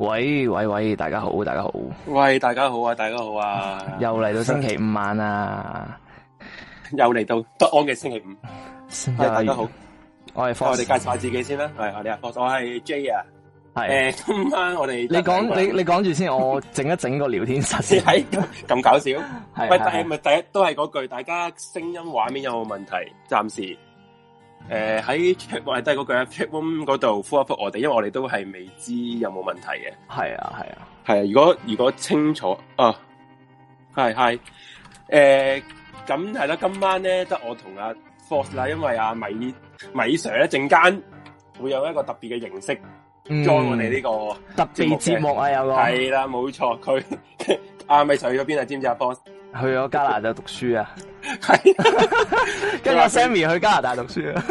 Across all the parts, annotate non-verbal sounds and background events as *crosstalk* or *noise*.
喂喂喂，大家好，大家好，喂，大家好啊，大家好啊，又嚟到星期五晚啊，又嚟到不安嘅星期五，大家好，我係我哋介紹下自己先啦，係啊，你好，我係 J 啊，係，誒，今晚我哋你講你你講住先，我整一整個聊天室先，係咁搞笑，係，喂，係咪第一都係嗰句，大家聲音畫面有冇問題？暫時。誒，喺 cut 埋低嗰句啊，check room 嗰度 call 一 call 我哋，因為我哋都係未知有冇問題嘅。係啊，係啊，係啊。如果如果清楚，啊，係係，誒，咁係啦。今晚咧，得我同阿 Fox 啦，因為阿、啊、米米 Sir 一陣間會有一個特別嘅形式 join、嗯、我哋呢個節特別節目啊，有個係啦，冇錯、啊，佢阿、 *laughs* 啊、米 Sir 去咗邊啊？知唔知阿 Boss 去咗加拿大讀書 *laughs* 啊，係 *laughs* 跟住 Sammy 去加拿大讀書啊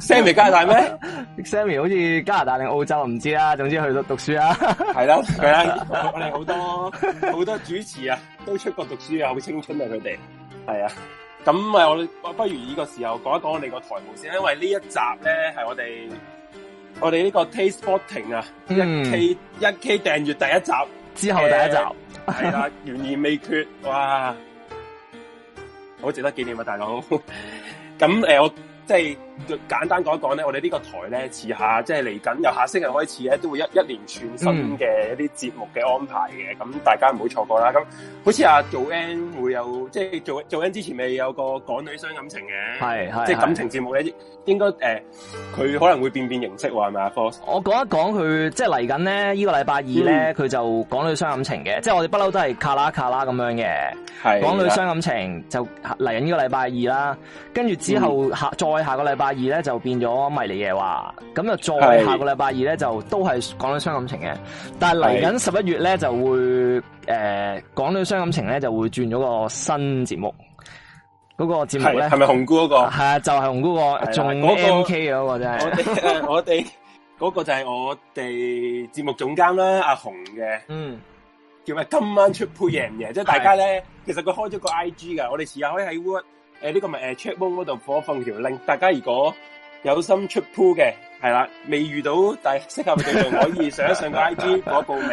，Sammy *laughs* 加拿大咩？Sammy *laughs* 好似加拿大定澳洲唔知啊。總之去咗讀書啊，啊，係啦、啊，佢啦、啊， *laughs* 我哋好多好多主持啊，都出過讀書啊，好青春啊佢哋，係啊，咁我哋不如呢個時候講一講我哋個台務先，因為呢一集咧係我哋我哋呢個 Taste Voting 啊，一 K 一 K 訂閱第一集、嗯、之後第一集。欸係啊，懸 *laughs* 而未決，哇！好值得紀念啊，大佬。咁 *laughs* 誒、呃，我。即係簡單講一講咧，我哋呢個台咧，遲下，次下即係嚟緊，由下星期開始咧，都會一一連串新嘅一啲節目嘅安排嘅，咁、嗯、大家唔好錯過啦。咁好似阿做 N 會有，即係做做 N 之前，未有個港女傷感情嘅，係係即係感情節目咧，應該誒，佢、呃、可能會變變形式喎，係咪啊？我講一講佢，即係嚟緊咧，這個、呢個禮拜二咧，佢、嗯、就港女傷感情嘅，即係我哋不嬲都係卡拉卡拉咁樣嘅，係是港女傷感情在就嚟緊呢個禮拜二啦，跟住之後、嗯、下再。再下個禮拜二咧就變咗迷你夜話，咁就再下個禮拜二咧就都係講到傷感情嘅，但係嚟緊十一月咧就會誒講到傷感情咧就會轉咗個新節目，嗰個節目咧係咪紅姑嗰個？係啊，就係紅姑個，仲 OK 嘅嗰個真係。我哋我哋嗰個就係我哋節目總監啦，阿紅嘅，嗯，叫咩？今晚出配型嘅，即係大家咧，其實佢開咗個 IG 噶，我哋遲下可以喺 Word 誒，呢個咪誒 chatroom 嗰度放放條 link，大家如果有心出 pool 嘅，係啦，未遇到但係適合嘅，仲 *laughs* 可以上一上個 IG 我報名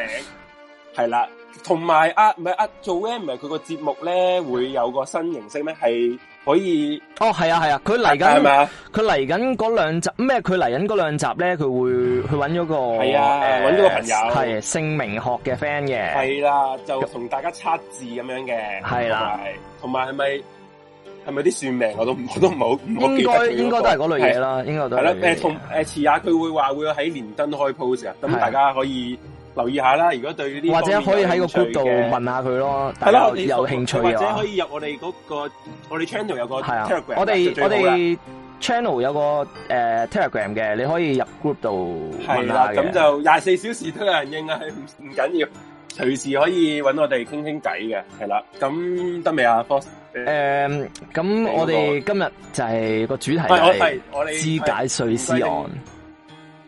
係啦，同埋 *laughs* 啊唔係啊，啊做咩唔係佢個節目咧會有個新形式咩？係可以哦，係啊係啊，佢嚟緊佢嚟緊嗰兩集咩？佢嚟緊嗰兩集咧，佢會佢揾咗個係啊，揾咗的、呃、個朋友係姓名學嘅 friend 嘅係啦，就同大家測字咁樣嘅係啦，同埋係咪？係咪啲算命我都我都唔好唔好應該應該都係嗰類嘢啦，應該都係。係啦，誒同誒遲下佢會話會喺連登開 post 啊，咁大家可以留意下啦。如果對呢啲或者可以喺個 group 度問下佢咯，係咯，有興趣或者可以入我哋嗰個我哋 channel 有個 Telegram，我哋我哋 channel 有個誒 Telegram 嘅，你可以入 group 度問下嘅，係啦，咁就廿四小時都有人應啊，唔緊要，隨時可以搵我哋傾傾偈嘅，係啦，咁得未啊，Fox？誒，咁、嗯、我哋今日就係個主題係、啊，我哋肢解碎屍案，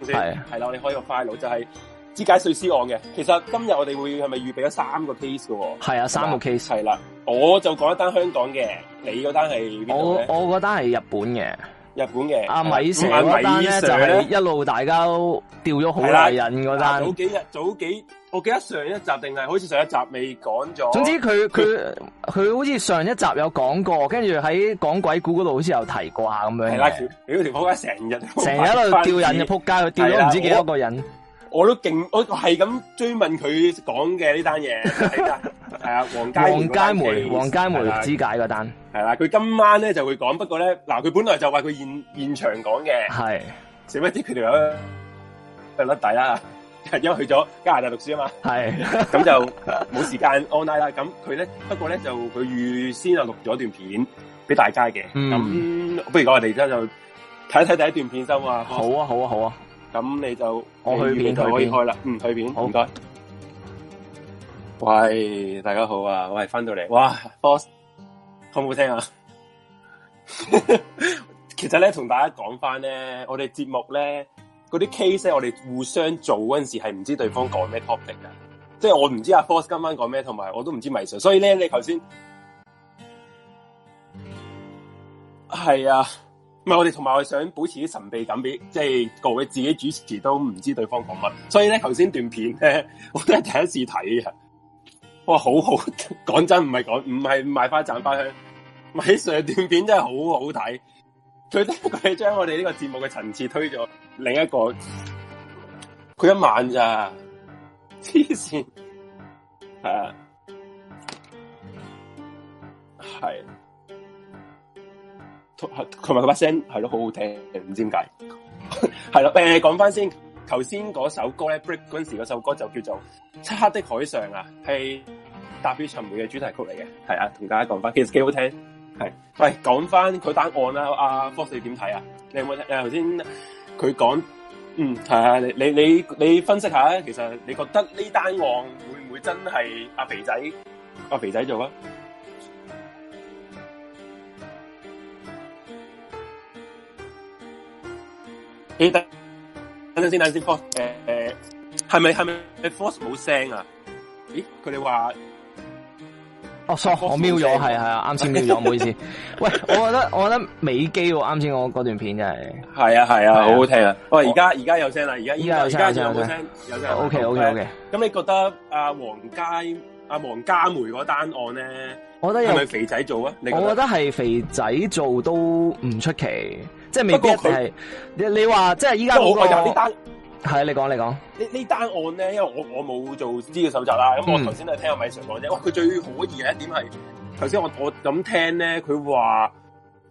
係係啦，我哋開個 file 就係肢解碎屍案嘅。其實今日我哋會係咪預備咗三個 case 噶？係啊，三個 case 係啦。我就講一單香港嘅，你嗰單係我我嗰單係日本嘅，日本嘅。阿米、嗯、米 Sir 嗰單咧就係一路大家都掉咗好大癮嗰單。早幾日，早幾。我記得上一集定係好似上一集未講咗。總之佢佢佢好似上一集有講過，跟住喺講鬼故嗰度好似有提過下咁樣。係啦，你嗰條僕街成日成日喺度吊人嘅，扑街吊咗唔知幾多個人。我都勁，我係咁追問佢講嘅呢單嘢。係啊， *laughs* 王家梅，王家梅的，王家梅肢解嗰單。係啦，佢今晚咧就會講，不過咧嗱，佢本來就話佢現現場講嘅。係是，做乜啲佢條友喂，甩底啦？因為去咗加拿大讀書啊嘛，係咁係就冇時間 *laughs* online 啦。咁佢咧，不過咧就佢預先啊錄咗段片俾大家嘅。咁、嗯、不如我哋而家就睇一睇第一段片先啊！好啊，好啊，好啊！咁你就我去片，去片就可以開啦。嗯，去片，嗯、去片好唔該。謝謝喂，大家好啊！我係翻到嚟，哇 Boss，好唔好聽啊？ *laughs* 其實咧，同大家講翻咧，我哋節目咧。嗰啲 case 咧，我哋互相做嗰陣時係唔知對方講咩 topic 啊，即係我唔知阿 Force 今晚講咩，同埋我都唔知米尚，所以咧你頭先係啊，唔係我哋同埋我想保持啲神秘感，俾即係各位自己主持都唔知對方講乜，所以咧頭先段片咧我都係第一次睇啊，哇好好，講真唔係講唔係賣返賺翻去，米尚段片真係好好睇。佢都，佢將我哋呢個節目嘅層次推咗另一個，佢一晚咋黐線。係啊，係同埋個把聲係都好好聽，唔知點解係啦。誒，講翻先，頭先嗰首歌咧 break 嗰時嗰首歌就叫做漆黑的海上啊，係《達比沉船》嘅主題曲嚟嘅。係啊，同大家講翻，其實幾好聽。係，喂，講翻佢單案啦，阿 Force 點睇啊 Fox，你？你有冇睇？誒，頭先佢講，嗯，係啊，你你你你分析下，其實你覺得呢單案會唔會真係阿、啊、肥仔阿、啊、肥仔做 Fox，啊？你等等先，等陣先 Force 誒誒，係咪係咪 Force 冇聲啊？咦，佢哋話。哦，錯，我瞄咗，係係啊，啱先瞄咗，唔好意思。喂，我覺得我覺得美基喎，啱先我嗰段片真係。係啊係啊，好好聽啊！喂，而家而家有聲啦，而家而家有聲，有聲，有聲。O K O K O K。咁你覺得阿黃佳阿黃家梅嗰單案咧？我覺得係咪肥仔做啊？我覺得係肥仔做都唔出奇，即係未必係。你你話即係依家有啲單。係啊，你講你講呢呢單案咧，因為我我冇做資料搜集啦，咁、嗯、我頭先都係聽阿米 Sir 講啫。哇，佢最可疑嘅一點係，頭先我我咁聽咧，佢話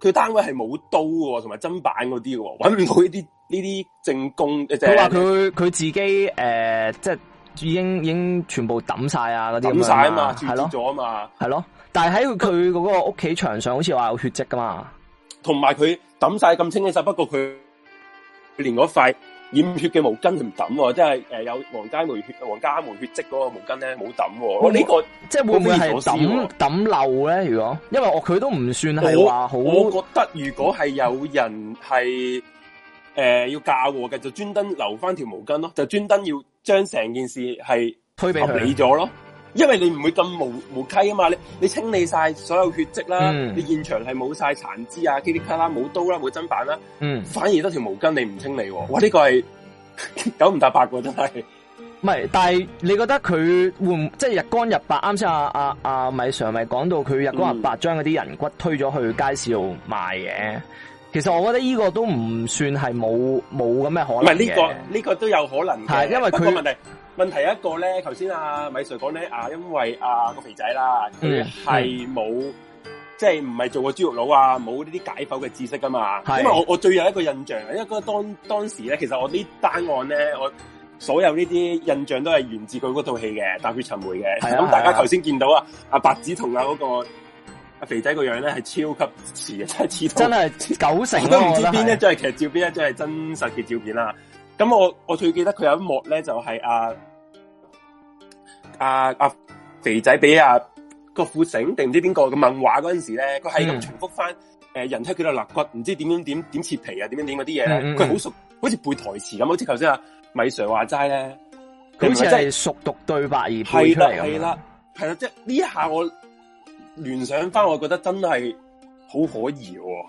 佢單位係冇刀嘅，同埋砧板嗰啲嘅，搵唔到呢啲呢啲證供。佢話佢佢自己誒、呃，即係已經已經全部抌晒，啊嗰啲抌晒啊嘛，黐咗啊嘛，係咯。但係喺佢嗰個屋企牆上，好似話有血跡噶嘛。同埋佢抌晒咁清嘅，不過佢連嗰塊。染血嘅毛巾唔抌，即係誒有皇家門血、皇家門血跡嗰個毛巾咧冇抌喎。呢個即係會唔會係抌抌漏咧？如果因為我佢都唔算係話好，我覺得如果係有人係誒、呃、要嫁禍嘅，就專登留翻條毛巾咯，就專登要將成件事係推俾你咗咯。因為你唔會咁無無稽啊嘛，你你清理晒所有血迹啦，嗯、你現場係冇晒殘肢啊，噼里啪啦冇刀啦、啊，冇砧板啦、啊，嗯、反而得條毛巾你唔清理、啊，哇呢、呢個係九唔搭八喎，真係。唔係，但係你覺得佢會？即係日光日白？啱先阿阿阿米 Sir 咪講到佢日光日白將嗰啲人骨推咗去街市度賣嘅。嗯、其實我覺得呢個都唔算係冇冇咁嘅可能。唔係呢個呢、呢個都有可能嘅，係因為佢。問題有一個咧，頭先阿米 Sir 講咧，啊，因為啊、那個肥仔啦，佢係冇即係唔係做過豬肉佬啊，冇呢啲解剖嘅知識噶嘛。是因啊，我我最有一個印象因為當當時咧，其實我呢單案咧，我所有呢啲印象都係源自佢嗰套戲嘅《踏血尋梅》嘅。咁大家頭先見到啊，阿、啊、白只同阿嗰個阿肥仔個樣咧，係超級似嘅，真係似到真係九成、啊、 *laughs* 我都唔知邊一張係劇照，邊一張係真實嘅照片啦。咁我我最記得佢有一幕咧，就係、是、阿啊，啊，啊肥仔俾阿郭富城定唔知邊個嘅問話嗰陣時咧，佢係咁重複翻誒、嗯呃、人睇佢度肋骨，唔知點點點點切皮啊，點點點嗰啲嘢咧，佢好、嗯嗯、熟，好似背台詞咁，好似頭先阿米 Sir 話齋咧，好似係熟讀對白而背出嚟嘅。係啦，係啦，係啦，即係呢一下我聯想翻，我覺得真係好可疑喎、哦。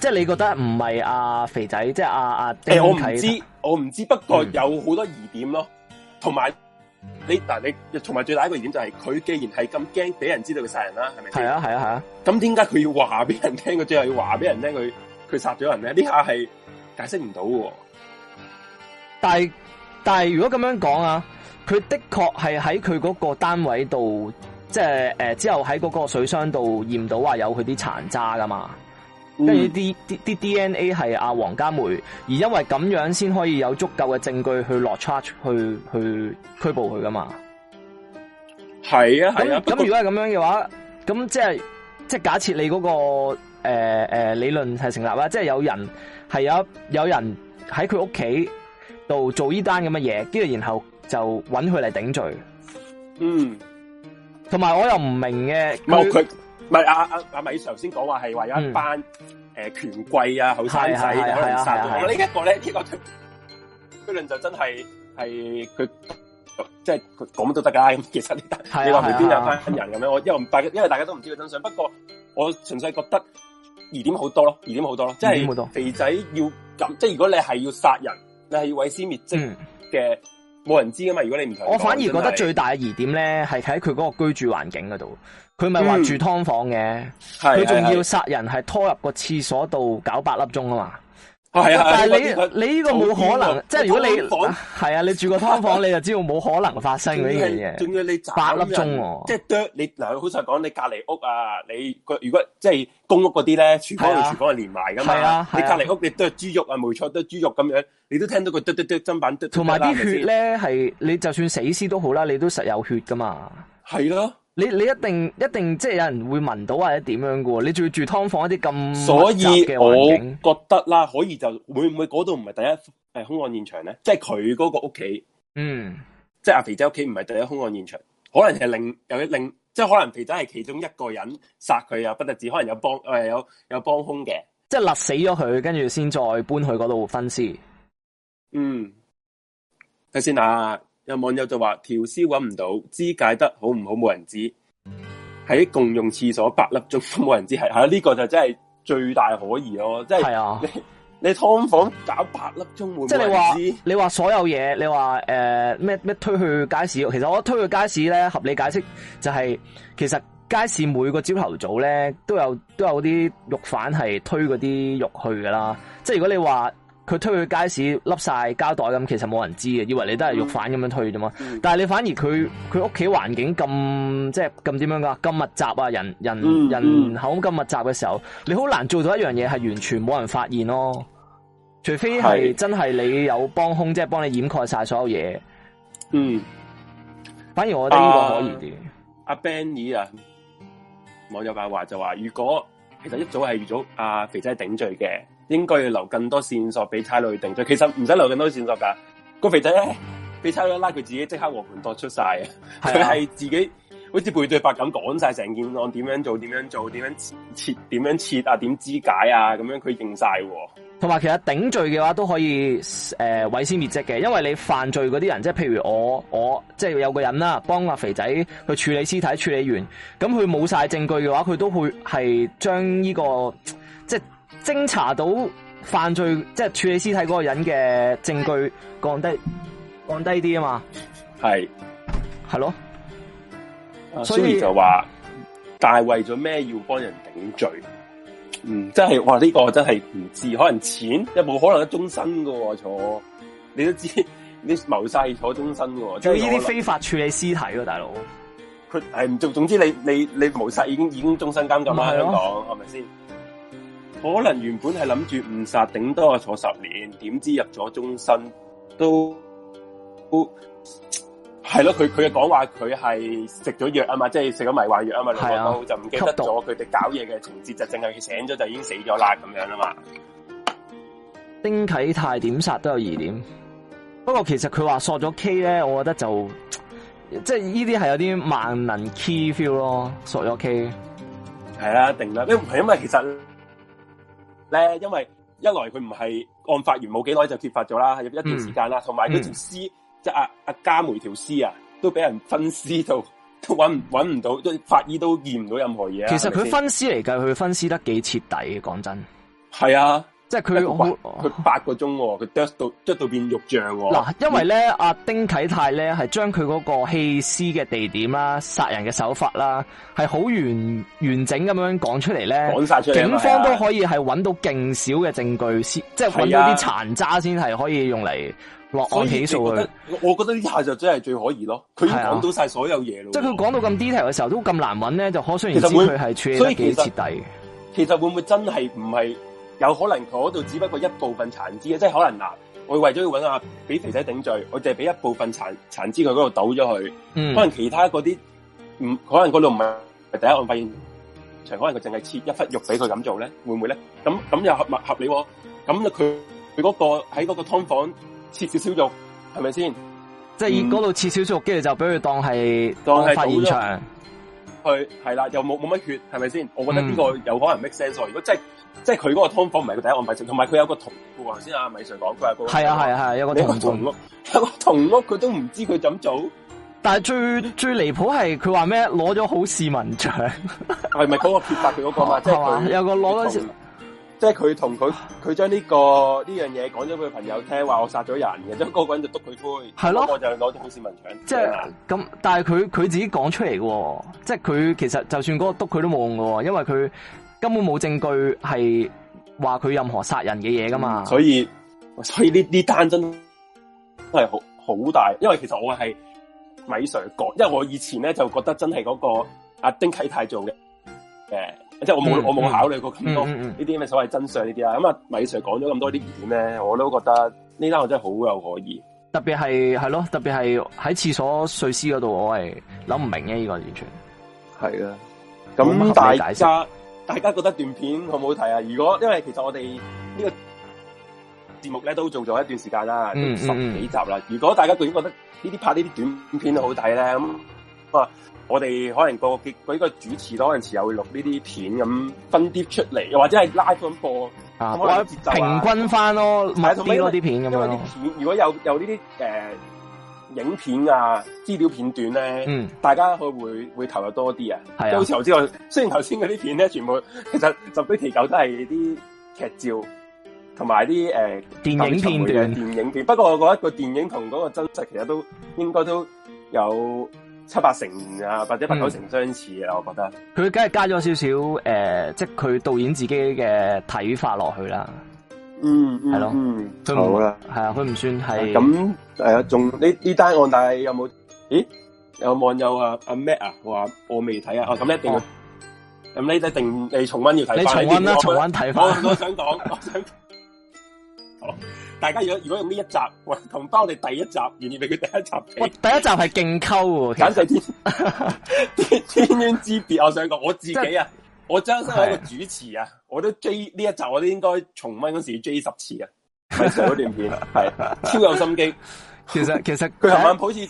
即係你覺得唔係阿肥仔，即係阿阿誒，啊、我唔知，啊、我唔知，不過有好多疑點咯，同埋你嗱，你同埋最大一個疑點就係、是、佢既然係咁驚俾人知道佢殺人啦，係咪？係啊，係啊，係啊，為什麼他！咁點解佢要話俾人聽？佢最後要話俾人聽佢佢殺咗人咧？呢下係解釋唔到嘅。但係但係如果咁樣講啊，佢的確係喺佢嗰個單位度，即係誒之後喺嗰個水箱度驗到話有佢啲殘渣噶嘛。跟住啲啲啲 DNA 係阿黃家梅，而因為咁樣先可以有足夠嘅證據去落 charge，去去拘捕佢噶嘛？係啊，係那啊。咁那過如果係咁樣嘅話，咁即係即係假設你嗰、那個誒誒、呃呃、理論係成立啦，即係有人係有有人喺佢屋企度做呢單咁嘅嘢，跟住然後就揾佢嚟頂罪。嗯，同埋我又唔明嘅。唔係阿阿阿米頭先講話係話有一班、嗯呃、權貴啊後生仔、啊、可能殺到。我、啊啊啊啊、呢一、這個咧呢個推論就真係係佢即係講乜都得㗎，咁，其實你你話係邊有班人咁樣？我因為大家因為大家都唔知佢真相，不過我純粹覺得疑點好多咯，疑點好多咯，即、就、係、是、肥仔要咁，即係如果你係要殺人，你係要毀屍滅，滅跡嘅，冇、嗯、人知噶嘛？如果你唔，我反而覺得的最大嘅疑點咧係喺佢嗰個居住環境嗰度。佢咪話住劏房嘅，佢仲要殺人係拖入個廁所度搞八粒鐘啊嘛！係啊，但係你你呢個冇可能，即係如果你係啊，你住個劏房你就知道冇可能發生嗰啲嘢仲要你八粒鐘喎，即係剁你嗱，好實講你隔籬屋啊，你個如果即係公屋嗰啲咧，廚房同廚房係連埋噶嘛，係啊，你隔籬屋你剁豬肉啊，冇錯，剁豬肉咁樣，你都聽到個剁剁剁砧板，同埋啲血咧係你就算死屍都好啦，你都實有血噶嘛，係咯。你你一定一定即係有人會聞到或者點樣嘅喎？你仲要住劏房一啲咁複雜嘅環境，所以我覺得啦，可以就會唔會嗰度唔係第一誒凶案現場咧？即係佢嗰個屋企，嗯，即係阿肥仔屋企唔係第一凶案現場，可能係另有另即係可能肥仔係其中一個人殺佢啊，不單止可能有幫誒、呃、有有幫凶嘅，即係勒死咗佢，跟住先再搬去嗰度分屍。嗯，睇先啊。有網友就話條屍揾唔到，肢解得好唔好冇人知，喺共用廁所八粒鐘冇人知係呢、啊呢個就真係最大可疑咯，即係係啊你，你你湯房搞八粒鐘換，即係你話你話所有嘢，你話誒咩咩推去街市，其實我推去街市咧合理解釋就係、是，其實街市每個朝頭早咧都有都有啲肉販係推嗰啲肉去噶啦，即、就、係、是、如果你話。佢推去街市，笠晒膠袋咁，其實冇人知嘅，以為你都係肉販咁樣推啫嘛。嗯嗯、但係你反而佢佢屋企環境咁即係咁點樣噶，咁密集啊，人人，嗯嗯，、人口咁密集嘅時候，你好難做到一樣嘢係完全冇人發現咯。除非係真係你有幫兇，即係幫你掩蓋晒所有嘢。嗯，反而我覺得呢個可疑啲。阿、啊啊、Benny 啊，網友話就話，如果其實一早係預早阿肥仔頂罪嘅。應該要留更多線索俾差佬去定罪。其實唔使留咁多線索㗎。個肥仔咧，俾差佬拉佢自己即刻和盤托出晒。啊係！佢係自己好似背對白咁講晒成件案點樣做、點樣做、點樣切、點樣切啊、點肢解啊咁樣，佢認晒。同埋其實頂罪嘅話都可以誒、呃、毀屍滅跡嘅，因為你犯罪嗰啲人，即係譬如我我即係有個人啦，幫阿肥仔去處理屍體，處理完咁佢冇晒證據嘅話，佢都會係將呢、這個即係。偵查到犯罪即係、就是、處理屍體嗰個人嘅證據降低降低啲啊嘛係係是咯，所以 S 就話，但係為咗咩要幫人頂罪？嗯，真係哇呢、呢個真係唔知，可能錢又冇可能終身的，終身噶坐你都知你謀殺坐終身噶，就呢啲非法處理屍體咯，大佬佢係唔做，總之你你你謀殺已經已經終身監禁啦，香港係咪、哦、先？可能原本係諗住誤殺，頂多坐十年，點知入咗終身都都係咯。佢佢又講話佢係食咗藥啊嘛，即係食咗迷幻藥啊嘛，兩個都就唔記得咗佢哋搞嘢嘅情節，道道就淨係佢醒咗就已經死咗啦咁樣啊嘛。丁啟泰點殺都有疑點，不過其實佢話索咗 K 咧，我覺得就即係呢啲係有啲萬能 key feel 咯，索咗 K 係啊，定啦，因為因為其實。咧，因為一來佢唔係案發完冇幾耐就揭發咗啦，有一段時間啦，同埋嗰條屍，條 C，嗯、即係阿阿加梅條屍啊，C，都俾人分屍到，都揾唔揾唔到，即係法醫都驗唔到任何嘢。其實佢分屍嚟計，佢分屍得幾徹底嘅，講真。係啊。即係佢好，佢八個鐘、哦，佢剁到即係到變肉醬、哦。嗱，因為咧阿、嗯啊、丁啟泰咧係將佢嗰個棄屍嘅地點啦、啊、殺人嘅手法啦、啊，係好完完整咁樣講出嚟咧。講曬出嚟警方都可以係揾到勁少嘅證據，先、啊、即係揾到啲殘渣先係可以用嚟落案起訴。我我覺得呢下就真係最可疑咯。佢講到曬所有嘢咯。即係佢講到咁 detail 嘅時候，啊、都咁難揾咧，就可雖然知佢係處理得幾徹底其。其實會唔會真係唔係？有可能嗰度只不過一部分殘肢啊，即係可能嗱，我為咗要搵下俾肥仔頂罪，我淨係俾一部分殘殘肢佢嗰度倒咗佢。嗯、可能其他嗰啲，唔可能嗰度唔係第一案發現場，可能佢淨係切一忽肉俾佢咁做咧，會唔會咧？咁咁又合合理喎？咁佢佢嗰個喺嗰個湯房切少少肉，係咪先？即係嗰度切少少肉，跟住、嗯、就俾佢當係案發現場。去係啦，又冇冇乜血，係咪先？我覺得呢個有可能 make sense、嗯、如果即係佢嗰個湯房唔係佢第一個米 Sir，同埋佢有個同屋。頭先阿米 Sir 講佢係個係啊係啊係有個同屋，有個同屋，佢都唔知佢怎做。但係最最離譜係佢話咩？攞咗好市民獎係咪嗰個揭發佢嗰個嘛？即係佢有個攞咗，即係佢同佢佢將呢個呢樣嘢講咗畀佢朋友聽，話我殺咗人嘅，咁嗰個人就督佢灰，係咯，我就攞咗好市民獎。即係咁，但係佢佢自己講出嚟嘅，即係佢其實就算嗰個督佢都冇用嘅，因為佢。根本冇證據係話佢任何殺人嘅嘢噶嘛、嗯，所以所以呢呢單真都係好好大，因為其實我係米 Sir 講，因為我以前咧就覺得真係嗰個阿丁啟泰做嘅，誒、呃，即係我冇、嗯、我冇考慮過咁多呢啲咩所謂真相呢啲啊，咁啊、嗯嗯、米 Sir 講咗咁多啲疑點咧，嗯、我都覺得呢單我真係好有可疑，特別係係咯，特別係喺廁所碎屍嗰度，我係諗唔明嘅呢個完全係啊，咁大家。大家覺得段片好唔好睇啊？如果因為其實我哋呢個節目咧都做咗一段時間啦，都十幾集啦。嗯嗯、如果大家究竟覺得呢啲拍呢啲短片都好睇咧，咁啊，我哋可能個、個個主持嗰陣時又會錄呢啲片咁分啲出嚟，又或者係 live 咁播啊，平均翻咯，唔係啲嗰啲片咁樣。片如果有有呢啲誒。呃影片啊，資料片段咧，嗯、大家去會會投入多啲啊。高時之後，雖然頭先嗰啲片咧，全部其實十居其九都係啲劇照，同埋啲誒電影片段、電影片。 *laughs* 不過我覺得個電影同嗰個真實其實都應該都有七八成啊，或者八九成相似啦、嗯、我覺得。佢梗係加咗少少誒，即係佢導演自己嘅睇法落去啦。嗯，係咯，嗯，都好啦，係啊，佢唔算係咁，係啊，仲呢呢單案，但係有冇？咦，有網友啊，阿 Matt 啊，話我未睇啊，哦，咁一定要，咁你都定你重溫，要睇你重溫啦，重溫睇翻。我想講，我想，好，大家如果如果用呢一集，同翻我哋第一集，願意俾佢第一集睇。第一集係勁溝，簡直天天淵之別。我想講，我自己啊。我真係一個主持啊！的我都追呢一集我，我都應該重溫嗰時追十次啊！咪 Sir 嗰段片係 *laughs* 超有心機。其實其實佢琴晚好似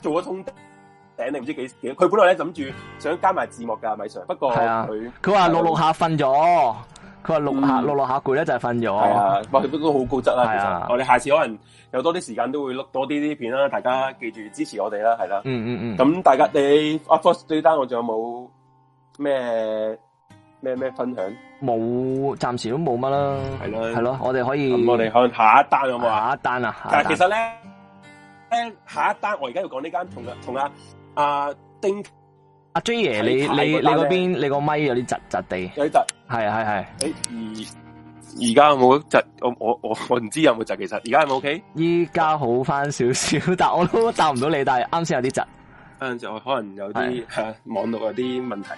做咗通頂，你唔知幾幾？佢本來咧諗住想加埋字幕噶，咪 Sir。不過佢佢話六六下瞓咗，佢話六下六六下攰咧就係瞓咗。係啊，不過都好高質啦。其實，我哋下次可能有多啲時間都會錄多啲啲片啦。大家記住支持我哋啦，係啦。嗯嗯嗯。咁大家你 u p o s t 對單，down, 我仲有冇？咩咩咩分享冇，暫時都冇乜啦，係咯係咯，我哋可以。咁我哋向下一單有冇下一單啊？但係其實咧，咧下一單我而家要講呢間同阿同阿阿丁阿 J 爺，你你你嗰邊你個咪有啲窒窒地，有啲窒，係係係。誒，而而家有冇窒？我我我唔知有冇窒。其實而家係咪 OK？依家好翻少少，但我都答唔到你。但係啱先有啲窒，就可能有啲網絡有啲問題。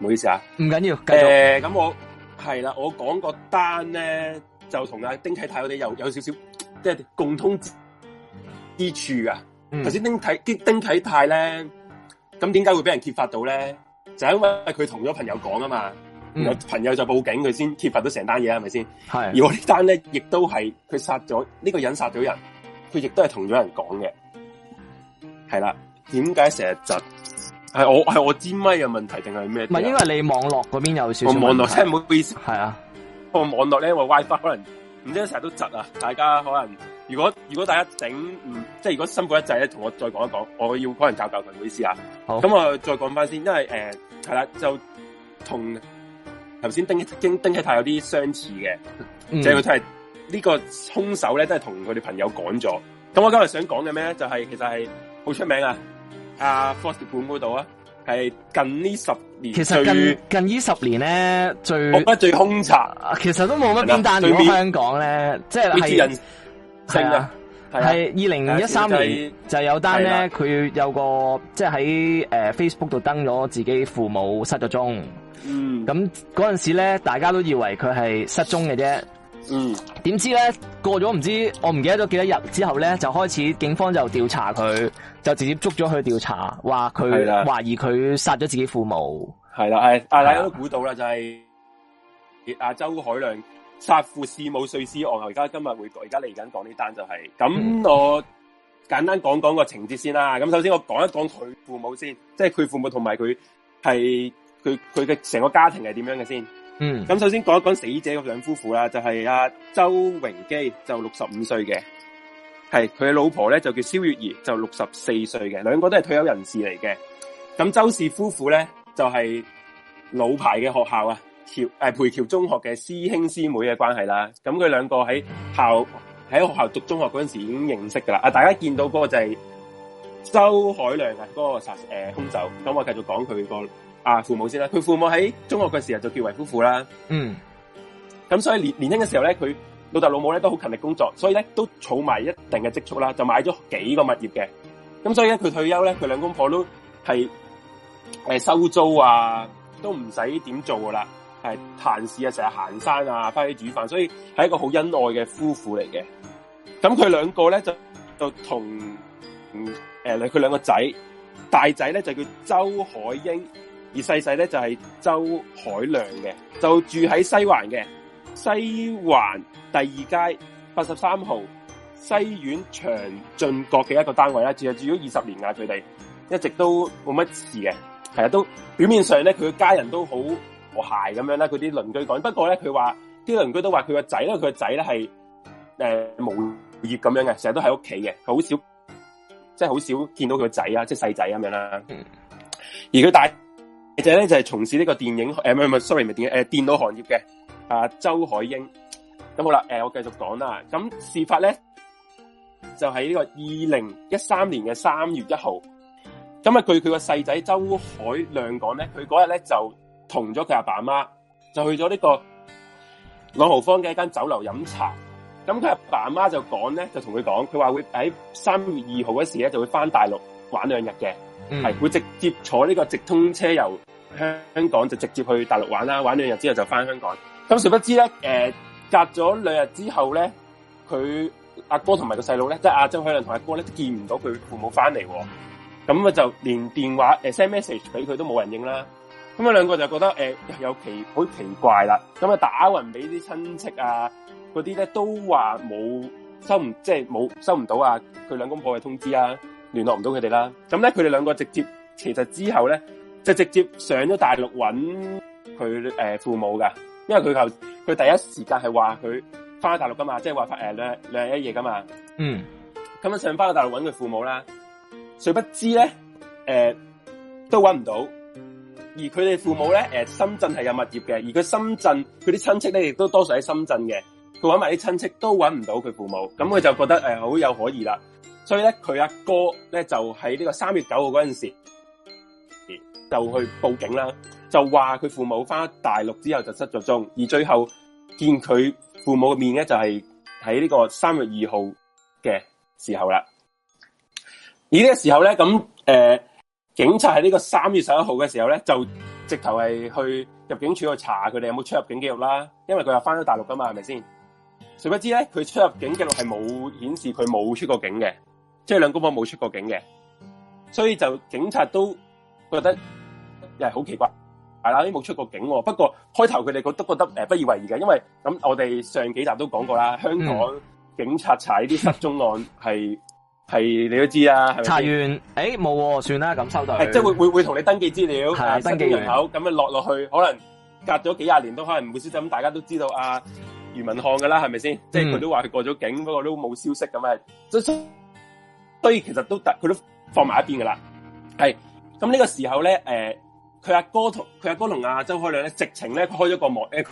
唔好意思啊，唔緊要。誒，咁、呃、我係啦，我講個單咧，就同阿丁啟泰我哋有有少少即係共通之處啊。頭先、嗯、丁啟丁啟泰咧，咁點解會俾人揭發到咧？就係因為佢同咗朋友講啊嘛，有、嗯、朋友就報警，佢先揭發到成單嘢係咪先？係。而我呢單咧，亦都係佢殺咗呢個人殺咗人，佢亦都係同咗人講嘅。係啦，點解成日就？係我係我尖咪嘅問題定係咩？唔係，因為你網絡嗰邊有少少問題。我網絡真係唔好意思。係啊的，個網絡咧，因為 WiFi 可能唔知成日都窒啊。大家可能如果如果大家整，唔、嗯、即係如果辛苦一劑咧，同我再講一講，我要可能教教佢唔好意思啊。好，咁我再講翻先，因為誒係啦，就同頭先丁丁丁啟泰有啲相似嘅，即係佢都係呢個兇手咧，都係同佢哋朋友講咗。咁我今日想講嘅咩咧，就係、是、其實係好出名啊。阿 f o r t u n 嗰度啊，係近呢十年，其實近近呢十年咧，最冇乜最兇殘，其實都冇乜邊單如果香港咧，即係係人，係啊，係二零一三年就有單咧，佢有個即係喺誒 Facebook 度登咗自己父母失咗蹤，嗯，咁嗰陣時咧，大家都以為佢係失蹤嘅啫。嗯，點知咧過咗唔知我唔記得咗幾多日之後咧，就開始警方就調查佢，就直接捉咗去調查，話佢懷疑佢殺咗自己父母。係啦，係大家都估到啦，的就係阿周海亮殺父弑母碎屍案。而家今日會而家嚟緊講呢單就係咁，我簡單講講個情節先啦。咁首先我講一講佢父母先，即係佢父母同埋佢係佢佢嘅成個家庭係點樣嘅先。嗯，咁首先講一講死者嘅兩夫婦啦，就係、是、阿、啊、周榮基就六十五歲嘅，係佢嘅老婆咧就叫蕭月儀就六十四歲嘅，兩個都係退休人士嚟嘅。咁周氏夫婦咧就係、是、老牌嘅學校啊，橋誒培僑中學嘅師兄師妹嘅關係啦。咁佢兩個喺校喺學校讀中學嗰陣時候已經認識噶啦。啊，大家見到嗰個就係周海亮啊，嗰、那個殺誒兇手。咁我繼續講佢、那個。啊，父母先啦，佢父母喺中學嘅時候就結為夫婦啦。嗯，咁所以年年輕嘅時候咧，佢老豆老母咧都好勤力工作，所以咧都儲埋一定嘅積蓄啦，就買咗幾個物業嘅。咁所以咧，佢退休咧，佢兩公婆都係誒收租啊，都唔使點做噶啦，係閒事啊，成日行山啊，翻去煮飯，所以係一個好恩愛嘅夫婦嚟嘅。咁佢兩個咧就就同嗯誒佢兩個仔，大仔咧就叫周海英。而細細咧就係周海亮嘅，就住喺西環嘅西環第二街八十三號西苑長進國嘅一個單位啦，住啊住咗二十年啊，佢哋一直都冇乜事嘅，係啊，都表面上咧佢嘅家人都好和諧咁樣啦，佢啲鄰居講。不過咧佢話啲鄰居都話佢個仔咧，佢個仔咧係誒無業咁樣嘅，成日都喺屋企嘅，佢好少即係好少見到佢個仔啊，即係細仔咁樣啦。嗯，而佢大。佢仔咧就係從事呢個電影誒唔、呃、係 sorry 唔係電誒電腦行業嘅，啊周海英。咁好啦，誒、呃、我繼續講啦。咁事發咧就喺呢個二零一三年嘅三月一號。咁啊據佢個細仔周海亮講咧，佢嗰日咧就同咗佢阿爸阿媽就去咗呢個朗豪坊嘅一間酒樓飲茶。咁佢阿爸阿媽就講咧就同佢講，佢話會喺三月二號嗰時咧就會返大陸玩兩日嘅。係、嗯、會直接坐呢個直通車由香港就直接去大陸玩啦，玩兩日之後就翻香港。咁殊不知咧，誒、呃，隔咗兩日之後咧，佢阿哥同埋個細佬咧，即係阿周海良同阿哥咧，都見唔到佢父母翻嚟，哦，咁啊就連電話誒 send message 俾佢都冇人應啦。咁啊兩個就覺得誒、呃、有奇好奇怪啦。咁啊打勻俾啲親戚啊，嗰啲咧都話冇收唔即係冇收唔到啊佢兩公婆嘅通知啊。聯絡唔到佢哋啦，咁咧佢哋兩個直接其實之後咧就直接上咗大陸揾佢誒父母噶，因為佢頭佢第一時間係話佢翻咗大陸噶嘛，即係話發誒兩兩日一夜噶嘛，嗯，咁上翻去大陸揾佢父母啦，誰不知咧誒、呃、都揾唔到，而佢哋父母咧誒、呃、深圳係有物業嘅，而佢深圳佢啲親戚咧亦都多數喺深圳嘅，佢揾埋啲親戚都揾唔到佢父母，咁佢就覺得誒好、呃、有可疑啦。所以咧，佢阿哥咧就喺呢個三月九號嗰陣時，就去報警啦，就話佢父母翻大陸之後就失咗蹤，而最後見佢父母嘅面咧就係喺呢個三月二號嘅時候啦。而呢個時候咧，咁誒、呃，警察喺呢個三月十一號嘅時候咧，就直頭係去入境處去查佢哋有冇出入境記錄啦，因為佢又翻咗大陸噶嘛，係咪先？殊不知咧，佢出入境記錄係冇顯示佢冇出過境嘅。即係兩公婆冇出過境嘅，所以就警察都覺得又係好奇怪，係啦，你冇出過境，哦。不過開頭佢哋覺得，覺得誒不以為意嘅，因為咁我哋上幾集都講過啦，香港警察查啲失蹤案係係、嗯、你都知啦，啊，是查完誒冇算啦，咁收到即係會會會同你登記資料，是入登記人口，咁啊落落去，可能隔咗幾廿年都可能唔會消失。咁大家都知道啊，余文漢噶啦，係咪先？即係佢都話佢過咗境，不過、嗯、都冇消息咁啊。所以其實都得佢都放埋一邊噶啦，係咁呢個時候咧，誒佢阿哥同佢阿哥同阿、啊、周開亮咧，直情咧開咗個網誒，佢、欸、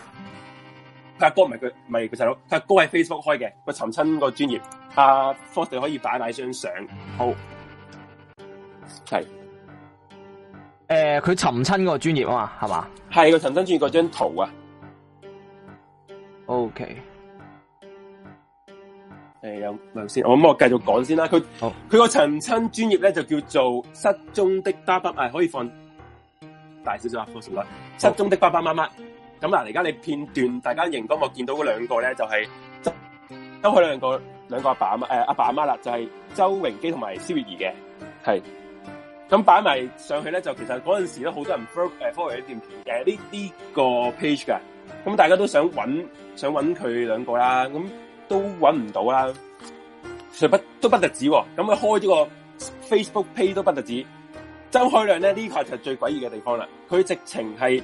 阿哥唔係佢唔係佢細佬，佢阿哥係 Facebook 開嘅，佢尋親個專業，阿、啊、Four 哋可以擺埋張相，好係誒，佢尋親個專業啊嘛，係嘛，係佢尋親專業嗰張圖啊，OK。誒，有梁、呃、先，我咁我繼續講先啦。佢佢個尋親專業咧就叫做失蹤的爸爸，誒，可以放大少少啊，多少啦？失蹤的爸爸媽媽。咁嗱好，而家你片段，大家熒光幕我見到嗰兩個咧，就係、是、周周佢兩個兩個阿爸阿媽，誒、呃，阿爸阿媽啦，就係、是、周榮基同埋蕭月怡嘅，係是。咁擺埋上去咧，就其實嗰陣時咧，好多人 follow 誒、uh,，follow 呢啲呢呢、呃這個 page 噶，咁大家都想搵想搵佢兩個啦，咁。.都揾唔到啦、啊，佢不都不、啊嗯、都不得止，咁佢開咗個 Facebook page 都不得止。周開亮咧呢個就係最詭異嘅地方啦，佢直情係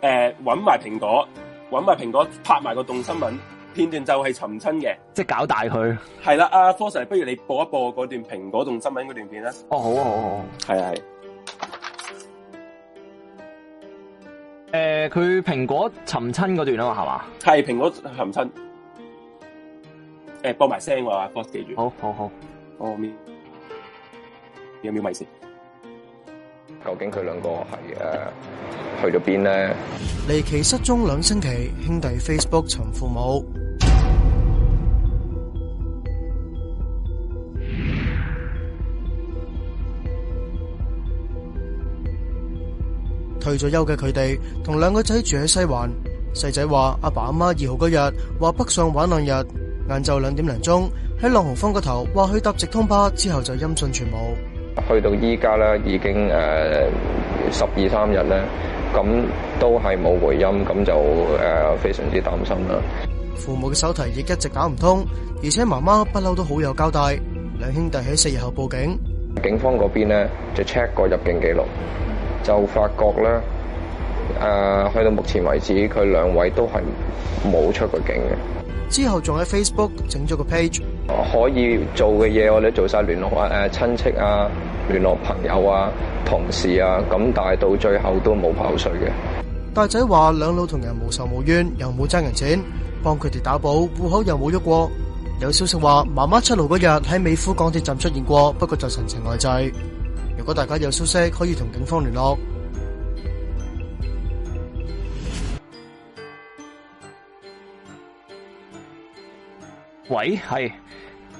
誒揾埋蘋果，揾埋蘋果拍埋個動新聞片段就係尋親嘅，即係搞大佢。係啦，阿 four 神，科 Sir，不如你播一播嗰段蘋果動新聞嗰段片啦。哦，好，好，好，好的，係係、呃。誒，佢蘋果尋親嗰段啊嘛，係嘛？係蘋果尋親。誒，播埋聲話，幫我記住。好好好，我明。有冇咩意思？究竟佢兩個係誒去咗邊呢？離奇失蹤兩星期，兄弟 Facebook 尋父母。 *music* 退咗休嘅佢哋，同兩個仔住喺西環。細仔話：阿爸阿媽二號嗰日話北上玩兩日。晏晝兩點零鐘喺朗豪坊個頭，話去搭直通巴，之後就音訊全無。去到依家咧，已經誒十二三日咧，咁、呃、都係冇回音，咁就誒、呃、非常之擔心啦。父母嘅手提亦一直打唔通，而且媽媽不嬲都好有交代。兩兄弟喺四日後報警，警方嗰邊咧就 check 過入境記錄，就發覺咧。誒，去、啊、到目前為止，佢兩位都係冇出過境嘅。之後仲喺 Facebook 整咗個 page，可以做嘅嘢我哋做晒聯絡啊誒親戚啊，聯絡朋友啊，同事啊，咁但係到最後都冇跑水嘅。大仔話兩老同人無仇無冤，又冇爭人錢，幫佢哋打保，戶口又冇喐過。有消息話媽媽出獄嗰日喺美孚港鐵站出現過，不過就神情呆滯。如果大家有消息，可以同警方聯絡。喂，係，誒、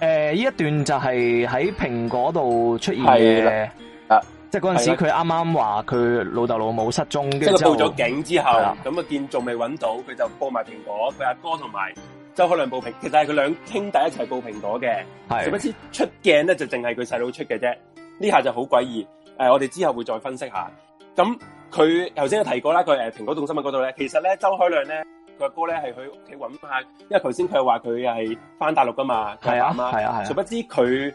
呃，呢一段就係喺蘋果度出現嘅，啊，即係嗰陣時佢啱啱話佢老豆老母失蹤，即係佢報咗警之後，咁啊見仲未揾到，佢就報埋蘋果，佢阿哥同埋周海亮報蘋，其實係佢兩兄弟一齊報蘋果嘅，係，點不知出鏡咧就淨係佢細佬出嘅啫，呢下就好詭異，誒，我哋之後會再分析下，咁佢頭先都提過啦，佢誒蘋果動新聞嗰度咧，其實咧周海亮咧。佢阿哥咧係去屋企揾下，因為頭先佢話佢係翻大陸噶嘛，佢阿媽。係啊係啊係啊！殊嘛、啊啊、不知佢誒、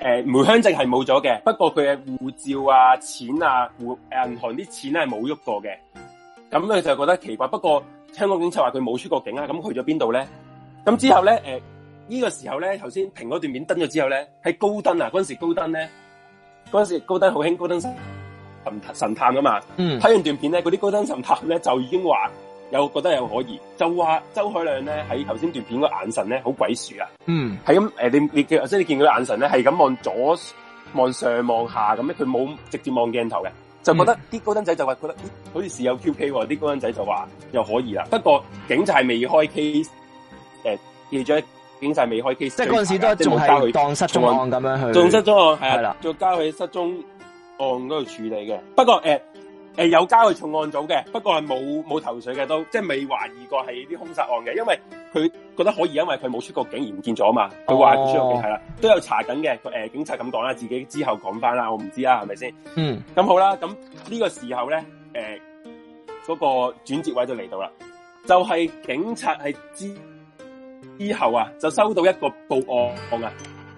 呃、梅香證係冇咗嘅，不過佢嘅護照啊、錢啊、戶銀行啲錢咧係冇喐過嘅。咁佢就覺得奇怪。不過香港警察話佢冇出過境啊，咁去咗邊度咧？咁之後咧呢、呃呢個時候咧頭先停嗰段片登咗之後咧，係高登啊！嗰陣時高登咧，嗰陣時高登好興高登神神探啊嘛。嗯。睇完段片咧，嗰啲高登神探咧就已經話。又覺得又可疑，就話周海亮咧喺頭先段片個眼神咧好鬼鼠啊！嗯，係咁誒，你你即係你見佢眼神咧係咁望左、望上、望下咁咧，佢冇直接望鏡頭嘅，就覺得啲、嗯、高登仔就話覺得好似事有 QK，啲高登仔就話又可疑啦。不過警察係未開 case，誒，亦、呃、咗警察未開 case，即係嗰陣時都仲係當是失蹤案咁樣去，仲失蹤案係啦，再交、啊、是的 去失蹤案嗰度處理嘅。不過誒。呃誒、呃，有交去重案組嘅，不過係冇冇頭緒嘅，都即係未懷疑過係啲凶殺案嘅，因為佢覺得可疑，因為佢冇出過警員，而唔見咗啊嘛，佢話冇出過警係啦，哦、都有查緊嘅。誒、呃，警察咁講啦，自己之後講翻啦，我唔知啦、啊，係咪先？嗯，咁好啦，咁呢個時候咧，誒、呃，嗰、那個轉折位就嚟到啦，就係、是、警察係之後後啊，就收到一個報案，講啊，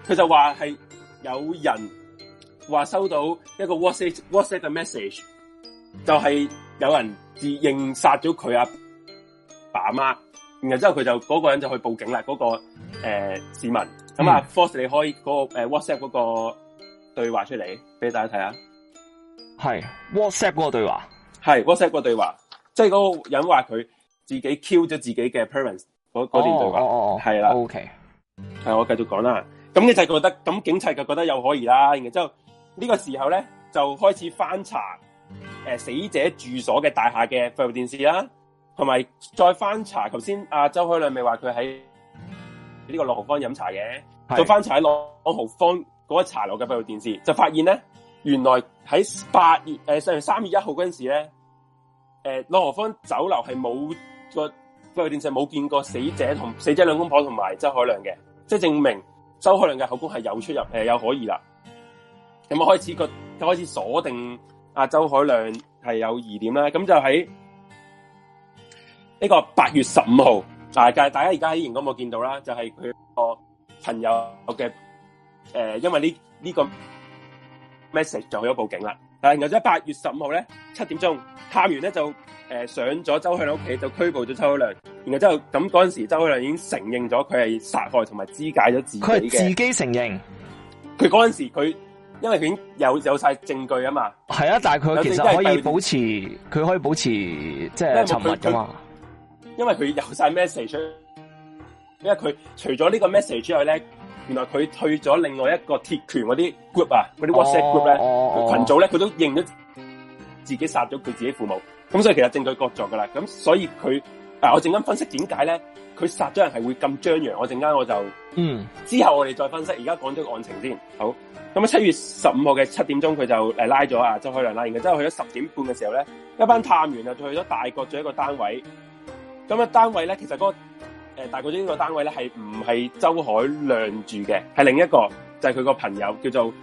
佢就話係有人話收到一個 WhatsApp WhatsApp 嘅 message。就係有人自認殺咗佢阿爸阿媽，然後之後佢就嗰、那個人就去報警啦。嗰、那個誒、呃、市民，咁啊，Force、嗯、你可以嗰、那個誒、呃、WhatsApp 嗰個對話出嚟俾大家睇下，係 WhatsApp 嗰個對話，係 WhatsApp 個對話，即係嗰個人話佢自己 Q 咗自己嘅 parents 嗰嗰段對話，係、oh, oh, oh, 啦。OK，係我繼續講啦。咁你就覺得，咁警察就覺得又可疑啦。然後之後呢個時候咧就開始翻查。誒、呃，死者住所嘅大廈嘅閉路電視啦、啊，同埋再翻查，頭先阿周海亮咪話佢喺呢個朗豪坊飲茶嘅，再是翻查喺朗豪坊嗰個茶樓嘅閉路電視，就發現咧，原來喺八月誒，即三月一號嗰陣時咧，誒、呃，朗豪坊酒樓係冇個閉路電視，冇見過死者同死者兩公婆同埋周海亮嘅，即係證明周海亮嘅口供係有出入，誒、呃，有可疑啦。咁我開始個開始鎖定。阿周海亮係有疑點啦，咁就喺呢個八月十五號，啊，但係大家而家喺熒光幕見到啦，就係佢個朋友嘅，誒、呃，因為呢呢、這個 message 就去咗報警啦，誒，然後就喺八月十五號咧七點鐘探完咧就誒、呃、上咗周海亮屋企就拘捕咗周海亮，然後之後咁嗰陣時周海亮已經承認咗佢係殺害同埋肢解咗自己嘅，自己承認，佢嗰陣時佢。因為佢有有晒證據啊嘛，係啊，但係佢其實可以保持佢可以保持即係、就是、沉默噶嘛，因為佢有晒 message，因為佢除咗呢個 message 之外咧，原來佢退咗另外一個鐵拳嗰啲 group 啊，嗰啲 WhatsApp group 咧群組咧，佢都認咗自己殺咗佢自己父母，咁所以其實證據確鑿噶啦，咁所以佢嗱、啊、我陣間分析點解咧，佢殺咗人係會咁張揚，我陣間我就。嗯，之後我哋再分析，而家講咗個案情先。好，咁啊七月十五號嘅七點鐘，佢就誒拉咗啊周海亮拉，然之後去咗十點半嘅時候咧，一班探員就去咗大角咀一個單位。咁啊單位咧，其實嗰個誒大角咀呢個單位咧係唔係周海亮住嘅，係另一個，就係佢個朋友叫做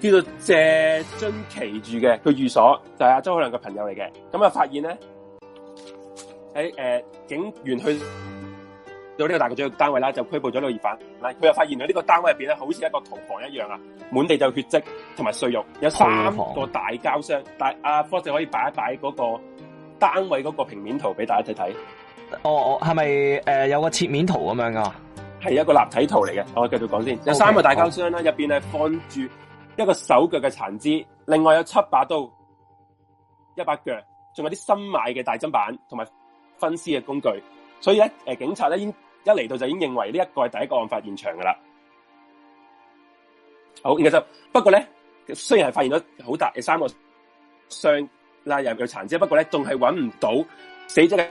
叫做謝津奇住嘅，佢寓所就係阿周海亮個朋友嚟嘅。咁啊發現咧喺誒警員去。到呢個大個組嘅單位啦，就拘捕咗六疑犯。嗱，佢又發現呢個單位入邊咧，好似一個屠房一樣啊，滿地就血迹同埋碎肉。有三個大膠箱，大阿 f o r 可以擺一擺嗰個單位嗰個平面圖俾大家睇睇。哦。哦哦，係咪誒有個切面圖咁樣噶？係一個立體圖嚟嘅。我繼續講先，有三個大膠箱啦，入邊係放住一個手腳嘅殘肢，另外有七把刀、一把腳，仲有啲新買嘅大砧板同埋分屍嘅工具。所以咧，誒、呃、警察咧，應一嚟到就已經認為呢一個係第一個案發現場噶啦。好，其實不過咧，雖然係發現咗好大嘅三個傷啦，啊、又有佢殘肢，不過咧仲係揾唔到死者嘅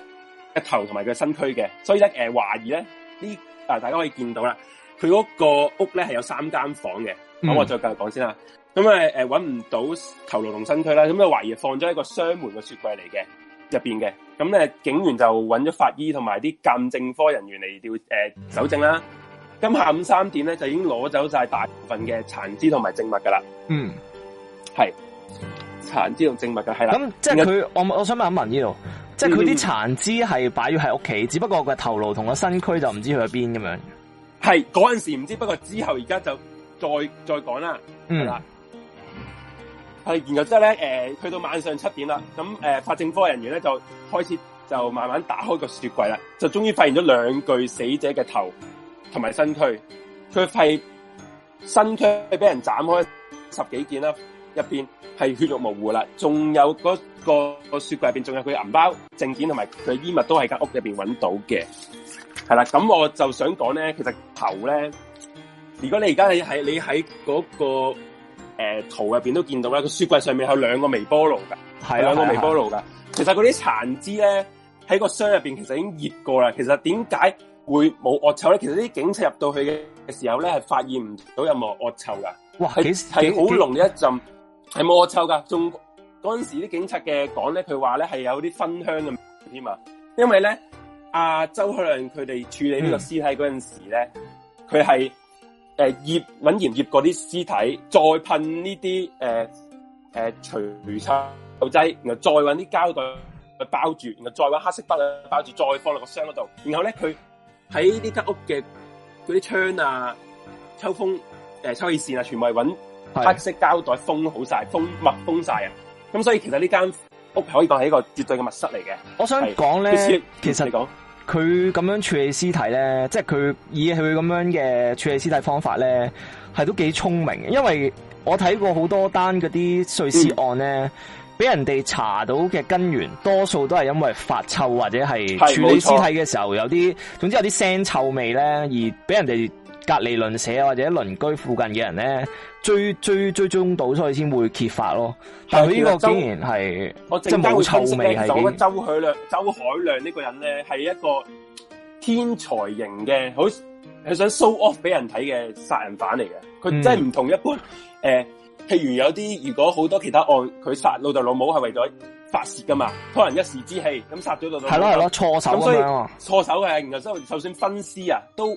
嘅頭同埋佢嘅身軀嘅。所以咧，誒、呃、懷疑咧，呢啊大家可以見到啦，佢嗰個屋咧係有三間房嘅。咁、嗯、我再繼續講先啦。咁誒誒揾唔到頭顱同身軀啦，咁就懷疑放咗一個雙門嘅雪櫃嚟嘅。入邊嘅。咁咧，警員就揾咗法醫同埋啲鑑證科人員嚟，調誒搜證啦。咁下午三點咧，就已經攞走晒大部分嘅殘肢同埋證物噶啦。嗯，係殘肢同證物噶，係啦。咁即係佢，在我我想問一問呢度，即係佢啲殘肢係擺咗喺屋企，嗯、只不過個頭顱同個身軀就唔知去咗邊咁樣。係嗰陣時唔知，不過之後而家就再再講啦。嗯。然後之後咧，誒、呃，去到晚上七點啦，咁誒、呃，法證科人員咧，就開始就慢慢打開個雪櫃啦，就終於發現咗兩具死者嘅頭同埋身軀，佢係身軀俾人斬開十幾件啦，入邊係血肉模糊啦，仲有嗰個雪櫃入邊仲有佢嘅銀包、證件同埋佢衣物都喺間屋入邊揾到嘅，係啦，咁我就想講咧，其實頭咧，如果你而家你喺你喺嗰、那個。誒圖入邊都見到啦，個書櫃上面有兩個微波爐噶，係兩的個微波爐噶。的的其實嗰啲殘肢咧，喺個箱入邊其實已經熱過啦。其實點解會冇惡臭咧？其實啲警察入到去嘅時候咧，係發現唔到任何惡臭噶。哇，係好濃嘅一陣，係冇惡臭噶。仲嗰陣時啲警察嘅講咧，佢話咧係有啲芬香嘅添啊。因為咧，阿、啊、周凱亮佢哋處理個屍呢個屍體嗰陣時咧，佢係、嗯。他是誒，醃搵鹽醃嗰啲屍體，再噴呢啲誒誒除臭劑，然後再搵啲膠袋去包住，然後再搵黑色包袋包住，再放落個箱嗰度。然後咧，佢喺呢間屋嘅嗰啲窗啊、抽風誒、呃、抽氣扇啊，全部係搵黑色膠袋封好曬，封密封曬啊。咁所以其實呢間屋可以當係一個絕對嘅密室嚟嘅。我想講咧，是其實，其實你講。佢咁樣處理屍體咧，即係佢以佢咁樣嘅處理屍體方法咧，係都幾聰明。因為我睇過好多單嗰啲碎屍案咧，俾、嗯、人哋查到嘅根源，多數都係因為發臭或者係處理屍體嘅時候有啲，沒錯 總之有啲腥臭味咧，而俾人哋。隔離鄰舍或者鄰居附近嘅人咧，追追追蹤到，所以先會揭發咯。但係佢呢個竟然係即係冇臭味，係幾周海亮。周海亮呢個人咧係一個天才型嘅，好係想 show off 俾人睇嘅殺人犯嚟嘅。佢真係唔同一般。誒、嗯呃，譬如有啲如果好多其他案，佢殺老豆老母係為咗發洩噶嘛，可能一時之氣咁殺咗老豆。係咯係咯，錯手咁樣，哦，錯手嘅。然後所以就算分屍啊，都。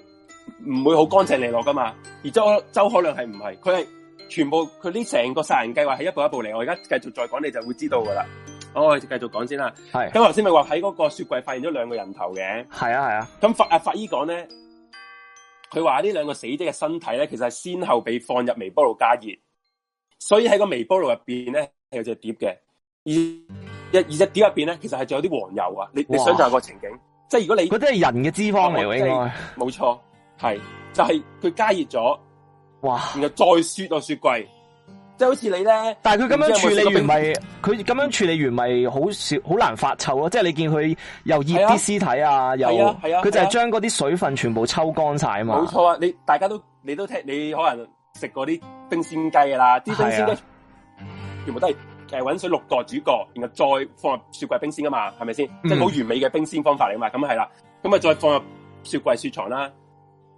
唔會好乾淨利落噶嘛。而周周海亮係唔係？佢係全部佢呢成個殺人計劃係一步一步嚟。我而家繼續再講，你就會知道噶啦。我繼續講先啦。係咁，頭先咪話喺嗰個雪櫃發現咗兩個人頭嘅。係啊係啊。咁法啊法醫講咧，佢話呢兩個死者嘅身體咧，其實係先後被放入微波爐加熱，所以喺個微波爐入邊咧係有隻碟嘅，而一而隻碟入邊咧，其實係仲有啲黃油啊。你你想就係個情景，即係如果你嗰啲係人嘅脂肪嚟嘅，冇錯。係，就係、係、佢加熱咗，哇！然後再雪落雪櫃，哇即係好似你咧。但係佢咁樣處理完，咪佢咁樣處理完咪好少，好難發臭咯。即係你見佢又熱啲屍體啊，又係啊，佢、又、啊啊、就係將嗰啲水分全部抽乾曬啊嘛。冇錯啊，啊，啊！你大家都你都聽，你可能食過啲冰鮮雞噶啦，啲冰鮮雞全部都係誒搵水六個主角，然後再放入雪櫃冰鮮啊嘛，係咪先？即係好完美嘅冰鮮方法嚟噶嘛。咁係啦，咁啊再放入雪櫃雪藏啦。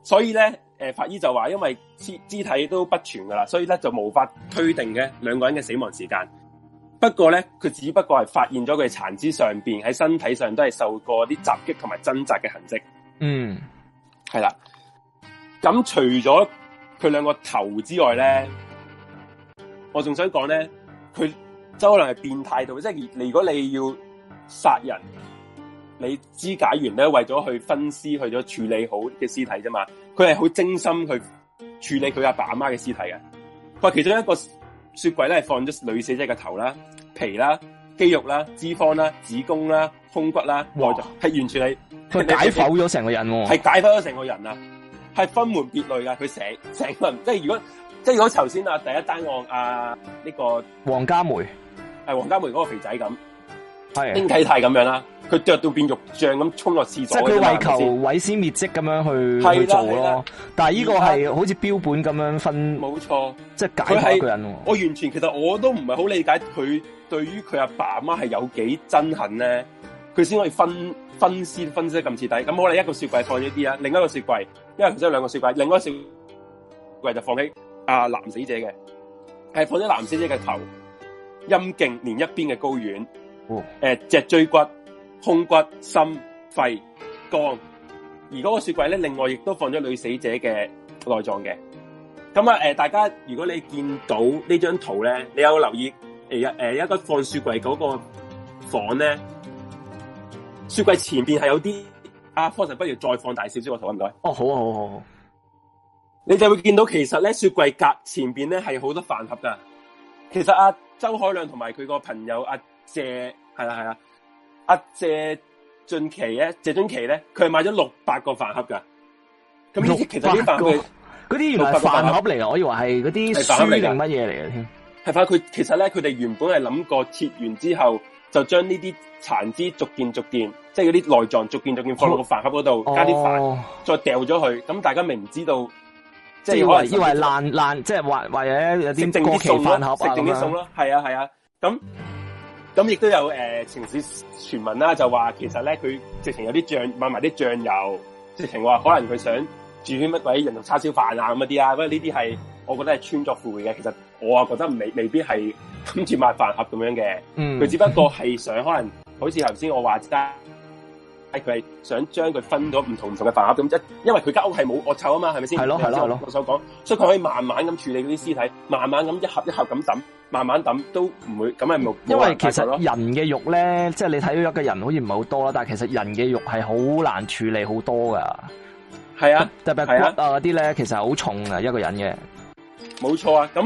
所以咧，誒法醫就話，因為肢肢體都不全噶啦，所以咧就無法推定嘅兩個人嘅死亡時間。不過咧，佢只不過係發現咗佢殘肢上邊、喺身體上都係受過啲襲擊同埋掙扎嘅痕跡。嗯，係啦。咁除咗佢兩個頭之外咧，我仲想講咧，佢周可能係變態到，即係如果你要殺人。你肢解完咧為咗去分屍，去咗處理好嘅屍體啫嘛？佢係好精心去處理佢阿爸阿媽嘅屍體嘅。佢話其中一個雪櫃咧係放咗女死者嘅頭啦、皮啦、肌肉啦、脂肪啦、子宮啦、胸骨啦，內係哇完全係佢解剖咗成個人，係解剖咗成個人啊！係分門別類噶，佢成成個人，即係如果即係如果頭先啊第一單案啊呢個黃家梅，係黃家梅嗰個肥仔咁，係丁啟泰咁樣啦。佢剁到變肉醬咁沖落廁所，即係佢為求毀屍滅跡咁樣去的去做咯。的但係呢個係好似標本咁樣分，冇錯，即係解剖一個人。我完全其實我都唔係好理解佢對於佢阿爸阿媽係有幾憎恨咧，佢先可以分分屍分得咁徹底。咁我哋一個雪櫃放咗啲啊，另一個雪櫃，因為頭先有兩個雪櫃，另外一個雪櫃就放喺阿、啊、男死者嘅，係放喺男死者嘅頭，陰莖連一邊嘅睾丸，誒、哦呃、脊椎骨。胸骨、心、肺、肝，而嗰個雪櫃咧，另外亦都放咗女死者嘅內臟嘅。咁啊，誒、呃，大家如果你見到這張圖呢張圖咧，你有留意誒，誒、呃，一、呃、個放雪櫃嗰個房咧，雪櫃前邊係有啲阿、啊、科神，不如再放大少少個圖，唔該。哦，好好好，好。你就會見到其實咧，雪櫃隔前邊咧係好多飯盒噶。其實阿、啊、周海亮同埋佢個朋友阿、啊、謝，係啦係啦。是啊阿謝俊琪咧，謝俊琪咧，佢係買咗六百個飯盒噶，咁其實六百個嗰啲飯盒嚟啊，我以為係嗰啲書定乜嘢嚟啊？添係翻佢，其實咧佢哋原本係諗過切完之後，就將呢啲殘肢逐件逐件，即係嗰啲內臟逐件逐件放落個飯盒嗰度，加啲飯、哦、再掉咗去。咁大家明唔知道？即係以為以為爛爛爛，即係或或者有啲過期飯盒啊嘛？係啊係啊，咁、啊。咁亦都有誒，城、呃、市傳聞啦、啊，就話其實咧，佢直情有啲醬買埋啲醬油，直情話可能佢想煮啲乜鬼人肉叉燒飯啊咁啲啊，不過呢啲係我覺得係穿鑿附會嘅，其實我啊覺得未未必係跟住買飯盒咁樣嘅，佢、嗯、只不過係想可能好似頭先我話齋，係佢係想將佢分咗唔同唔同嘅飯盒咁即，因為佢間屋係冇惡臭啊嘛，係咪先？係咯係咯，我所講，所以佢可以慢慢咁處理嗰啲屍體，慢慢咁一盒一盒咁抌。慢慢抌都唔會咁係木，就因為其實人嘅肉咧，即係你睇到一個人好似唔係好多啦，但係其實人嘅肉係好難處理好多噶係啊，特別係骨啊啲咧，啊、其實好重啊一個人嘅。冇錯啊，咁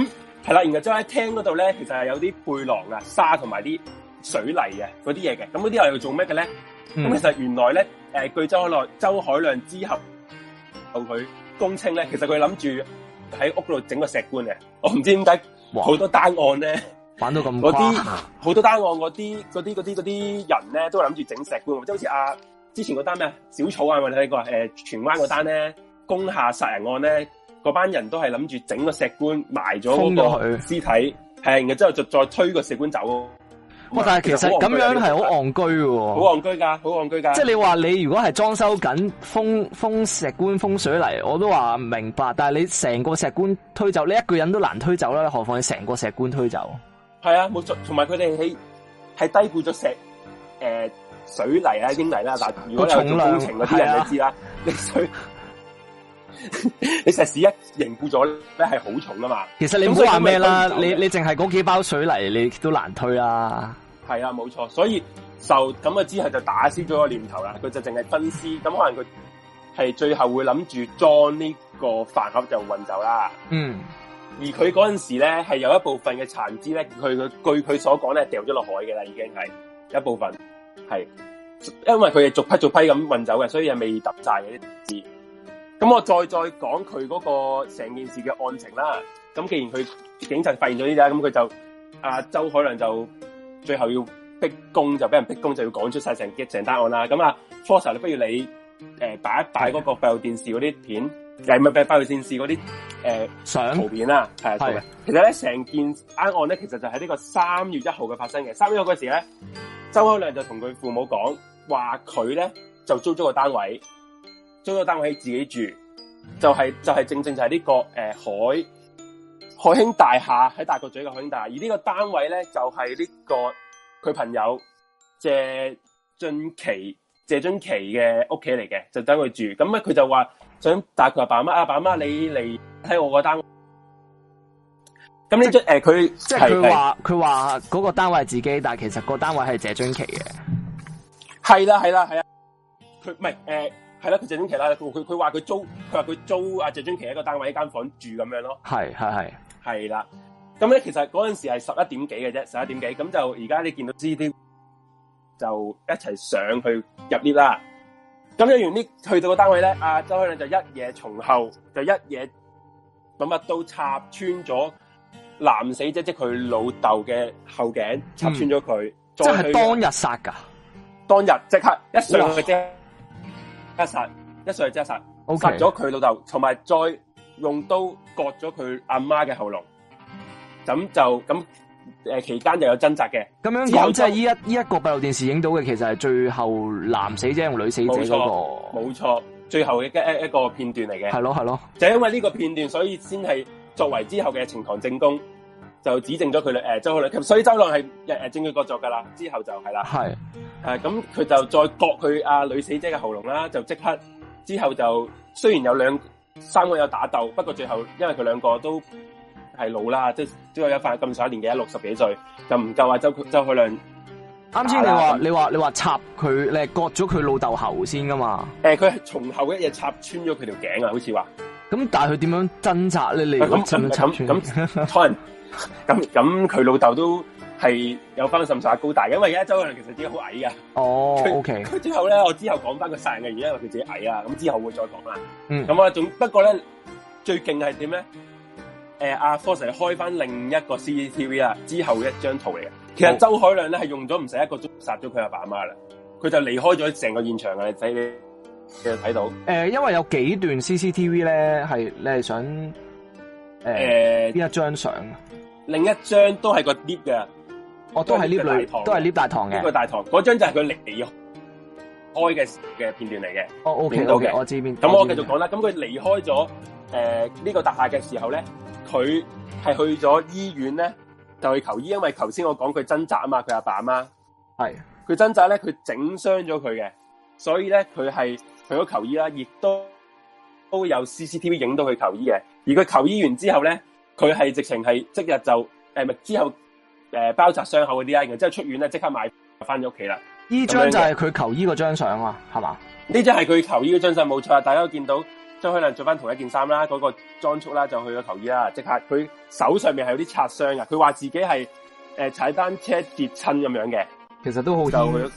係啦。然後之後喺廳嗰度咧，其實係有啲背囊啊、沙同埋啲水泥啊嗰啲嘢嘅。咁嗰啲係要做咩嘅咧？咁、嗯、其實原來咧，誒，據周海亮周海亮之後同佢供稱咧，其實佢諗住喺屋度整個石棺嘅。我唔知點解。好玩多單案咧，玩到咁，啊，嗰啲好多單案，嗰啲嗰啲嗰啲嗰啲人咧，都諗住整石棺，即好似阿之前嗰單咩小草啊，我哋睇過，誒，荃灣嗰單咧，工廈殺人案咧，嗰班人都係諗住整個石棺埋咗嗰個屍體，係，然之後就再推個石棺走。哇、哦！但係其實咁樣係好戇居嘅，好戇居噶，好戇居噶。即係你話你如果係裝修緊封封石棺風水泥，我都話唔明白。但係你成個石棺推走，你一個人都難推走啦，何況你成個石棺推走？係啊，冇錯。同埋佢哋係係低估咗石誒、呃、水泥啦、啊、英泥啦、啊。嗱，但如果有做工程嗰啲人，是啊、你知啦，你水 *laughs* 你石屎一凝固咗咧，係好重啊嘛！其實你唔好話咩啦，你你淨係嗰幾包水泥，你都難推呀、啊。係啦、啊，冇錯。所以受咁啊之後，就打消咗個念頭啦。佢就淨係分屍。咁 *laughs* 可能佢係最後會諗住裝呢個飯盒就運走啦。嗯。而佢嗰陣時咧，係有一部分嘅殘肢咧，佢佢據佢所講咧，掉咗落海嘅啦，已經係一部分，係因為佢係逐批逐批咁運走嘅，所以係未揼曬嘅啲。咁我再再講佢嗰個成件事嘅案情啦。咁既然佢警察發現咗啲嘢，咁佢就、啊、周海亮就最後要逼供，就俾人逼供，就要講出晒成件成單案啦。咁啊初 Sir 你不如你誒擺、呃、一擺嗰個閉路電視嗰啲片，誒咪係閉路電視嗰啲誒相圖片啦，係啊，係。的其實咧成件單案咧，其實就喺呢個三月一號嘅發生嘅。三月一號嗰時咧，周海亮就同佢父母講，話佢咧就租咗個單位。租個單位自己住，就係、是、就係、是、正正就係呢、這個誒、呃、海海興大廈喺大角咀嘅海興大廈，而呢個單位咧就係、是、呢個佢朋友謝俊琪謝俊琪嘅屋企嚟嘅，就等佢住。咁啊，佢就話想帶佢阿爸媽阿爸媽，你嚟睇我單位、這個單。咁呢即？呃、即誒，佢即係佢話佢話嗰個單位係自己，但係其實個單位係謝俊琪嘅。係啦，係啦，係啊，佢唔係誒。係啦，佢謝俊奇啦，佢佢話佢租，佢話佢租阿謝俊奇一個單位一間房住咁樣咯。係係係，係啦。咁咧，其實嗰陣時係十一點幾嘅啫，十一點幾咁就而家你見到呢啲就一齊上去入 lift 啦。咁樣完 lift 去到個單位咧，阿、啊、周漢良就一嘢從後就一嘢咁啊，都插穿咗男死者即佢老豆嘅後頸，插穿咗佢。即係、嗯、去當日殺噶，當日即刻一上嘅啫。一殺一上去即殺，殺咗佢老豆，同埋再用刀割咗佢阿媽嘅喉嚨。咁就咁誒、呃，期間就有掙扎嘅。咁樣有，即係依一依一個閉路電視影到嘅，其實係最後男死者同女死者嗰、嗰個。冇錯，冇錯，最後嘅一個一個片段嚟嘅。係咯，係咯。就因為呢個片段，所以先係作為之後嘅呈堂證供。就指證咗佢啦，誒周海亮，所以周亮係正義角色㗎啦。之後就係啦，係是，咁佢、啊這個、就再割佢阿、啊、女死者嘅喉嚨啦，就即刻。之後就雖然有兩三個有打鬥，不過最後因為佢兩個都係老啦，即係都有一塊咁上年紀，一六十幾歲，就唔夠話周周海亮。啱先你話你話你話插佢，你係割咗佢老豆喉先㗎嘛？誒、呃，佢係從後一嘢插穿咗佢條頸啊，好似話。咁但係佢點樣掙扎咧？你諗？咁、啊。 *laughs* 咁咁佢老豆都係有翻甚晒高大，因為而家周海亮其實自己好矮啊。哦他，OK。佢之後咧，我之後講翻個殺人嘅原因，因為佢自己矮啊。咁之後會再講啦。嗯。咁我仲不過咧，最勁係點咧？誒、呃，阿科神開翻另一個 CCTV 啊，之後一張圖嚟嘅。其實周海亮咧係用咗唔使一個鐘殺咗佢阿爸阿媽啦，佢就離開咗成個現場嘅仔，你你睇到？誒、呃，因為有幾段 CCTV 咧係你係想誒呢、呃呃、一張相。另一張都係個 lift 嘅，我、哦、都係 lift 大堂，都係 lift 大堂嘅。呢個大堂嗰張就係佢離離開嘅嘅片段嚟嘅。哦，OK，好嘅，okay, okay，我知邊。咁我繼續講啦。咁佢離開咗誒呢個大廈嘅時候咧，佢係去咗醫院咧，就去求醫。因為頭先我講佢掙扎啊嘛，佢阿爸阿媽係佢掙扎咧，佢整傷咗佢嘅，所以咧佢係去咗求醫啦，亦都都有 CCTV 影到佢求醫嘅。而佢求醫完之後咧。佢係直情係即日就誒，咪、呃、之後誒、呃、包紮傷口嗰啲啦，然之後出院咧即刻買翻咗屋企啦。呢張就係佢求醫嗰張相啊，係嘛？呢張係佢求醫嗰張相，冇錯啊！大家都見到張海亮着翻同一件衫啦，嗰、那個裝束啦，就去咗求醫啦。即刻佢手上面係有啲擦傷啊，佢話自己係誒、呃、踩單車跌親咁樣嘅。其實都好牽強，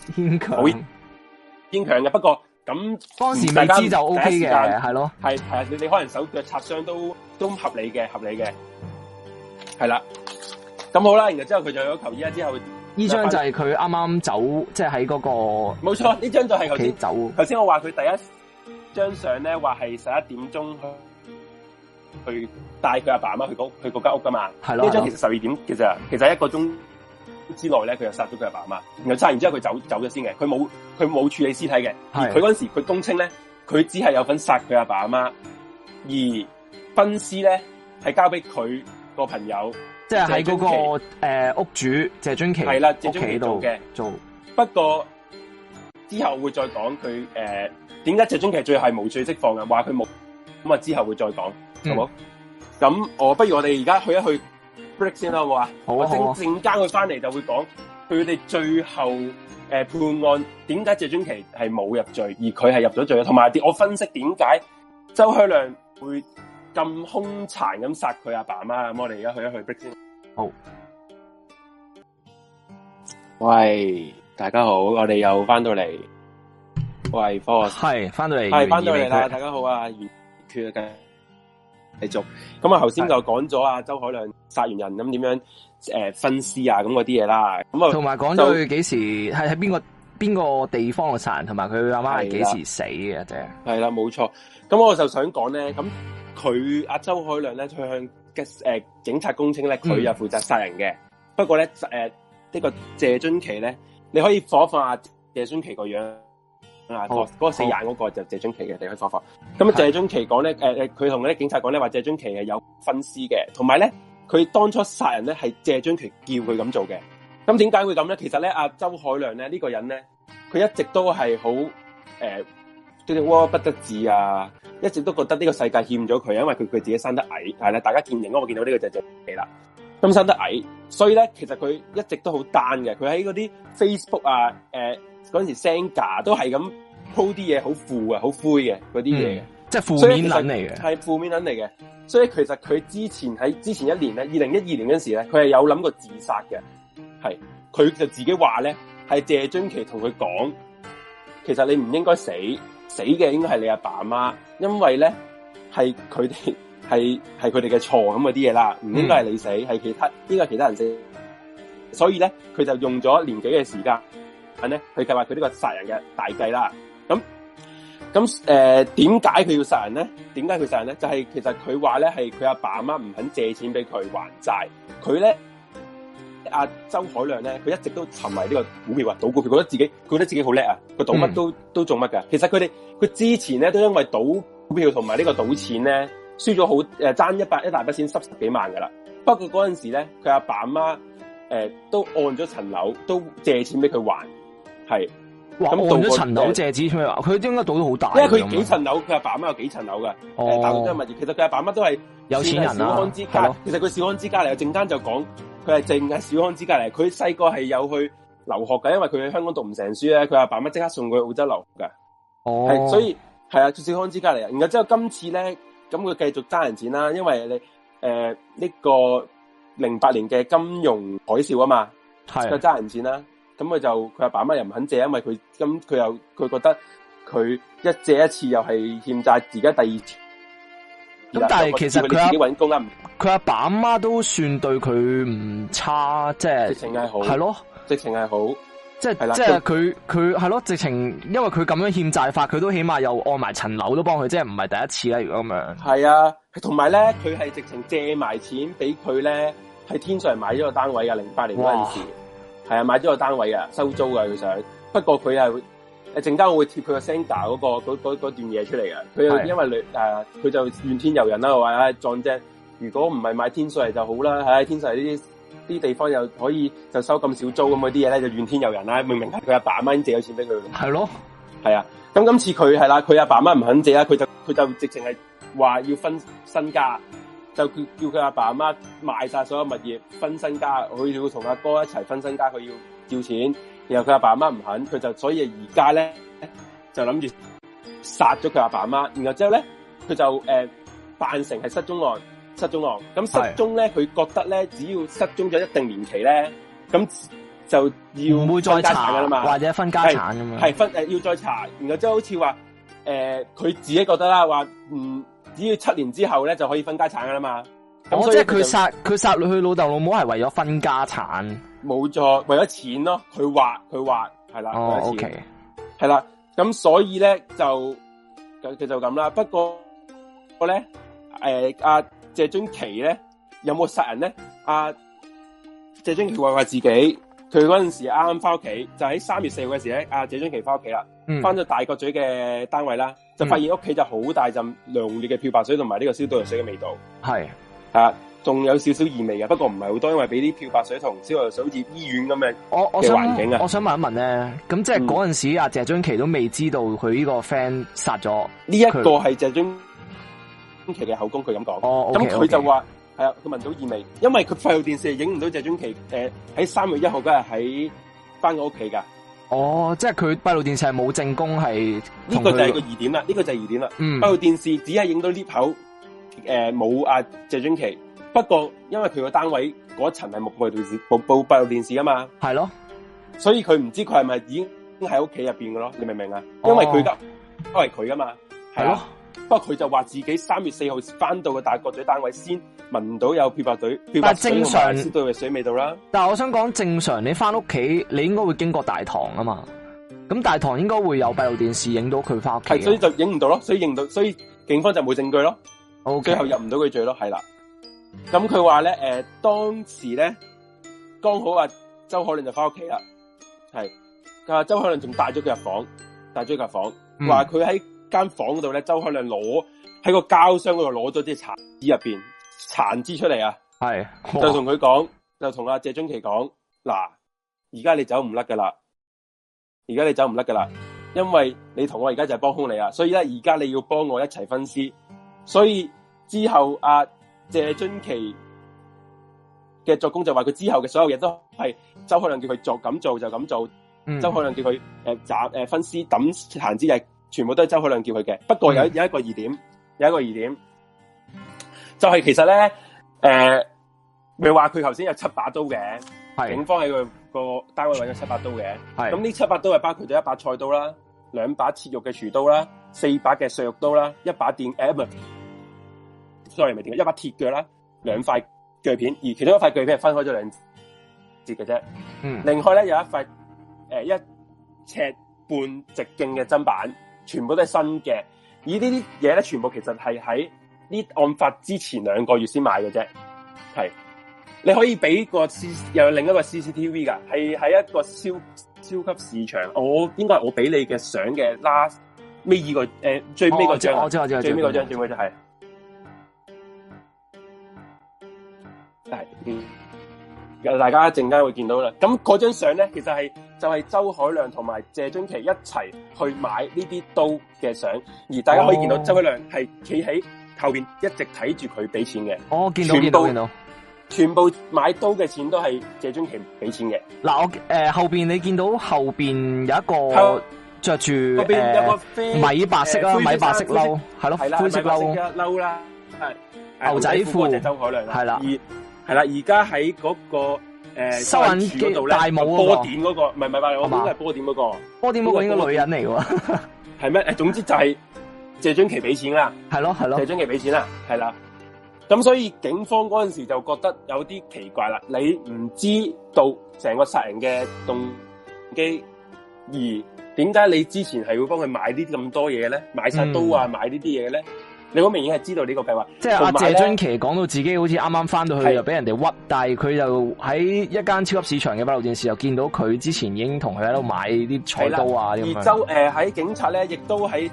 牽強嘅。不過咁當時未知就 O K 嘅，係咯，係係啊！你可能手腳擦傷都都合理嘅，合理嘅。係啦，咁好啦，然後之後佢就去咗求醫。依家之後，呢張就係佢啱啱走，即係喺嗰個冇錯，呢張就係佢先走。頭先我話佢第一張相咧，話係十一點鐘去帶帶佢阿爸阿媽去嗰去嗰間屋噶嘛。係咯的，呢張其實十二點，的其實其實一個鐘之內咧，佢就殺咗佢阿爸阿媽。然後殺完之後佢走走咗先嘅，佢冇佢冇處理屍體嘅。的而佢嗰時佢供稱咧，佢只係有份殺佢阿爸阿媽，而分屍咧係交俾佢個朋友，即係喺嗰個誒、呃、屋主謝尊奇係啦，謝尊奇度嘅做，做。不過之後、呃、後之後會再講佢誒，點解謝尊奇最後係無罪釋放嘅？話佢冇咁啊，之後會再講好冇？咁我不如我哋而家去一去 break 先啦，好冇啊？好啊，正正間佢翻嚟就會講佢哋最後誒、呃、判案，點解謝尊奇係冇入罪，而佢係入咗罪？同埋我分析點解周香亮會。咁凶殘咁殺佢阿爸阿媽咁，我哋而家去一去逼先。好，喂，大家好，我哋又翻到嚟，喂，科係翻到嚟，係翻是到嚟啦，是大家好啊，完結，繼繼續。咁啊，頭先就講咗啊，周海亮殺完人咁點樣誒分屍啊，咁嗰啲嘢啦。咁啊，同埋講咗佢幾時係喺邊個邊個地方嘅殺人同埋佢阿媽係幾時死嘅啫？係啦的，冇錯是。咁我就想講咧，咁。佢阿周海亮咧，佢向嘅誒、呃、警察供稱咧，佢又負責殺人嘅。嗯、不過咧，誒、呃、呢、這個謝津奇咧，你可以放一放阿、啊、謝津奇個樣啊，嗰、哦、個四眼嗰個就謝津奇嘅，哦、你可以放一，放。咁謝津奇講咧，誒誒是，佢同嗰啲警察講咧，話謝津奇係有分屍嘅，同埋咧，佢當初殺人咧係謝津奇叫佢咁做嘅。咁點解會咁咧？其實咧，阿周海亮咧呢、這個人咧，佢一直都係好誒。呃窩、哦、不得志啊！一直都覺得呢個世界欠咗佢，因為佢佢自己生得矮，係啦。大家見唔見到我見到呢個就就係啦。咁生得矮，所以咧，其實佢一直都好單嘅。佢喺嗰啲 Facebook 啊，誒嗰陣時 send 架都係咁 po 啲嘢，好負嘅，好灰嘅嗰啲嘢嘅，即係、嗯就是、負面諗嚟嘅，係負面諗嚟嘅。所以其實佢之前喺之前一年咧，二零一二年嗰陣時咧，佢係有諗過自殺嘅。係佢就自己話咧，係謝津琪同佢講，其實你唔應該死。死嘅應該係你阿爸阿媽，因為咧係佢哋係係佢哋嘅錯咁嗰啲嘢啦，唔應該係你死，係其他應該係其他人死。所以咧，佢就用咗年幾嘅時間，咧去計劃佢呢個殺人嘅大計啦。咁咁誒點解佢要殺人咧？點解佢殺人咧？就係其實佢話咧係佢阿爸阿媽唔肯借錢俾佢還債，佢咧。阿周海亮咧，佢一直都沉迷呢個股票啊，賭股票，佢覺得自己，佢覺得自己好叻啊，佢賭乜都、嗯、都做乜噶。其實佢哋，佢之前咧都因為賭股票同埋呢個賭錢咧，輸咗好誒，爭、呃、一百一大筆錢，濕十幾萬噶啦。不過嗰陣時咧，佢阿爸阿媽誒都按咗層樓，都借錢俾佢還。係，哇，那賭那個、按咗層樓借錢出去還，佢應該賭得好大，因為佢幾層樓，佢阿爸媽有幾層樓噶，大物業，其實佢阿爸阿媽都係有錢人、啊、小康之家，對了 其實佢小康之家嚟，陣間就講。佢係淨係小康之家嚟，佢細個係有去留學噶因為佢喺香港讀唔成書咧，佢阿爸阿媽即刻送佢去澳洲留學噶，係、oh. 所以係啊，是小康之家嚟。然後之後今次咧，咁佢繼續揸人錢啦，因為你誒呢個零八年嘅金融海嘯啊嘛，係就揸人錢啦。咁佢就佢阿爸阿媽，媽又唔肯借，因為佢咁佢又佢覺得佢一借一次又係欠債，而家第二次咁但係其實佢自己揾工啊，佢阿爸阿媽都算對佢唔差，即係直情係好，係咯，直情係好，即係即係佢佢係咯，直情咯因為佢咁樣欠債法，佢都起碼又按埋層樓都幫佢，即係唔係第一次啦，如果咁樣。係啊，同埋咧，佢係直情借埋錢俾佢咧，喺天上買咗個單位啊。零八年嗰陣時，係哇啊，買咗個單位啊，收租噶，佢想，不過佢係。誒，陣間我會貼佢、嗰個 s e 嗰個段嘢出嚟嘅。佢因為你誒，佢的就怨天尤人啦，話啊撞正，如果唔係買天水就好啦，喺天水呢啲啲地方又可以就收咁少租咁，嗰啲嘢咧就怨天尤人啦。明明係佢阿爸阿媽已經借咗錢俾佢。係咯的，係啊。咁今次佢係啦，佢阿爸阿媽唔肯借啦，佢就佢就直情係話要分身家，就叫叫佢阿爸阿媽賣晒所有物業分身家，佢要同阿哥、哥一齊分身家，佢要要錢。然後佢阿爸阿媽唔肯，佢就所以而家咧就諗住殺咗佢阿爸阿媽。然後之後咧，佢就誒、呃、扮成係失蹤案，失蹤案。咁失蹤咧，佢是覺得咧，只要失蹤咗一定年期咧，咁就要唔會再查噶啦嘛，或者分家產咁樣係分誒、呃、要再查。然後即係好似話誒，佢、呃、自己覺得啦，話唔、呃、只要七年之後咧就可以分家產噶啦嘛。咁、哦、即係佢殺佢殺佢老豆老母係為咗分家產。冇錯，為咗錢咯，佢話佢話係啦，哦，O K，係啦，咁、oh, okay. 所以咧就佢就咁啦。不過我咧，誒、呃，阿、啊、謝津琪咧有冇殺人咧？阿、啊、謝津琪話話自己，佢嗰陣時啱啱翻屋企，就喺三月四號嘅時咧，阿、mm. 啊、謝津琪翻屋企啦，翻咗大角咀嘅單位啦，mm. 就發現屋企就好大陣濃烈嘅漂白水同埋呢個消毒藥水嘅味道，係、mm. 啊。仲有少少異味嘅，不過唔係好多，因為俾啲漂白水同消毒水好似醫院咁嘅環境啊！我想問一問咧，咁即係嗰陣時阿、嗯啊、謝津琪都未知道佢呢個 friend 殺咗呢一個係，謝津琪嘅口供，佢咁講。哦，咁、okay，佢就話係啊，佢聞 okay. 到異味，因為佢閉路電視影唔到謝津琪。呃，誒喺三月一號嗰日喺翻個屋企噶。哦，即係佢閉路電視係冇正功，係呢個就係個疑點啦，呢、這個就係疑點啦。閉路、嗯、電視只係影到呢口，誒冇阿謝津琪。不過因為佢個單位嗰一層係冇閉路電視，冇冇閉路電視啊嘛，係咯的，所以佢唔知佢係咪已經喺屋企入邊嘅咯，你明唔明啊？哦、因為佢嘅都係佢噶嘛，係咯的。是的不過佢就話自己三月四號翻到個大角咀單位先聞到有漂白水漂白水、水味道啦。但係我想講正常你翻屋企，你應該會經過大堂啊嘛，咁大堂應該會有閉路電視影到佢翻屋企，係所以就影唔到咯，所以影到所以，所以警方就冇證據咯，OK Okay. 最後入唔到佢罪咯，係啦。咁佢話咧，誒、呃，當時咧，剛好啊，周海倫就翻屋企啦，係，周海倫仲帶咗佢入房，帶咗佢入房，話佢喺間房嗰度咧，周海倫攞喺個膠箱嗰度攞咗啲殘肢入邊，殘肢出嚟啊，係，就同佢講，就同阿謝津琪講，嗱，而家你走唔甩噶啦，而家你走唔甩噶啦，因為你同我而家就係幫兇你啊，所以咧而家你要幫我一齊分屍，所以之後啊。謝津其嘅作工就話佢之後嘅所有嘢都係周海亮叫佢做，咁做就咁做，做嗯、周海亮叫佢誒斬誒分屍抌殘肢，就全部都係周海亮叫佢嘅。不過有有一個疑點，嗯、有一個疑點就係、是、其實咧誒，咪話佢頭先有七把刀嘅，是警方喺佢、個單位揾咗七把刀嘅，咁呢是七把刀係包括咗一把菜刀啦、兩把切肉嘅廚刀啦、四把嘅削肉刀啦、一把電 M。欸 sorry 咪點解一把鐵鋸啦，兩塊鋸片，而其中一塊鋸片係分開咗兩截嘅啫。嗯，另外咧有一塊誒一尺半直徑嘅砧板，全部都係新嘅。而呢啲嘢咧，全部其實係喺呢案發之前兩個月先買嘅啫。係，你可以俾個又有另一個 CCTV 噶係喺一個超超級市場。我應該係我俾你嘅相嘅，last 尾二個誒最尾個張，我知我知，最尾嗰張最尾就係。係啲，又大家一陣間會見到啦。咁嗰張相咧，其實係就係、是、周凱亮同埋謝臻麒一齊去買呢啲刀嘅相片，而大家可以見到周凱亮係企喺後邊一直睇住佢俾錢嘅。我見到見到見到，全部買刀嘅錢都係謝臻麒俾錢嘅。嗱，我誒後邊你見到後邊有一個着住米白色啦，啊、米白色褸係咯，灰色褸啦、啊啊，牛仔褲。就褲周凱亮係啦。了係啦，而家喺嗰個誒收銀處大帽母 波點嗰個，唔係唔係，我應該係波點嗰個。波點嗰個應該女人嚟嘅喎，係咩？誒，總之就係謝張琪俾錢啦，係咯係咯，謝張琪俾錢啦，係啦。咁所以警方嗰陣時就覺得有啲奇怪啦。你唔知道成個殺人嘅動機，而點解你之前係會幫佢買啲咁多嘢咧？買晒刀啊，買呢啲嘢咧？嗯你好明顯係知道個計劃是、啊、呢個計劃，即係阿謝津奇講到自己好似啱啱翻到去的又俾人哋屈，但係佢又喺一間超級市場嘅閉路電視又見到佢之前已經同佢喺度買啲菜刀啊的，些而周誒喺警察咧亦都喺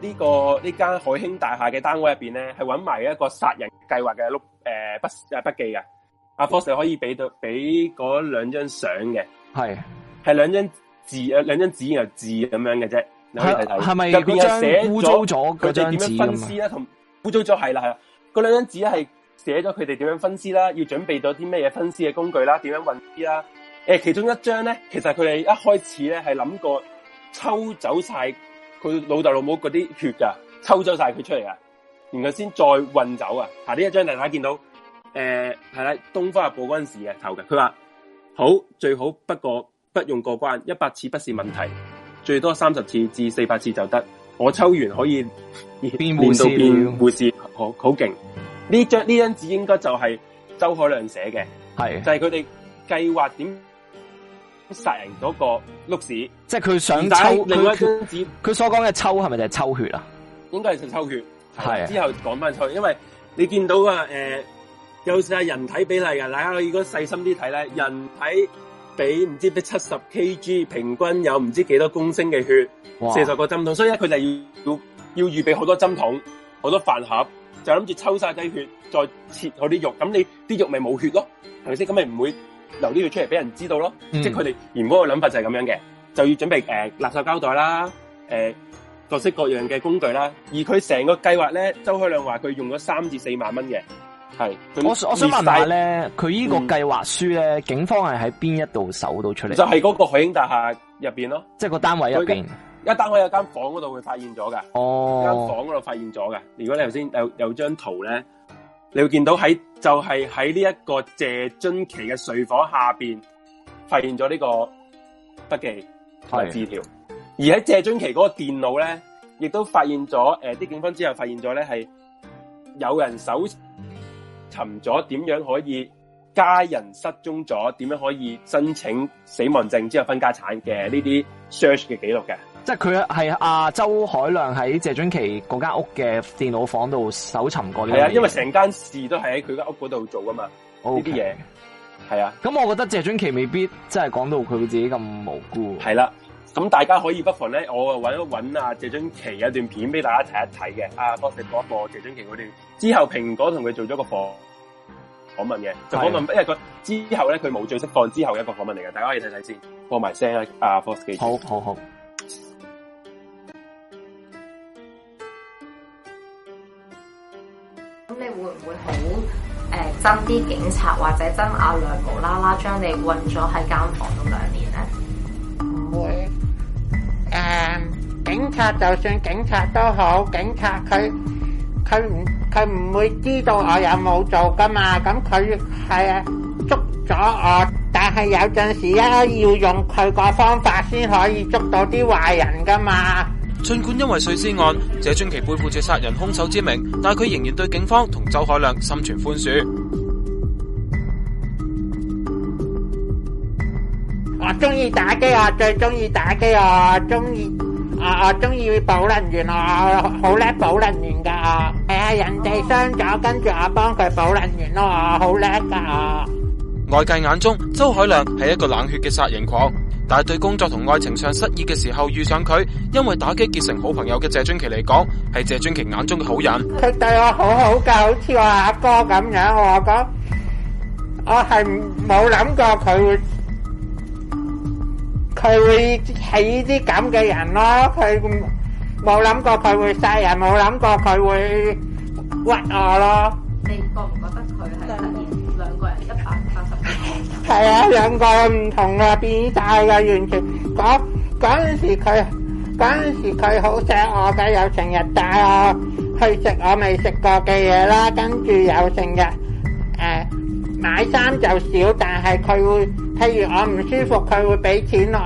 呢、這個呢間海興大廈嘅單位入邊咧係揾埋一個殺人計劃嘅筆誒筆誒筆記嘅，阿科士可以俾到俾嗰兩張相嘅，係係兩張紙誒兩張紙又字咁樣嘅啫。係係咪入邊又寫污糟咗佢張紙咁啊？污糟咗係啦係啦，嗰兩張紙係寫咗佢哋點樣分屍啦，要準備到啲咩嘢分屍嘅工具啦，點樣運屍啦？誒、呃，其中一張咧，其實佢哋一開始咧係諗過抽走晒佢老豆老母嗰啲血噶，抽走晒佢出嚟噶，然後先再運走啊！下邊一張大家見到，誒、呃，係啦，東方日報陣時嘅頭嘅，佢話好最好，不過不用過關，一百次不是問題。最多三十次至四百次就得，我抽完可以練到變護士，好好勁。呢張呢張紙應該就係周海亮寫嘅，係是就係佢哋計劃點殺人嗰個碌屎。即係佢想抽，另外一張紙，佢所講嘅抽係咪就係抽血啊？應該係就抽血，係是之後講翻抽血，因為你見到啊，誒、呃，有晒人體比例嘅，大家可以如果細心啲睇咧，人體。俾唔知得七十 kg，平均有唔知幾多公升嘅血，四十哇個針筒，所以咧佢就要要預備好多針筒，好多飯盒，就諗住抽晒啲血，再切好啲肉，咁你啲肉咪冇血咯，係咪先？咁咪唔會留啲血出嚟俾人知道咯，即係佢哋原本嘅諗法就係咁樣嘅，就要準備誒、呃、垃圾膠袋啦，誒、呃、各式各樣嘅工具啦，而佢成個計劃咧，周開亮話佢用咗三至四萬蚊嘅。係，我我想問下咧，佢呢個計劃書咧，嗯、警方係喺邊一度搜到出嚟？就係嗰個海興大廈入邊咯，即係個單位入邊。一單位有間房嗰度，會發現咗㗎。哦，間房嗰度發現咗㗎。如果你頭先有有張圖咧，你會見到喺就係喺呢一個謝津奇嘅睡房下邊，發現咗呢個筆記同埋字條。的而喺謝津奇嗰個電腦咧，亦都發現咗。誒、呃，啲警方之後發現咗咧，係有人搜。尋咗點樣可以家人失蹤咗？點樣可以申請死亡證之後分家產嘅呢啲 search 嘅記錄嘅？錄即係佢係阿周海亮喺謝津琪嗰間屋嘅電腦房度搜尋過。係啊，因為成間事都係喺佢間屋嗰度做噶嘛，呢啲嘢係啊。咁我覺得謝津琪未必真係講到佢自己咁無辜。係啦。咁大家可以不妨咧，我啊搵一搵阿謝俊琪一段片俾大家一齊睇嘅。阿博士播一播謝俊琪嗰段之後蘋，蘋果同佢做咗個訪訪問嘅，就訪的問，因為佢之後咧，佢冇最釋放之後一個訪問嚟嘅，大家可以睇睇先。放埋聲阿博士，好好好。咁你會唔會好誒？憎、呃、啲警察或者憎阿梁無啦啦將你韞咗喺監房度兩年咧？唔會、嗯。誒，警察就算警察都好，警察佢佢唔佢唔會知道我有冇做噶嘛，咁佢係捉咗我，但係有陣時咧要用佢個方法先可以捉到啲壞人噶嘛。盡管因為碎屍案，謝君奇背負住殺人兇手之名，但佢仍然對警方同周海亮心存寬恕。我中意打機，我最中意打機，我中意，我我中意補能源，我好叻補能源噶。睇下人哋傷咗，跟住我幫佢補能源咯，我好叻噶。外界眼中，周海亮係一個冷血嘅殺人狂，但係對工作同愛情上失意嘅時候遇上佢，因為打機結成好朋友嘅謝尊琪嚟講，係謝尊琪眼中嘅好人。佢對我好好噶，好似我阿哥咁樣，我講我係冇諗過佢會。佢會係呢啲咁嘅人咯，佢冇諗過佢會殺人，冇諗過佢會屈我咯。你覺唔覺得佢係突然兩個人一百八十？係啊，兩個唔同嘅變態嘅完全。嗰嗰陣時佢嗰陣時佢好錫我，梗有成日帶我去食我未食過嘅嘢啦，跟住有成日誒買衫就少，但係佢會。譬如我唔舒服，佢會俾錢我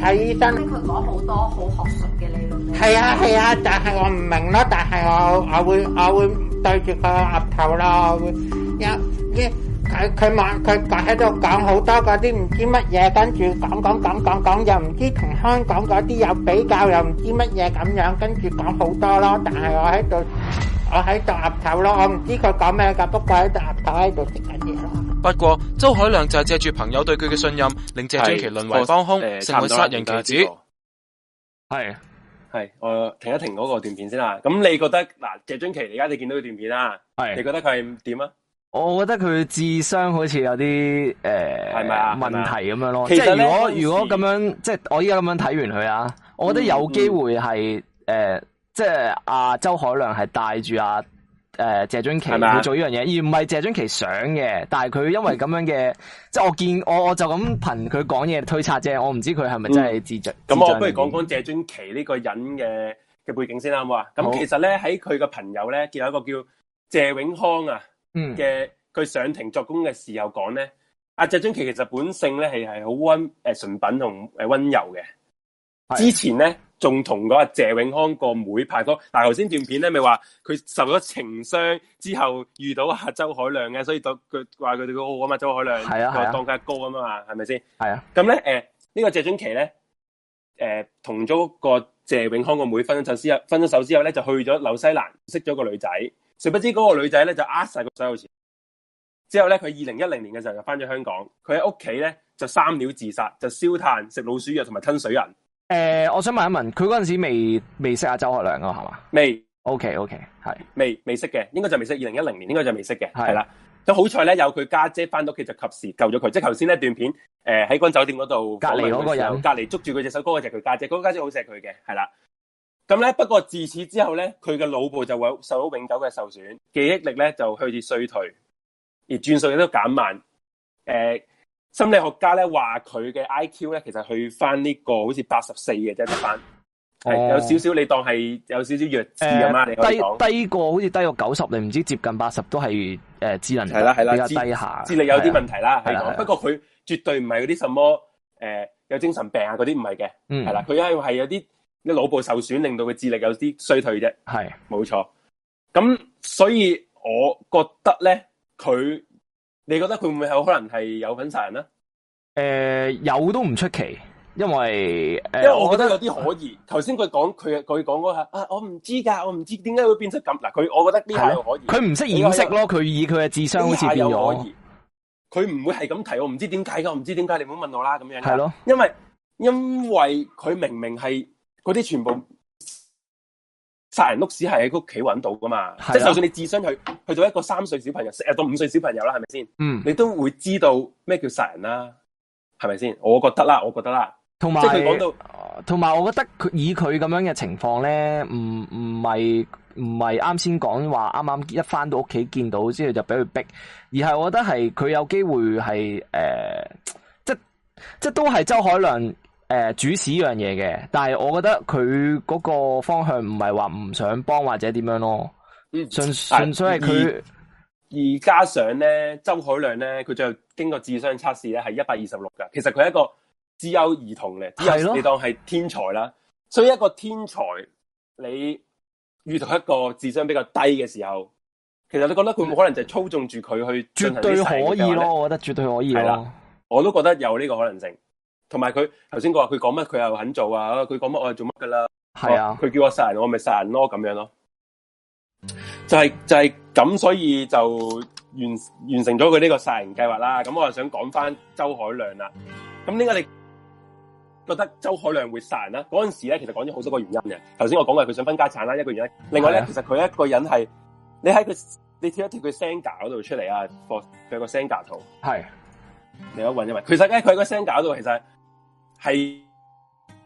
睇醫生。佢講好多好學術嘅理論。係啊係啊，但係、啊就是、我唔明咯。但係我我會我會對住佢岌頭咯。有啲佢佢問佢喺度講好多嗰啲唔知乜嘢，跟住講講講講講又唔知同香港嗰啲有比較又唔知乜嘢咁樣，跟住講好多咯。但係我喺度我喺度岌頭咯，我唔知佢講咩㗎，不過喺度岌頭喺度食緊嘢。不過周海亮就係借住朋友對佢嘅信任，令謝津奇淪為幫凶，成為殺人棋子。係係，我停一停嗰個段片先啦。咁你覺得嗱，謝津奇而家你見到佢段片啊？係你覺得佢係點啊？我覺得佢智商好似有啲誒，係咪啊？問題咁樣咯。即係如果如果咁樣，即係我依家咁樣睇完佢啊，我覺得有機會係誒，即係阿周海亮係帶住阿。誒、呃，謝津琪去吧做呢樣嘢，而唔係謝津琪想嘅。但係佢因為咁樣嘅，嗯、即係我見我我就咁憑佢講嘢推測啫。我唔知佢係咪真係自盡？咁、嗯嗯、我不如講講謝津琪呢個人嘅嘅背景先啦，好嘛？咁其實咧喺佢個朋友咧，見到一個叫謝永康啊，嘅，佢上庭作供嘅時候講咧，阿、嗯、謝津琪其實本性咧係係好溫誒純品同誒溫柔嘅。的之前咧。仲同嗰阿謝永康個妹，妹拍拖，但係頭先段片咧咪話佢受咗情傷之後遇到阿周海亮嘅，所以當佢話佢哋佢好啊嘛，周海亮係啊，是啊當佢高哥啊嘛，係咪先？係啊，咁咧誒，呢、呃這個謝俊琪咧，誒、呃，同咗個謝永康個妹，妹分咗手先，分咗手之後咧就去咗紐西蘭，識咗個女仔，誰不知嗰個女仔咧就呃晒個所有錢，之後咧佢二零一零年嘅時候就翻咗香港，佢喺屋企咧就三鳥自殺，就燒炭、食老鼠藥同埋吞水銀。誒、呃，我想問一問，佢嗰陣時未未識阿周學良咯，係嘛未、okay, okay,？未，OK OK，係，未未識嘅，應該就未識。二零一零年應該就未識嘅，係啦的。咁好彩咧，有佢家姐翻到屋企就及時救咗佢。即係頭先咧段片，誒喺嗰間酒店嗰度，隔籬嗰個人，隔籬捉住佢隻手嗰個就係佢家姐，嗰、那個家姐好錫佢嘅，係啦。咁咧，不過自此之後咧，佢嘅腦部就會受到永久嘅受損，記憶力咧就開始衰退，而轉數亦都減慢。誒、呃。心理學家咧話佢嘅 IQ 咧，其實去翻呢、這個好似八十四嘅啫，得翻係、哦、有少少你當係有少少弱智咁嘛？呃、你低低過好似低過九十，你唔知接近八十都係誒、呃、智能啦係啦，低下智，智力有啲問題啦。係不過佢絕對唔係嗰啲什麼誒、呃、有精神病啊嗰啲唔係嘅，係啦、嗯，佢因為係有啲啲腦部受損，令到佢智力有啲衰退啫。係冇錯。咁所以我覺得咧，佢。你覺得佢會唔會有可能係有份殺人咧？誒、呃，有都唔出奇，因為誒，呃、因為我覺得有啲可疑。頭先佢講佢佢講嗰下啊，我唔知噶，我唔知點解會變出咁嗱。佢我覺得呢樣可以，佢唔識掩飾咯，佢以佢嘅智商好似變咗。佢唔會係咁提我，我唔知點解噶，我唔知點解，你唔好問我啦，咁樣係咯的。因為因為佢明明係嗰啲全部。殺人屋史係喺屋企揾到噶嘛？是的嗯、即係就算你智商去去到一個三歲小朋友，成日到五歲小朋友啦，係咪先？嗯，你都會知道咩叫殺人啦，啊，係咪先？我覺得啦，我覺得啦。同埋有，即係講到，呃，同埋我覺得佢以佢咁樣嘅情況咧，唔唔係唔係啱先講話，啱啱一翻到屋企見到之後就俾佢逼，而係我覺得係佢有機會係誒、呃，即即都係周海良。誒，主使呢樣嘢嘅，但係我覺得佢嗰個方向唔係話唔想幫或者點樣咯，純純但 粹係佢而,而加上咧，周海亮咧，佢就經過智商測試咧係一百二十六噶，其實佢係一個智優兒童咧，對了 你當係天才啦。所以一個天才，你遇到一個智商比較低嘅時候，其實你覺得佢冇可能就係操縱住佢去？絕對可以咯，我覺得絕對可以。係啦，我都覺得有呢個可能性。同埋佢頭先話佢講乜佢又肯做啊！佢講乜我係做乜噶啦？係啊！佢、啊哦、叫我殺人我咪殺人咯、啊、咁樣咯，就係、是、就係、是、咁，所以就完完成咗佢呢個殺人計劃啦。咁我就想講翻周海亮啦。咁點解你覺得周海亮會殺人啦？嗰陣時咧，其實講咗好多個原因嘅。頭先我講過佢想分家產啦，一個原因。另外咧，其實佢一個人係你喺佢你貼一貼佢 sender 嗰度出嚟，啊，播佢個 sender 圖係你有冇因一其實咧，佢個 sender 度其實。係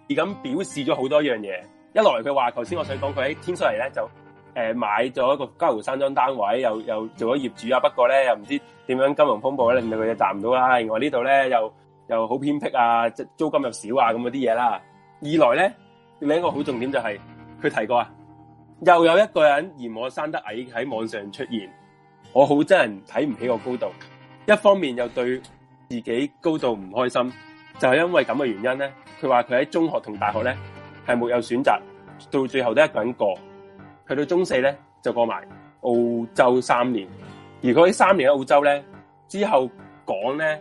而咁表示咗好多樣嘢，一來佢話頭先我想講佢喺天水圍咧就誒、呃、買咗一個嘉湖山莊單位，又又做咗業主啊，不過咧又唔知點樣金融風暴呢，令到佢哋賺唔到啦。另外呢度咧又又好偏僻啊，即租金又少啊，咁嗰啲嘢啦。二來咧，另一個好重點就係、是、佢提過啊，又有一個人嫌我生得矮喺網上出現，我好憎人睇唔起我高度，一方面又對自己高度唔開心。就係因為咁嘅原因咧，佢話佢喺中學同大學咧係沒有選擇，到最後都一個人過。去到中四咧就過埋澳洲三年。而佢喺三年喺澳洲咧之後講咧，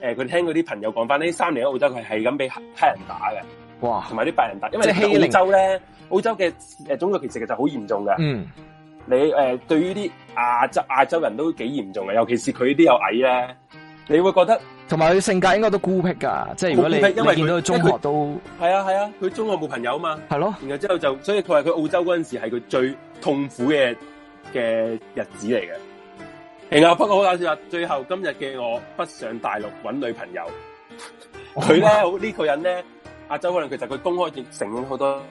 誒佢聽嗰啲朋友講翻，呢三年喺澳洲佢係咁俾黑人打嘅，哇！同埋啲白人打，因為洲呢澳洲咧澳洲嘅誒種族歧視其實好嚴重嘅。嗯，你誒、呃、對於啲亞洲亞洲人都幾嚴重嘅，尤其是佢啲有矮咧，你會覺得。同埋佢性格應該都孤僻噶，即係如果你，因為佢你見到佢中學都係啊係啊，佢、啊、中學冇朋友啊嘛，係咯。然後之後就，所以佢話佢澳洲嗰陣時係佢最痛苦嘅嘅日子嚟嘅。係啊，不過好搞笑啊！最後今日嘅我北上大陸揾女朋友，佢咧好呢 *laughs* 呢個人咧，阿周可能其實佢公開亦承認好多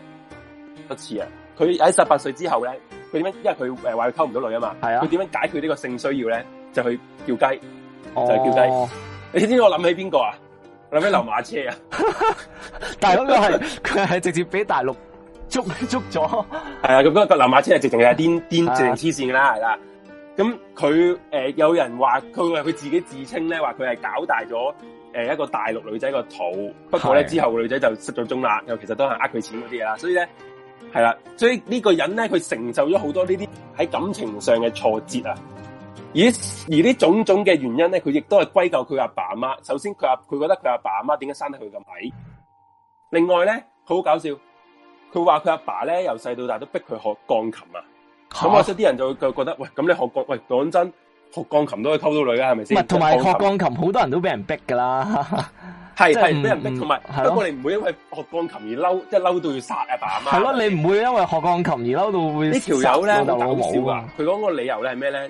一次啊。佢喺十八歲之後咧，佢點樣，因為佢誒話佢溝唔到女啊嘛，係啊。佢點樣解決呢個性需要咧？就去叫雞，就去叫雞。Oh. 你知我諗起邊個啊？諗起劉馬車啊 *laughs* 大佬？但係嗰個係佢係直接俾大陸捉捉咗。係啊，咁、那、嗰個劉馬車係直情係癲癲直情黐線噶啦，係啦、啊。咁佢誒，有人話佢話佢自己自稱咧，話佢係搞大咗誒、呃、一個大陸女仔個肚。不過咧是、啊、之後個女仔就失咗蹤啦，又其實都係呃佢錢嗰啲啦。所以咧係啦，所以呢、啊、所以呢個人咧，佢承受咗好多呢啲喺感情上嘅挫折啊。而而呢種種嘅原因咧，佢亦都係歸咎佢阿爸阿媽。首先，佢阿佢覺得佢阿爸阿媽點解生得佢咁矮？另外咧，佢好搞笑，佢話佢阿爸咧由細到大都逼佢學鋼琴啊。咁我識啲人就會覺得喂，咁你學鋼，喂，講真學鋼琴都可以溝到女嘅，係咪先？唔係，同埋學鋼琴好多人都俾人逼噶啦，係係俾人逼同埋。不過你唔會因為學鋼琴而嬲，即係嬲到要殺阿爸阿媽。係咯，你唔會因為學鋼琴而嬲到會呢條友咧就老少啊！佢講個理由咧係咩咧？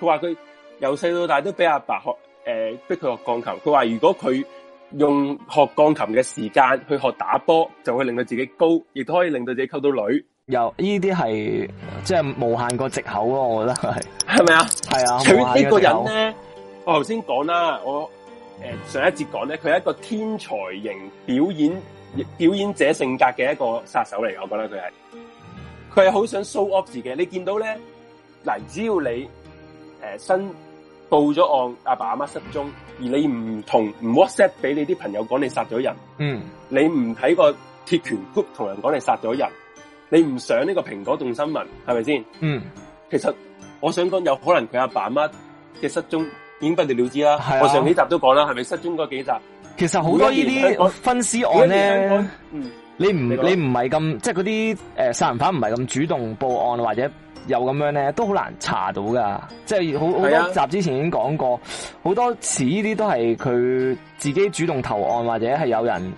佢話佢由細到大都俾阿爸,爸學，誒逼佢學鋼琴。佢話如果佢用學鋼琴嘅時間去學打波，就會令到自己高，亦都可以令到自己溝到女。又呢啲係即係無限個借口咯，我覺得佢係。係咪啊？係啊。佢呢個人咧，我頭先講啦，我、呃、誒上一節講咧，佢係一個天才型表演表演者性格嘅一個殺手嚟，我覺得佢係。佢係好想 show off 自己。你見到咧，嗱，只要你。誒，新報咗案，阿爸阿媽失蹤，而你唔同唔 WhatsApp 俾你啲朋友講你殺咗人，嗯，你唔睇個鐵拳 group 同人講你殺咗人，你唔上呢個蘋果動新聞，係咪先？嗯，其實我想講有可能佢阿爸阿媽嘅失蹤已經不了了之啦。係啊，我上幾集都講啦，係咪失蹤嗰幾集？其實好多呢啲分屍案咧，嗯，你唔不你唔係咁，即係嗰啲誒殺人犯唔係咁主動報案或者。又咁樣咧，都好難查到噶，即係好好多集之前已經講過，好多事呢啲都係佢自己主動投案，或者係有人，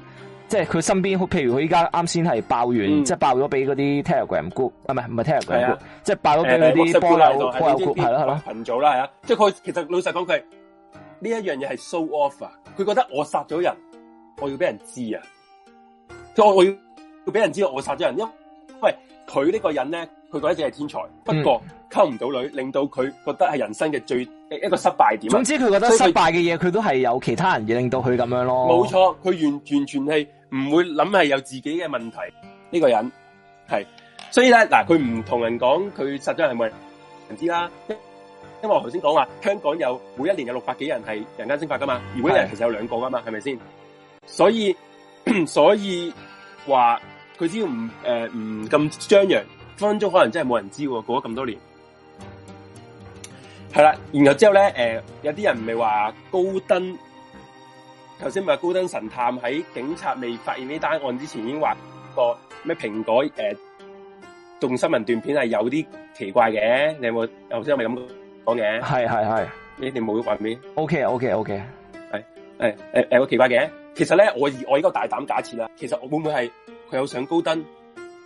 即係佢身邊，譬如佢依家啱先係爆完，即係爆咗俾嗰啲 Telegram group，唔係唔係 Telegram group，即係爆咗俾嗰啲波友當係呢啲群組啦吓，即係佢其實老實講句呢一樣嘢係 so off 啊，佢覺得我殺咗人，我要俾人知啊，即我要要俾人知我殺咗人，因為佢呢個人咧。佢覺得自己係天才，不過溝唔到女，令到佢覺得係人生嘅最一個失敗點。總之佢覺得失敗嘅嘢，佢都係有其他人而令到佢咁樣咯。冇錯，佢完完全係唔會諗係有自己嘅問題。呢、這個人係，所以咧嗱，佢唔同人講佢實際係咪唔知啦。因因為我頭先講話香港有每一年有六百幾人係人間蒸發噶嘛，而每一人其實有兩個噶嘛，係咪先？所以所以話佢只要唔誒唔咁張揚。分分鐘可能真係冇人知，過咗咁多年，係啦。然後之後咧，誒、呃，有啲人唔係話高登，頭先咪話高登神探喺警察未發現呢單案之前，已經話個咩蘋果誒，動、呃、新聞段片係有啲奇怪嘅。你有冇頭先有冇咁講嘅？係係係，你哋冇咗畫面。O K O K O K，係係誒誒，好、呃呃、奇怪嘅。其實咧，我我呢個大膽假設啦，其實我會唔會係佢有上高登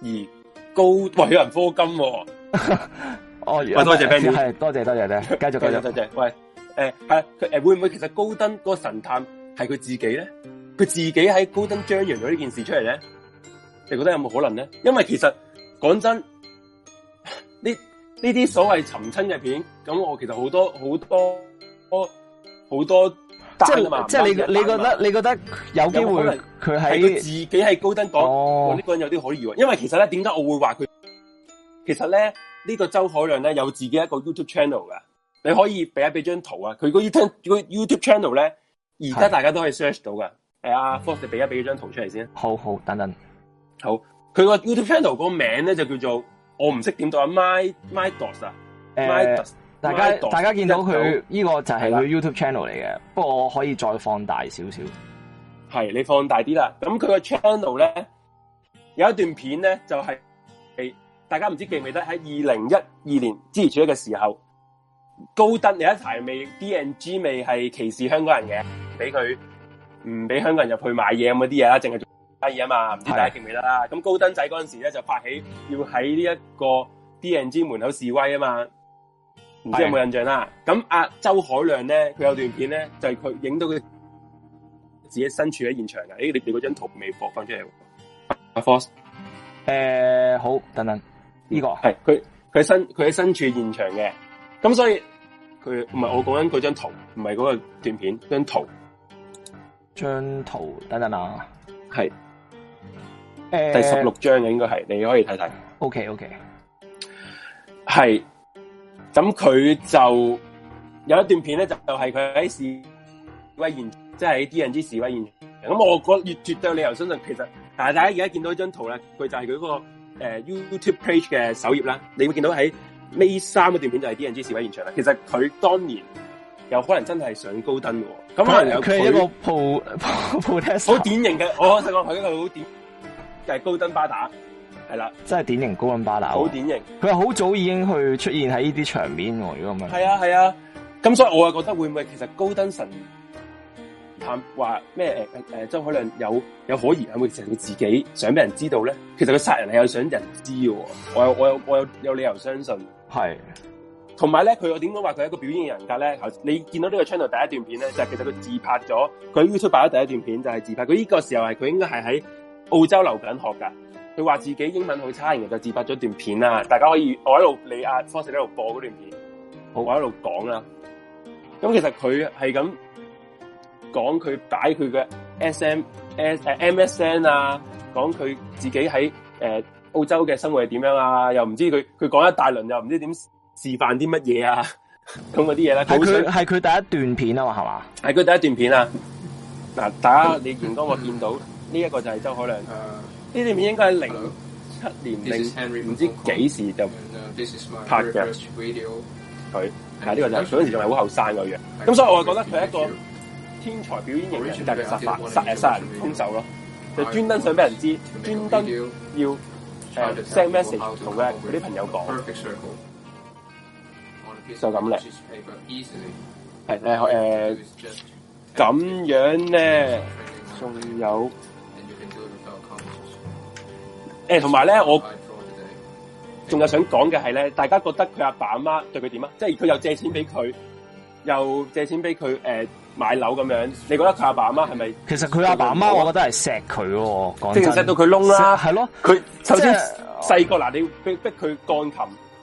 而？高偉人科金哦， *laughs* 哦，喂多，多謝，係多謝多謝咧，繼續繼續多謝，多謝。喂，誒、呃，係、呃，誒、呃，會唔會其實高登嗰個神探係佢自己咧？佢自己喺高登張揚咗呢件事出嚟咧？你覺得有冇可能咧？因為其實講真，呢呢啲所謂尋親嘅片，咁我其實好多好多好多。即係，即係你，你覺得，你覺得有機會他，佢喺自己喺高登講，呢、哦哦呢個人有啲可疑啊！因為其實咧，點解我會話佢？其實咧，呢、呢個周海亮咧有自己一個 YouTube channel 嘅，你可以俾一俾張圖啊！佢個 YouTube YouTube channel 咧，而家大家都可以 search 到噶。係是 啊，啊，Force，你俾一俾張圖出嚟先。好，好，等等。好，佢個 YouTube channel 個名咧就叫做我唔識點讀啊 My My Dos，My Dos。大家大家見到佢呢、嗯、個就係佢 YouTube channel 嚟嘅，對不過我可以再放大少少。係你放大啲啦，咁佢個 channel 咧有一段片咧就係、是、係大家唔知記唔記得喺二零一二年之前，處嘅時候，高登有一排未 D N G 未係歧視香港人嘅，俾佢唔俾香港人入去買嘢咁嗰啲嘢啦，淨係做生意啊嘛。唔知大家記唔記得啦？咁是的 高登仔嗰陣時咧就發起要喺呢一個 D N G 門口示威啊嘛。唔知有冇印象啦？咁阿的、啊、周海亮咧，佢有一段片咧，就係佢影到佢自己身處喺現場嘅。誒、欸，你哋嗰張圖未放翻出嚟阿 Fos 誒，好，等等，呢、這個係佢佢身佢喺身處現場嘅。咁所以佢唔係我講緊佢張圖，唔係嗰個段片，張圖，張圖，等等啊，係誒，第十六張嘅應該係，你可以睇睇。OK，OK，okay, okay 係。咁佢就有一段片咧，就係佢喺示威現場，即係 D N G 示威現場。咁我覺得越絕對理由相信，其實，但、啊、係大家而家見到呢張圖咧，佢就係佢、那個個誒、呃、YouTube page 嘅首頁啦。你會見到喺 m may 三個段片就係 D N G 示威現場啦。其實佢當年有可能真係上高登，咁可能有佢係、啊、一個 po p r o t e s t 好 *laughs* 典型嘅。我我想講佢係好典嘅、就是、高登巴打。係啦，真係典型高登巴打，啊。好典型，佢係好早已經去出現喺呢啲場面，啊。如果咁樣，係啊係啊，咁、啊、所以我又覺得會唔會其實高登神探話咩誒誒，周海亮有有可疑，係咪其實佢自己想俾人知道咧？其實佢殺人係有想人知喎。我有我有我有我有理由相信係。同埋咧，佢我點講話佢係一個表演人格咧？你見到呢個 channel 第一段片咧，就係、是、其實佢自拍咗，佢 YouTube 擺咗第一段片就係、是、自拍。佢、這、呢個時候係佢應該係喺澳洲留緊學噶。佢話自己英文好差，然後就自拍咗段片啦。大家可以我喺度，你啊，方 Sir 喺度播嗰段片，好，我喺度講啦。咁、啊、其實佢係咁講佢擺佢嘅 S M S M S N 啊，講佢自己喺誒、呃、澳洲嘅生活係點樣啊？又唔知佢佢講一大輪，又唔知點示範啲乜嘢啊？咁嗰啲嘢咧，係佢係佢第一段片啊嘛，係嘛？係佢第一段片啊！嗱，大家你見到我見到呢一 *laughs* 個就係周海亮。呢啲片應該係零七年定唔知幾時就拍嘅，佢係呢個就嗰時仲係好後生嘅樣。咁樣、啊、所以我就覺得佢係一個天才表演型嘅專家殺法殺殺人兇手咯，就專登想俾人知，專登要 send message 同佢啲朋友講，就咁咧。係誒誒咁樣咧，仲有。誒，同埋咧，我仲有想講嘅係咧，大家覺得佢阿爸阿媽對佢點啊？即係佢又借錢俾佢，又借錢俾佢，誒、呃，買樓咁樣，你覺得佢阿爸阿媽係咪？其實佢阿爸阿媽，我覺得係錫佢咯，直情錫到佢窿啦。係咯，佢首先細個嗱，你逼逼佢鋼琴，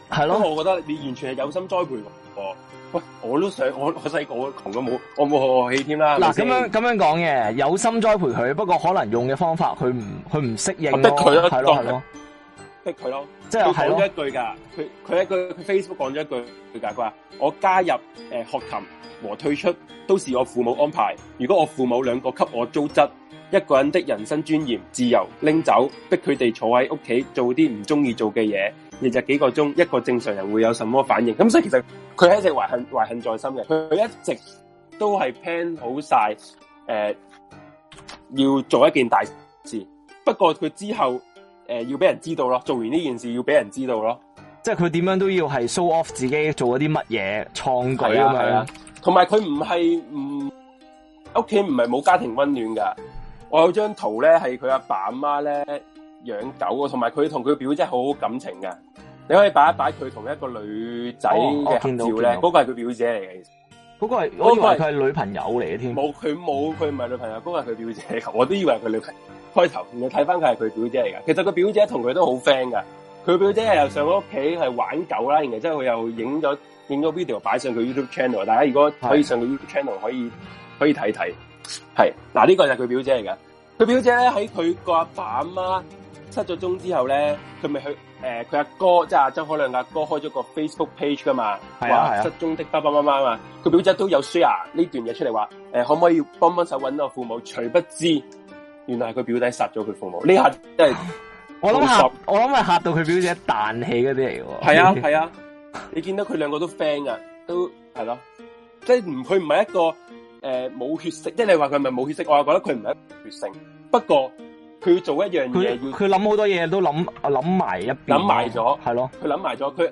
係咯，我覺得你完全係有心栽培我。喂，我都想我我細個我窮咁冇，我冇學樂器添啦。嗱咁樣咁樣講嘅，有心栽培佢，不過可能用嘅方法佢唔佢唔適應、哦、逼佢咯，係咯了，逼佢咯。即係講咗一句噶，佢佢了一句 Facebook 講咗一句佢解佢我加入誒、呃、學琴和退出都是我父母安排。如果我父母兩個給我糟質，一個人的人生尊嚴、自由拎走，逼佢哋坐喺屋企做啲唔中意做嘅嘢。你就幾個鐘，一個正常人會有什麼反應？咁所以其實佢係一直懷恨懷恨在心嘅。佢佢一直都係 plan 好晒誒、呃、要做一件大事。不過佢之後、呃、要俾人知道咯，做完呢件事要俾人知道咯。即係佢點樣都要係 show off 自己做咗啲乜嘢創舉咁樣啊！同埋佢唔係唔屋企唔係冇家庭溫暖噶。我有張圖咧，係佢阿爸阿媽咧。養狗啊，同埋佢同佢表姐好好感情噶。你可以擺一擺佢同一個女仔嘅合照咧，嗰、哦，個係佢表姐嚟嘅。嗰個係，我以為佢係女朋友嚟嘅添。冇，佢冇，佢唔係女朋友，嗰、那個係佢表姐。我都以為佢女朋友 *laughs* 開頭，你睇翻佢係佢表姐嚟嘅。其實佢表姐同佢都好 friend 噶。佢表姐又上咗屋企係玩狗啦，然之後佢又影咗影咗 video 擺上佢 YouTube channel。大家如果可以上個 YouTube channel 的可以可以睇睇。係的，嗱呢、啊這個就係佢表姐嚟嘅。佢表姐咧喺佢個阿爸阿媽。失咗蹤之後咧，佢咪去誒，佢、呃、阿哥即係周海亮阿哥開咗個 Facebook page 噶嘛，話、啊、失蹤的爸爸媽媽嘛，佢、啊、表姐都有 share 呢段嘢出嚟話，誒、呃、可唔可以幫幫手揾到個父母？除不知，原來係佢表弟殺咗佢父母，呢 *laughs* 下真係我諗吓，我諗係嚇到佢表姐彈起嗰啲嚟嘅喎。係啊係啊，啊 *laughs* 你見到佢兩個都 friend 啊，都係咯，即係唔佢唔係一個誒冇、呃、血色，即係你話佢唔係冇血色，我又覺得佢唔係冇血性，不過。佢要做一樣嘢，佢諗好多嘢都諗，諗埋一諗埋咗，係咯？佢諗埋咗，佢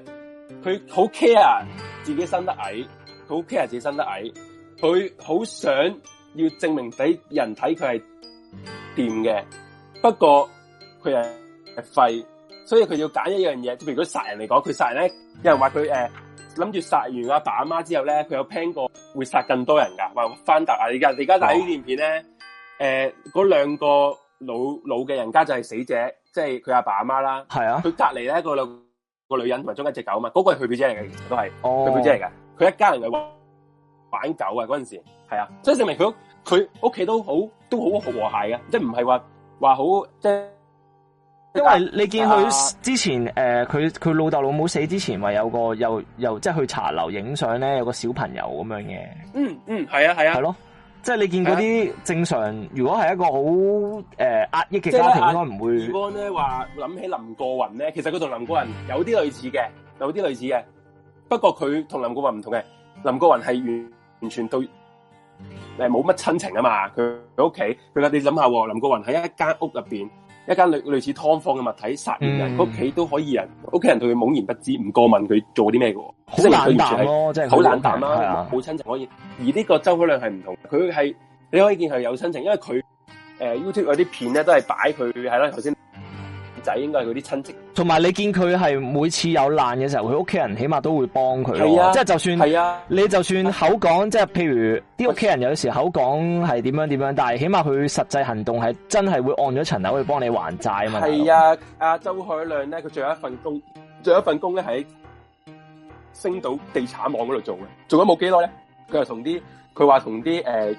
佢好 care 自己生得矮，好 care 自己生得矮，佢好想要證明畀人睇，佢係掂嘅。不過佢係係廢，所以佢要揀一樣嘢。譬如如果殺人嚟講，佢殺人咧，有人話佢誒諗住殺完阿爸阿媽之後咧，佢有 plan 過會殺更多人噶，話翻特啊！而家而家睇呢段片咧，誒嗰兩個。老老嘅人家就係死者，即係佢阿爸阿媽啦。係啊，佢隔籬咧個女個女人同埋中一隻狗啊嘛，嗰、那個係佢表姐嚟嘅，其實都係佢表姐嚟嘅。佢一家人係玩,玩狗啊係啊，嗰陣時係啊，即係證明佢佢屋企都好都好和諧嘅，即係唔係話話好即係，因為你見佢之前誒，佢佢、啊呃、老豆老母死之前，咪有個又又即係去茶樓影相咧，有個小朋友咁樣嘅、嗯。嗯嗯，係啊係啊，係、啊、咯。即係你見嗰啲正常，如果係一個好誒壓抑嘅家庭，應該唔會。如果咧話諗起林過雲咧，其實佢同林過雲有啲類似嘅，有啲類似嘅。不過佢同林過雲唔同嘅，林過雲係完完全對誒冇乜親情啊嘛。佢屋企，佢話，你諗下，林過雲喺一間屋入邊。一間類，類似劏房嘅物體殺人，屋企都可以人，屋企人對佢懵然不知，唔過問佢做啲咩喎？即係佢完全係好冷淡啦、啊，冇親情可以。的而呢個周可亮係唔同，佢係你可以見佢有親情，因為佢、呃、YouTube 嗰啲片咧都係擺佢係啦頭先。仔應該係啲親戚，同埋你見佢係每次有難嘅時候，佢屋企人起碼都會幫佢，啊、即係就算、啊、你就算口講，即係譬如啲屋企人有時口講係點樣點樣，但係起碼佢實際行動係真係會按咗層樓去幫你還債啊嘛。係啊，阿周海亮咧，佢最後一份工，最後一份工咧喺星島地產網嗰度做嘅，做咗冇幾耐咧，佢又同啲佢話同啲誒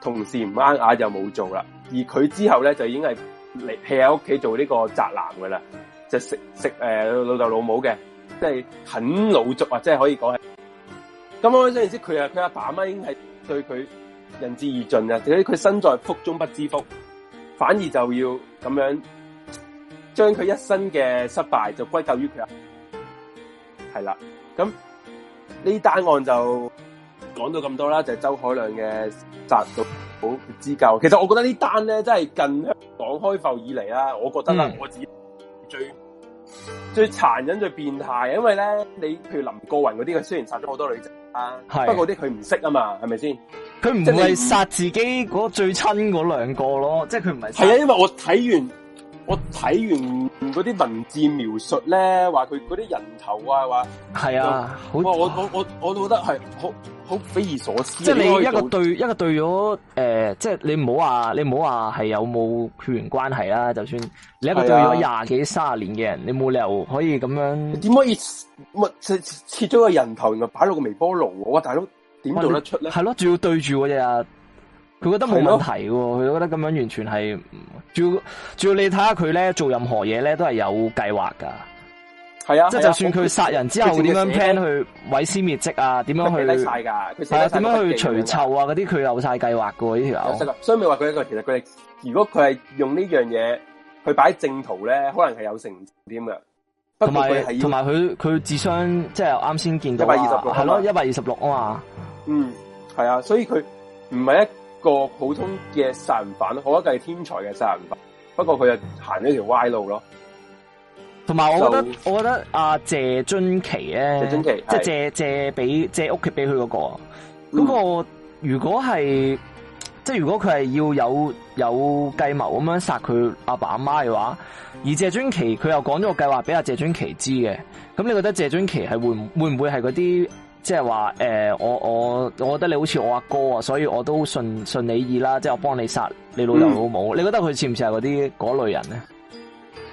同事唔啱眼就冇做啦。而佢之後咧就已經係嚟 hea 喺屋企做呢個宅男噶啦，就是、食食誒、呃、老豆老母嘅，即係啃老族啊！即係可以講，咁可想而知佢啊，佢阿爸阿媽已經係對佢仁至義盡啊！點解佢身在福中不知福，反而就要咁樣將佢一生嘅失敗就歸咎於佢啊？係啦，咁呢單案就講到咁多啦，就係、是、周海亮嘅宅度保支教。其實我覺得呢單咧，真係近。講開埠以嚟啦，我覺得啦，嗯、我自己最最殘忍最變態，因為咧，你譬如林過雲嗰啲，佢雖然殺咗好多女仔啊，係是，不過啲佢唔識啊嘛，係咪先？佢唔係殺自己最親嗰兩個咯，即係佢唔係。係啊，因為我睇完。我睇完嗰啲文字描述咧，話佢嗰啲人頭啊，話係、那個、啊，哇！我我我我都覺得係，好好匪夷所思。即係你一個對個一個對咗誒、呃，即係你唔好話你唔好話係有冇血緣關係啦，就算你一個對咗廿幾卅年嘅人，啊、你冇理由可以咁樣。點可以？切咗個人頭，然後擺落個微波爐？哇！大佬點做得出咧？係咯、哦，仲要對住我日佢覺得冇問題喎，佢覺得咁樣完全係，主要主要你睇下佢咧做任何嘢咧都係有計劃噶，係啊，即係就算佢殺人之後點樣 plan 去毀屍滅跡啊，點樣去係啊，點樣去除臭啊嗰啲佢有曬計劃噶喎，呢條所以咪話佢一個其實佢哋如果佢係用呢樣嘢去擺正途咧，可能係有成點嘅。同埋同埋佢佢智商即係啱先見到一百二十六，係咯，一百二十六啊嘛，嗯係啊，所以佢唔係一個普通嘅殺人犯，我覺得佢係天才嘅殺人犯，不過佢又行咗條歪路咯。同埋，我覺得，就我覺得啊，謝尊奇咧，謝尊奇，即係借借俾借屋企俾佢嗰個，嗰、嗯、個如果係，即、就、係、是、如果佢係要有有計謀咁樣殺佢阿爸阿媽嘅話，而謝尊琪，佢又講咗個計劃俾阿謝尊琪知嘅，咁你覺得謝尊琪係會會唔會係嗰啲？即係話誒，我我我覺得你好似我阿哥啊，所以我都順順你意啦。即係我幫你殺你老豆、嗯、老母，你覺得佢似唔似係嗰啲嗰類人咧？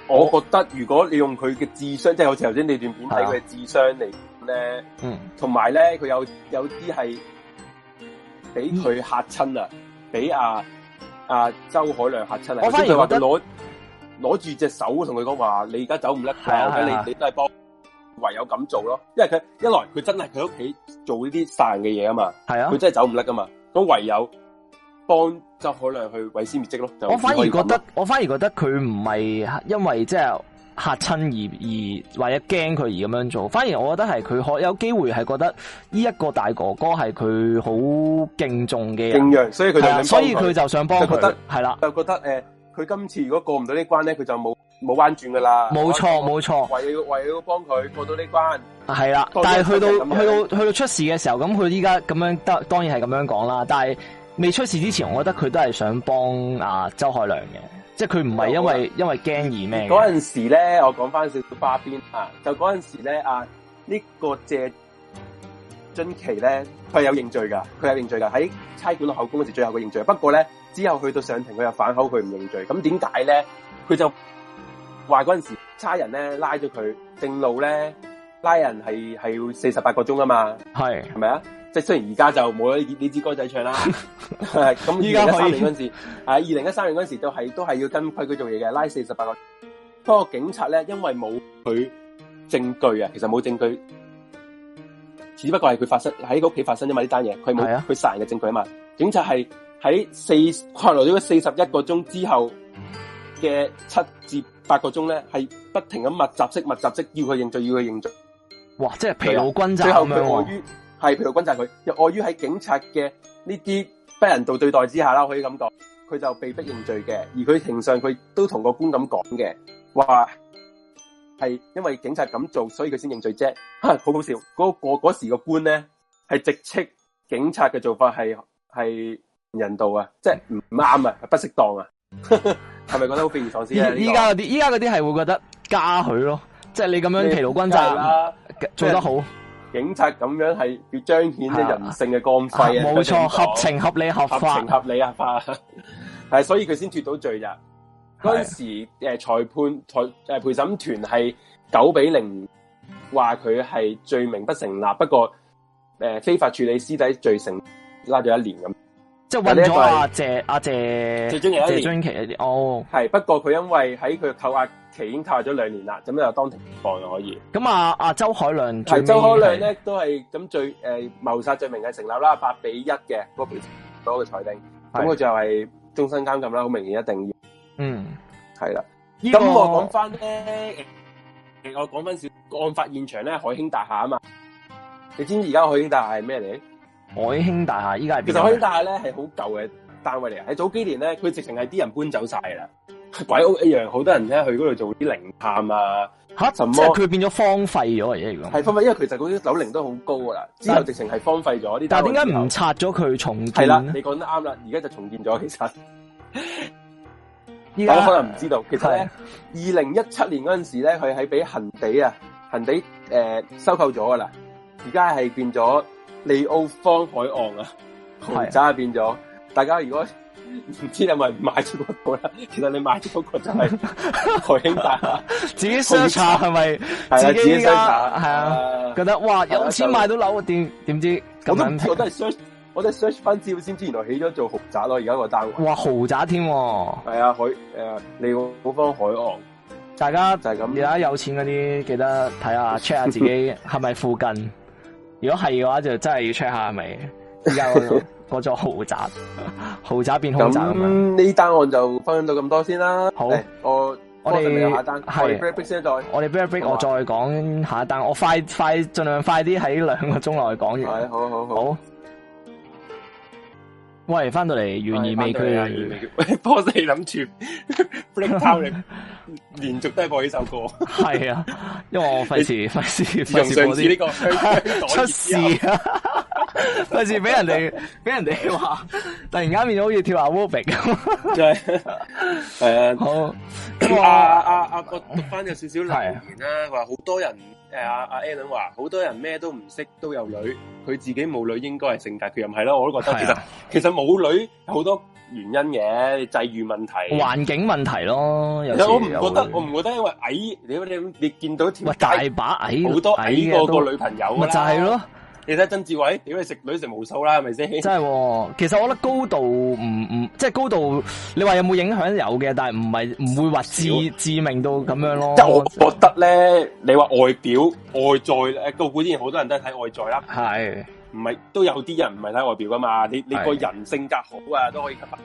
我，我覺得如果你用佢嘅智商，即係好似頭先你段片睇佢嘅智商嚟咧，啊、呢嗯，同埋咧佢有有啲係俾佢吓親啊，俾阿阿周海亮吓親啊。我反而話佢攞攞住隻手同佢講話，你而家走唔甩，我喺你你都係幫。唯有咁做咯，因為佢一來佢真係佢屋企做呢啲殺人嘅嘢啊嘛，係啊，佢真係走唔甩噶嘛，咁唯有幫就可能去毀屍滅跡咯。我反而覺得，我反而覺得佢唔係因為即係吓親而而或者驚佢而咁樣做，反而我覺得係佢可有機會係覺得呢一個大哥哥係佢好敬重嘅人敬仰，所以佢就想幫佢，啊、所以佢就想幫佢。得係啦，就覺得誒，佢今、啊、次如果過唔到呢關咧，佢就冇。冇彎轉噶啦，冇錯冇錯，為要為要幫佢過到呢關，係啦。但係去到去到是去到出事嘅時候，咁佢依家咁樣，當當然係咁樣講啦。但係未出事之前，我覺得佢都係想幫阿、啊、周海良嘅，即係佢唔係因為說因為驚而咩？嗰陣時咧，我講翻少少花邊啊，就嗰陣時咧，啊呢個謝俊琪咧，佢有認罪噶，佢有認罪噶，喺差館落口供時，最後佢認罪。不過咧，之後去到上庭，佢又反口，佢唔認罪。咁點解咧？佢就。話嗰陣時差人咧拉咗佢，正路咧拉人係係要四十八個鐘啊嘛，係係咪啊？即係雖然而家就冇咗呢支歌仔唱啦，啊，咁二零一三年嗰陣時，啊，時，時，啊二零一三年嗰陣時都係都係要跟規矩做嘢嘅，拉四十八個。不過警察咧因為冇佢證據啊，其實冇證據，只不過係佢發生喺屋企發生啫嘛，呢單嘢，佢冇佢殺人嘅證據啊嘛。是的警察係喺四跨落咗四十一個鐘之後嘅七至，八個鐘咧，係不停咁密集式、密集式，要佢認罪，要佢認罪。認罪哇！即係疲勞轟炸對最後佢礙於係疲勞轟炸，佢又礙於喺警察嘅呢啲不人道對待之下啦，可以咁講，佢就被迫認罪嘅。而佢庭上佢都同個官咁講嘅，話係因為警察咁做，所以佢先認罪啫。吓，好好笑！嗰、嗰個嗰時個官咧，係直斥警察嘅做法係係不人道啊，即係唔啱啊，不適當啊。 *laughs* 係咪覺得好匪夷所思？依家嗰啲，依家嗰啲係會覺得加許咯，即係你咁樣疲勞轟炸做得好。警察咁樣係要彰顯啲人性嘅光輝啊！冇、啊、錯，錯說合情合理合法，合情合理合法。係 *laughs* 所以佢先脫到罪咋？嗰、啊、時誒裁判、裁誒陪審團係九比零，話佢係罪名不成立。不過誒非法處理屍體罪成，拉咗一年咁。即係揾咗阿謝是阿謝謝津奇，謝津奇啊啲哦，係不過佢因為喺佢扣押期已經扣押咗兩年啦，咁就當庭釋放就可以。咁、嗯、啊阿周海亮，係周海亮咧都係咁最誒謀殺罪名係成立啦，八比一嘅嗰個嗰個裁定，咁佢就係終身監禁啦，好明顯一定要，嗯係啦。咁的這個 我講翻咧，我講翻少案發現場咧，海興大廈啊嘛，你知唔知而家海興大廈係咩嚟？海興大廈依家係，其實海興大廈咧係好舊嘅單位嚟啊，喺早幾年咧佢直情係啲人搬走晒啦，鬼屋一樣，好多人咧去嗰度做啲靈探啊，吓、啊，即係佢變咗荒廢咗而家嚟噶，係荒廢，因為其實嗰啲樓齡都好高噶啦，但之後直情係荒廢咗啲。但係點解唔拆咗佢重建？係啦，你講得啱啦，而家就重建咗其實。依 *laughs* 家現在 可能唔知道，其實咧，二零一七年嗰陣時咧，佢係俾恒地啊，恒地誒、呃、收購咗噶啦，而家係變咗。利奧方海岸啊，豪宅變咗。大家如果唔知係咪唔買住嗰個啦，其實你買住嗰個就係台興大廈，自己 search 係咪？係啊，自己 search 係啊，覺得哇，有錢買到樓，點點知？咁問題我都係 search，我都 search 翻照先知，原來起咗做豪宅咯。而家個單位，哇，豪宅添，係啊，海誒，利奧方海岸。大家就係咁，而家有錢嗰啲記得睇下 check 下自己係咪附近。如果係嘅話，就真係要 check 下係咪？依家嗰座豪宅， *laughs* 豪宅變豪宅咁啊！咁呢那樣單案就分享到咁多先啦。好，欸、我我哋下單，的我哋 break 先再，我哋 break break，我再講下單，我快快的盡量快啲喺兩個鐘內講完。係，好，好，好。喂，翻到嚟原意未區。喂 s e 你諗住 Black Town，連續都係播呢首歌。係啊，因為我費事費事費事呢個，出事啊！費事俾人哋俾人哋話，突然間變咗好似跳下 Wolfie，就係啊。好。阿阿阿個讀翻有少少留言啦，話好多人。誒啊啊！Aaron 話好多人咩都唔識都有女，佢自己冇女應該係性格缺陷唔係咯？我都覺得其實其實冇女好多原因嘅，際遇問題、環境問題咯。有時我唔覺得，我唔覺得因為矮，你你你見到條大把矮好多矮個個女朋友咪就係咯。你睇曾志偉，點你食女食無數啦，係咪先？真係、喎，其實我覺得高度唔唔，即係、就是、高度，你話有冇影響，有嘅，但係唔係唔會話致小小致命到咁樣咯。即係我覺得咧，你話外表外在到古古之前好多人都係睇外在啦。係是的，唔係都有啲人唔係睇外表噶嘛？你是的 你個人性格好啊，都可以吸引。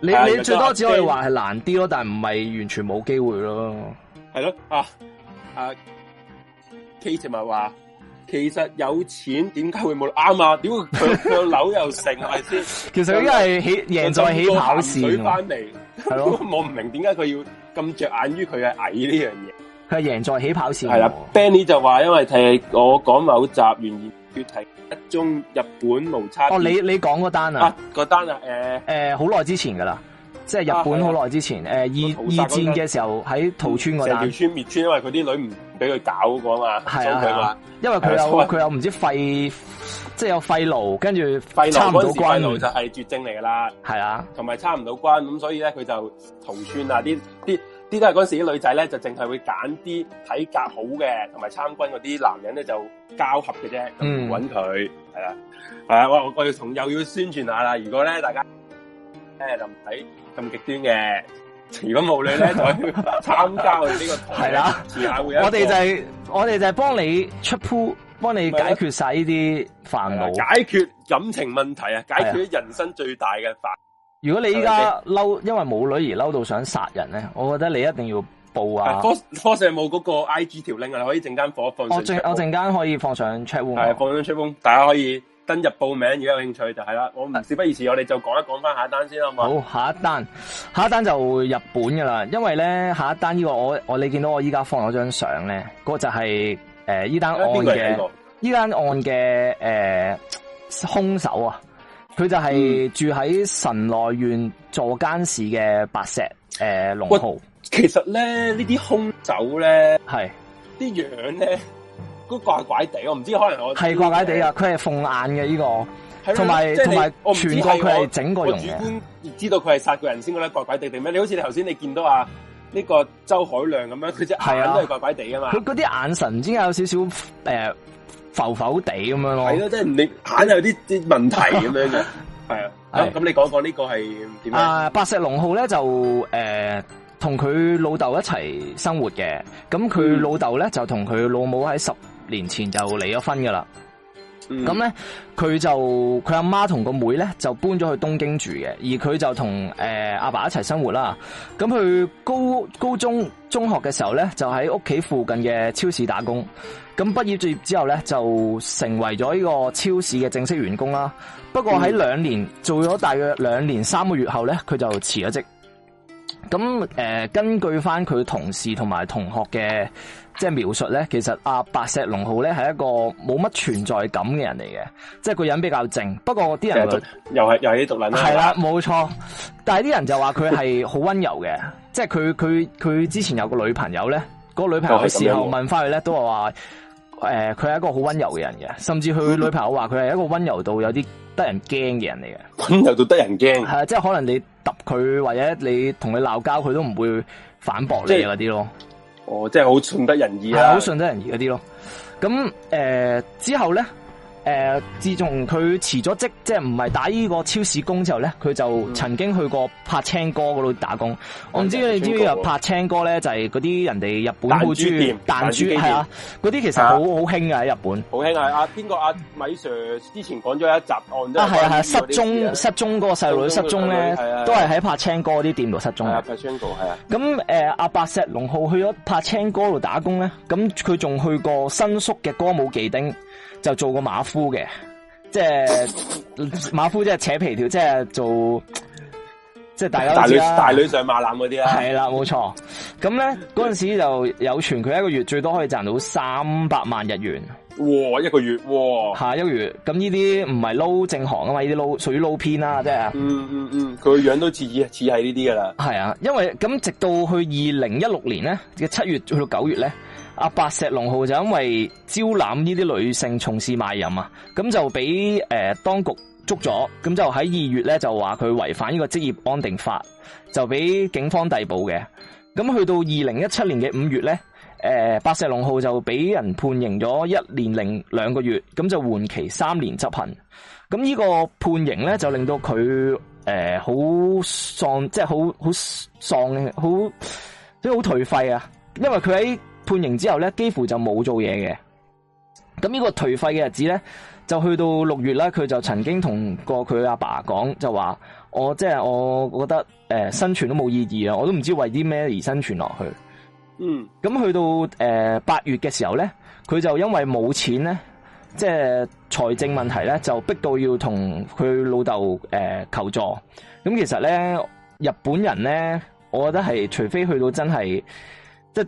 你的你最多只可以話係難啲咯，但係唔係完全冇機會咯。係咯，啊啊，Kate 咪話。其實有錢點解會冇啱啊？點佢佢樓又成，係咪先？其實佢因為起贏在起跑線咯。我唔明點解佢要咁着眼於佢係矮呢樣嘢？佢係贏在起跑線。係啦，Benny 就話因為提我講某集，願意脫題一宗日本無差。哦，你你講嗰單啊？嗰單啊？誒誒、啊，好、呃、耐、呃、之前噶啦。即係日本好耐之前，誒二二戰嘅時候喺屠村嗰陣，滅村，滅村，因為佢啲女唔俾佢搞嗰個嘛，係嘛因為佢有佢有唔知肺，即係有肺癆，跟住參唔到軍，就係絕症嚟噶啦，係啊，同埋參唔到軍，咁所以咧佢就屠村啊，啲啲啲都係嗰陣時啲女仔咧就淨係會揀啲體格好嘅，同埋參軍嗰啲男人咧就交合嘅啫，咁搵佢係啦，係啊，我我要同又要宣傳下啦，如果咧大家誒就唔睇。咁極端嘅，如果冇女咧，參加我哋呢個係啦，會。我哋就係我哋就係幫你出鋪，幫你解決晒呢啲煩惱。解決感情問題啊，解決人生最大嘅煩惱。如果你依家嬲，是是因為冇女而嬲到想殺人咧，我覺得你一定要報呀。科哥仔冇嗰個 I G 條令啊，你可以陣間放一放。我陣我陣間可以放上 check up 係放張 check one, 大家可以。登入報名，如果有興趣就係啦。我唔事不宜遲，我哋就講一講翻下一單先啦，好嘛？好，下一單，下一單就日本噶啦，因為咧下一單呢、這個我我你見到我依家放咗張相咧，嗰、那個就係誒呢單案嘅呢單案嘅誒凶手啊，佢就係住喺神內院座間市嘅白石誒龍浩、呃、其實咧呢啲凶手咧係啲樣咧。嗰怪怪地，我唔知可能我係怪怪地啊！佢係鳳眼嘅呢、這個，同埋同埋全個佢係整過容嘅。主觀知道佢係殺過人先，怪怪地定咩？你好似你頭先你見到啊，呢、這個周海亮咁樣，佢隻眼都係怪怪地啊嘛！佢嗰啲眼神先有少少誒浮浮地咁樣咯。係咯，即係你眼有啲問題咁樣嘅。係啊，咁你講講呢個係點啊？白石龍浩咧就誒同佢老豆一齊生活嘅，咁佢老豆咧就同佢老母喺十嗯年前就離咗婚噶啦，咁咧佢就佢阿媽同個妹咧就搬咗去東京住嘅，而佢就同誒阿爸一齊生活啦。咁佢高高中中學嘅時候咧就喺屋企附近嘅超市打工，咁畢業就業之後咧就成為咗呢個超市嘅正式員工啦。不過喺兩年、mm hmm. 做咗大約兩年三個月後咧，佢就辭咗職。咁誒、呃，根據翻佢同事同埋同學嘅即係描述咧，其實阿、啊、白石龍浩咧係一個冇乜存在感嘅人嚟嘅，即係個人比較靜。不過啲人又係又係啲毒係啦，冇、啊、吧錯。但係啲人就話佢係好温柔嘅， *laughs* 即係佢佢佢之前有個女朋友咧，那個女朋友嘅、啊、時候問翻佢咧，都話誒，佢係一個好温柔嘅人嘅，甚至佢女朋友話佢係一個温柔到 *laughs* 有啲。得人驚嘅人嚟嘅，咁又做得人驚，係啊！即係可能你揼佢，或者你同佢鬧交，佢都唔會反駁你嗰啲即些咯。哦，即係好順得人意啊，好順得人意嗰啲咯。咁誒、呃、之後咧。誒，自從佢辭咗職，即係唔係打呢個超市工之後咧，佢就曾經去過柏青哥嗰度打工。我唔知你知唔知啊？柏青哥咧就係嗰啲人哋日本鋪住彈珠係啊，嗰啲其實好好興嘅喺日本。好興啊。阿邊個阿米 Sir 之前講咗一集案。啊係啊係啊，失蹤失蹤嗰個細路失蹤咧，都係喺柏青哥啲店度失蹤。柏青哥係啊。咁誒，阿白石龍浩去咗柏青哥度打工咧，咁佢仲去過新宿嘅歌舞伎町，就做過馬夫嘅，即係馬夫即係扯皮條，即係做即係大家、啊、大女大女上馬男嗰啲係係啦，冇錯。咁咧嗰陣時就有傳佢一個月最多可以賺到三百萬日元。哇，一個月哇！吓，一個月。咁呢啲唔係撈正行啊嘛？呢啲撈屬於撈偏啦，即係。嗯嗯嗯，佢樣都似似係呢啲噶啦。係啊，因為咁直到去二零一六年咧嘅七月去到九月咧。阿白石龍浩就因為招攬呢啲女性從事賣淫啊，咁就俾誒、呃、當局捉咗，咁就喺二月咧就話佢違反呢個職業安定法，就俾警方逮捕嘅。咁去到二零一七年嘅五月咧，誒、呃、白石龍浩就俾人判刑咗一年零兩個月，咁就緩期三年執行。咁呢個判刑咧就令到佢誒好喪，即係好好喪，好即係好頹廢啊，因為佢喺。判刑之後咧，幾乎就冇做嘢嘅。咁呢個頹廢嘅日子咧，就去到六月啦。佢就曾經同過佢阿爸講，就話我即係、就是、我覺得誒、呃、生存都冇意義啦，我都唔知為啲咩而生存落去。嗯，咁去到誒八、呃、月嘅時候咧，佢就因為冇錢咧，即係財政問題咧，就逼到要同佢老豆誒求助。咁其實咧，日本人咧，我覺得係除非去到真係即。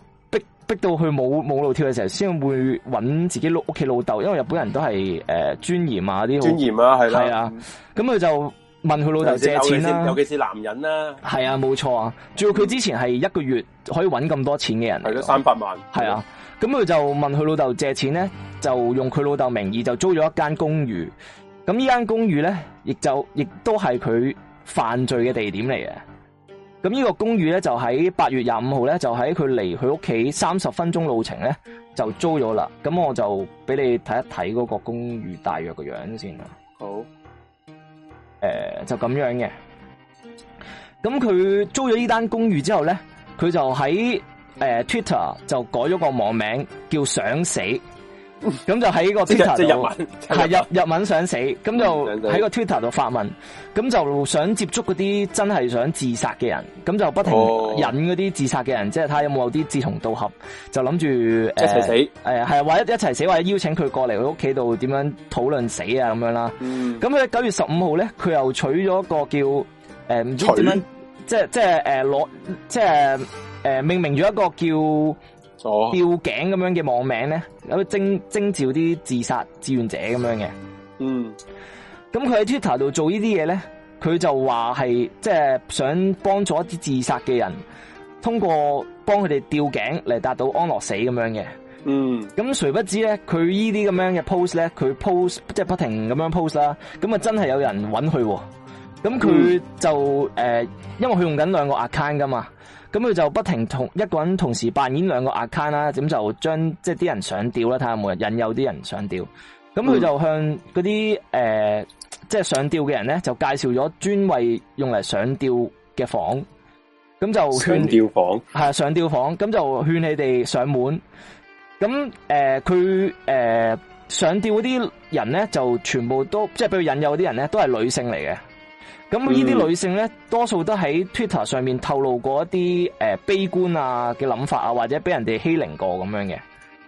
逼到佢冇冇路跳嘅時候，先會揾自己屋企老豆，因為日本人都係誒、呃、尊嚴啊啲尊嚴啦，係係啊，咁佢、啊、就問佢老豆借錢啦、啊，尤其是男人啦，係啊，冇錯啊，仲要佢之前係一個月可以揾咁多錢嘅人，係咯三百萬，係啊，咁佢就問佢老豆借錢咧，就用佢老豆名義就租咗一間公寓，咁呢間公寓咧，亦就亦都係佢犯罪嘅地點嚟嘅。咁呢個公寓咧就喺八月廿五號咧就喺佢離佢屋企三十分鐘路程咧就租咗啦。咁我就俾你睇一睇嗰個公寓大約個樣先啦。好，誒、呃、就咁樣嘅。咁佢租咗呢單公寓之後咧，佢就喺誒、呃、Twitter 就改咗個網名叫想死。咁 *laughs* 就喺個 Twitter 度，係日文日文，想死，咁 *laughs* 就喺個 Twitter 度發文，咁就想接觸嗰啲真係想自殺嘅人，咁就不停引嗰啲自殺嘅人，即係睇下有冇啲志同道合，就諗住一齊死，誒係啊，或者一齊死，或者邀請佢過嚟佢屋企度點樣討論死啊咁樣啦。咁佢喺九月十五號咧，佢又取咗個叫誒唔知點樣，即係即係誒攞即係誒命名咗一個叫。呃取吊頸咁樣嘅網名咧，有徵徵召啲自殺志願者咁樣嘅，嗯，咁佢喺 Twitter 度做呢啲嘢咧，佢就話係即係想幫助一啲自殺嘅人，通過幫佢哋吊頸嚟達到安樂死咁樣嘅，嗯，咁誰不知咧，佢呢啲咁樣嘅 post 咧，佢 post 即係不停咁樣 post 啦，咁啊真係有人揾佢，啊，咁佢就誒、嗯呃，因為佢用緊兩個 account 噶嘛。咁佢就不停同一個人同時扮演兩個 account 啦，咁就將即係啲人上吊啦，睇下冇人引誘啲人上吊。咁佢就向嗰啲誒，即係上吊嘅人咧，就介紹咗專位用嚟上吊嘅房，咁就勸吊房係啊，上吊房，咁就勸你哋上門。咁誒，佢、呃、誒、呃、上吊嗰啲人咧，就全部都即係俾佢引誘啲人咧，都係女性嚟嘅。咁呢啲女性咧，嗯、多數都喺 Twitter 上面透露過一啲誒、呃、悲觀啊嘅諗法啊，或者俾人哋欺凌過咁樣嘅，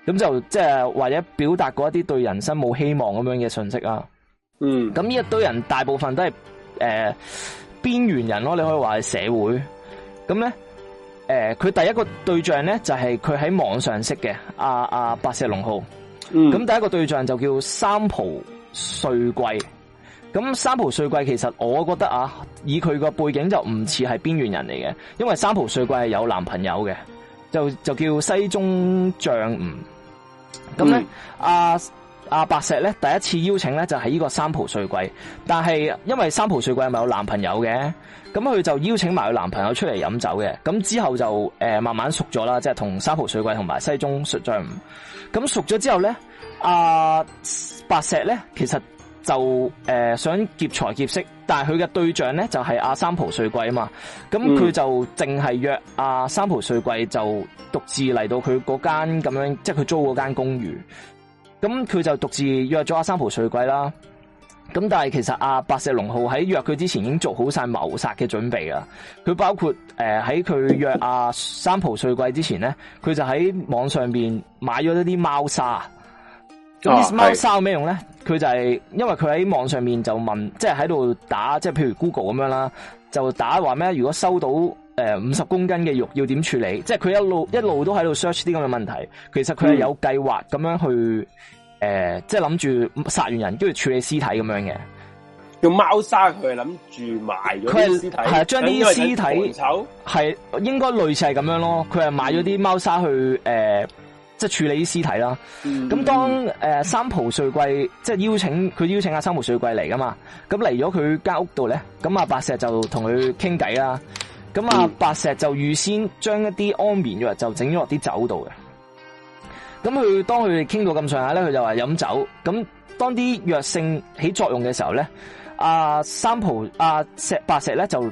咁就即係或者表達過一啲對人生冇希望咁樣嘅信息啊。嗯，咁呢一堆人大部分都係誒邊緣人咯，你可以話係社會。咁咧，誒、呃、佢第一個對象咧就係佢喺網上識嘅阿阿白石隆浩。咁、嗯、第一個對象就叫三蒲歲貴。咁三蒲碎桂其實我覺得啊，以佢個背景就唔似係邊緣人嚟嘅，因為三蒲碎桂係有男朋友嘅，就就叫西中象吳。咁咧、嗯，阿、啊、阿、啊、白石咧第一次邀請咧就係、是、呢個三蒲碎桂，但係因為三蒲碎桂係咪有男朋友嘅，咁佢就邀請埋佢男朋友出嚟飲酒嘅，咁之後就誒、呃、慢慢熟咗啦，即係同三蒲碎桂同埋西中象吳。咁熟咗之後咧，阿、啊、白石咧其實。就誒、呃、想劫財劫色，但係佢嘅對象咧就係、是、阿三浦瑞貴啊嘛，咁佢就淨係約阿三浦瑞貴就獨自嚟到佢嗰間咁樣，即係佢租嗰間公寓，咁佢就獨自約咗阿三浦瑞貴啦。咁但係其實阿、啊、白石龍浩喺約佢之前已經做好晒謀殺嘅準備啦，佢包括誒喺佢約阿三浦瑞貴之前咧，佢就喺網上面買咗一啲貓砂。咁啲貓砂有咩用咧？佢就係因為佢喺網上面就問，即係喺度打，即係譬如 Google 咁樣啦，就打話咩？如果收到誒五十公斤嘅肉，要點處理？即係佢一路一路都喺度 search 啲咁嘅問題。其實佢係有計劃咁樣去誒，即係諗住殺完人，跟住處理屍體咁樣嘅。用貓砂佢係諗住埋咗佢屍體，係將啲屍體係應該類似係咁樣咯。佢係買咗啲貓砂去誒。呃即係處理屍體啦，咁、mm hmm. 當誒、呃、三蒲碎桂即係邀請佢邀請阿三蒲碎桂嚟噶嘛，咁嚟咗佢間屋度咧，咁阿白石就同佢傾偈啦，咁阿白石就預先將一啲安眠藥就整咗落啲酒度嘅，咁佢當佢傾傾到咁上下咧，佢就話飲酒，咁當啲藥性起作用嘅時候咧，阿、啊、三蒲阿、啊、石白石咧就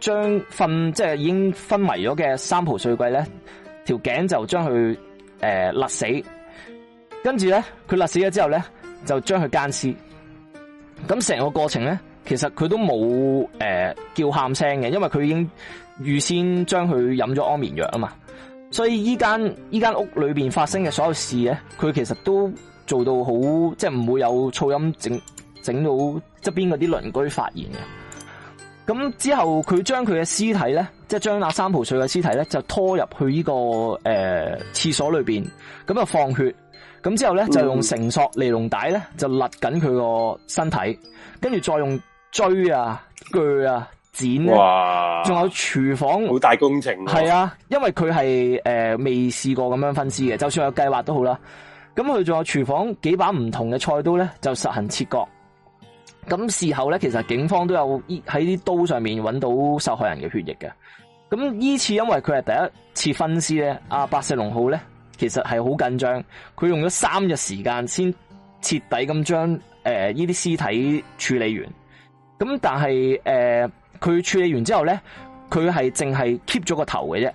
將分即係已經昏迷咗嘅三蒲碎桂咧條頸就將佢。誒、呃，勒死，跟住咧，佢勒死咗之後咧，就將佢姦屍。咁成個過程咧，其實佢都冇誒、呃、叫喊聲嘅，因為佢已經預先將佢飲咗安眠藥啊嘛。所以依間依間屋裏邊發生嘅所有事咧，佢其實都做到好，即係唔會有噪音整整到側邊嗰啲鄰居發現嘅。咁之後佢將佢嘅屍體咧，即係將那三蒲水嘅屍體咧，就拖入去呢個誒廁所裏邊，咁就放血。咁之後咧就用繩索、尼龍帶咧就勒緊佢個身體，跟住再用錐啊、鋸啊、剪，哇，仲有廚房，好大工程。係啊，因為佢係誒未試過咁樣分屍嘅，就算有計劃都好啦。咁佢仲有廚房幾把唔同嘅菜刀咧，就實行切割。咁事後咧，其實警方都有喺啲刀上面揾到受害人嘅血液嘅。咁依次因為佢係第一次分屍咧，阿白石龍浩咧其實係好緊張，佢用咗三日時間先徹底咁將誒呢啲屍體處理完。咁但係誒佢處理完之後咧，佢係淨係 keep 咗個頭嘅啫，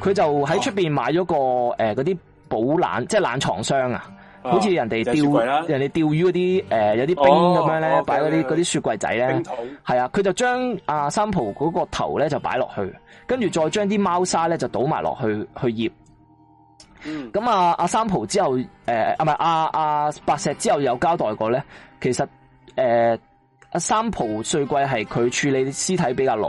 佢就喺出邊買咗個誒嗰啲保冷，即係冷藏箱啊。好似人哋釣人哋釣魚嗰啲誒，有啲冰咁樣咧，擺嗰啲嗰啲雪櫃仔咧，係桶啊，佢就將阿、啊、三浦嗰個頭咧就擺落去，跟住再將啲貓砂咧就倒埋落去去醃。咁、mm. 啊，阿、啊、三浦之後誒，唔係阿阿白石之後有交代過咧，其實誒，阿、呃啊、三浦碎櫃係佢處理屍體比較耐，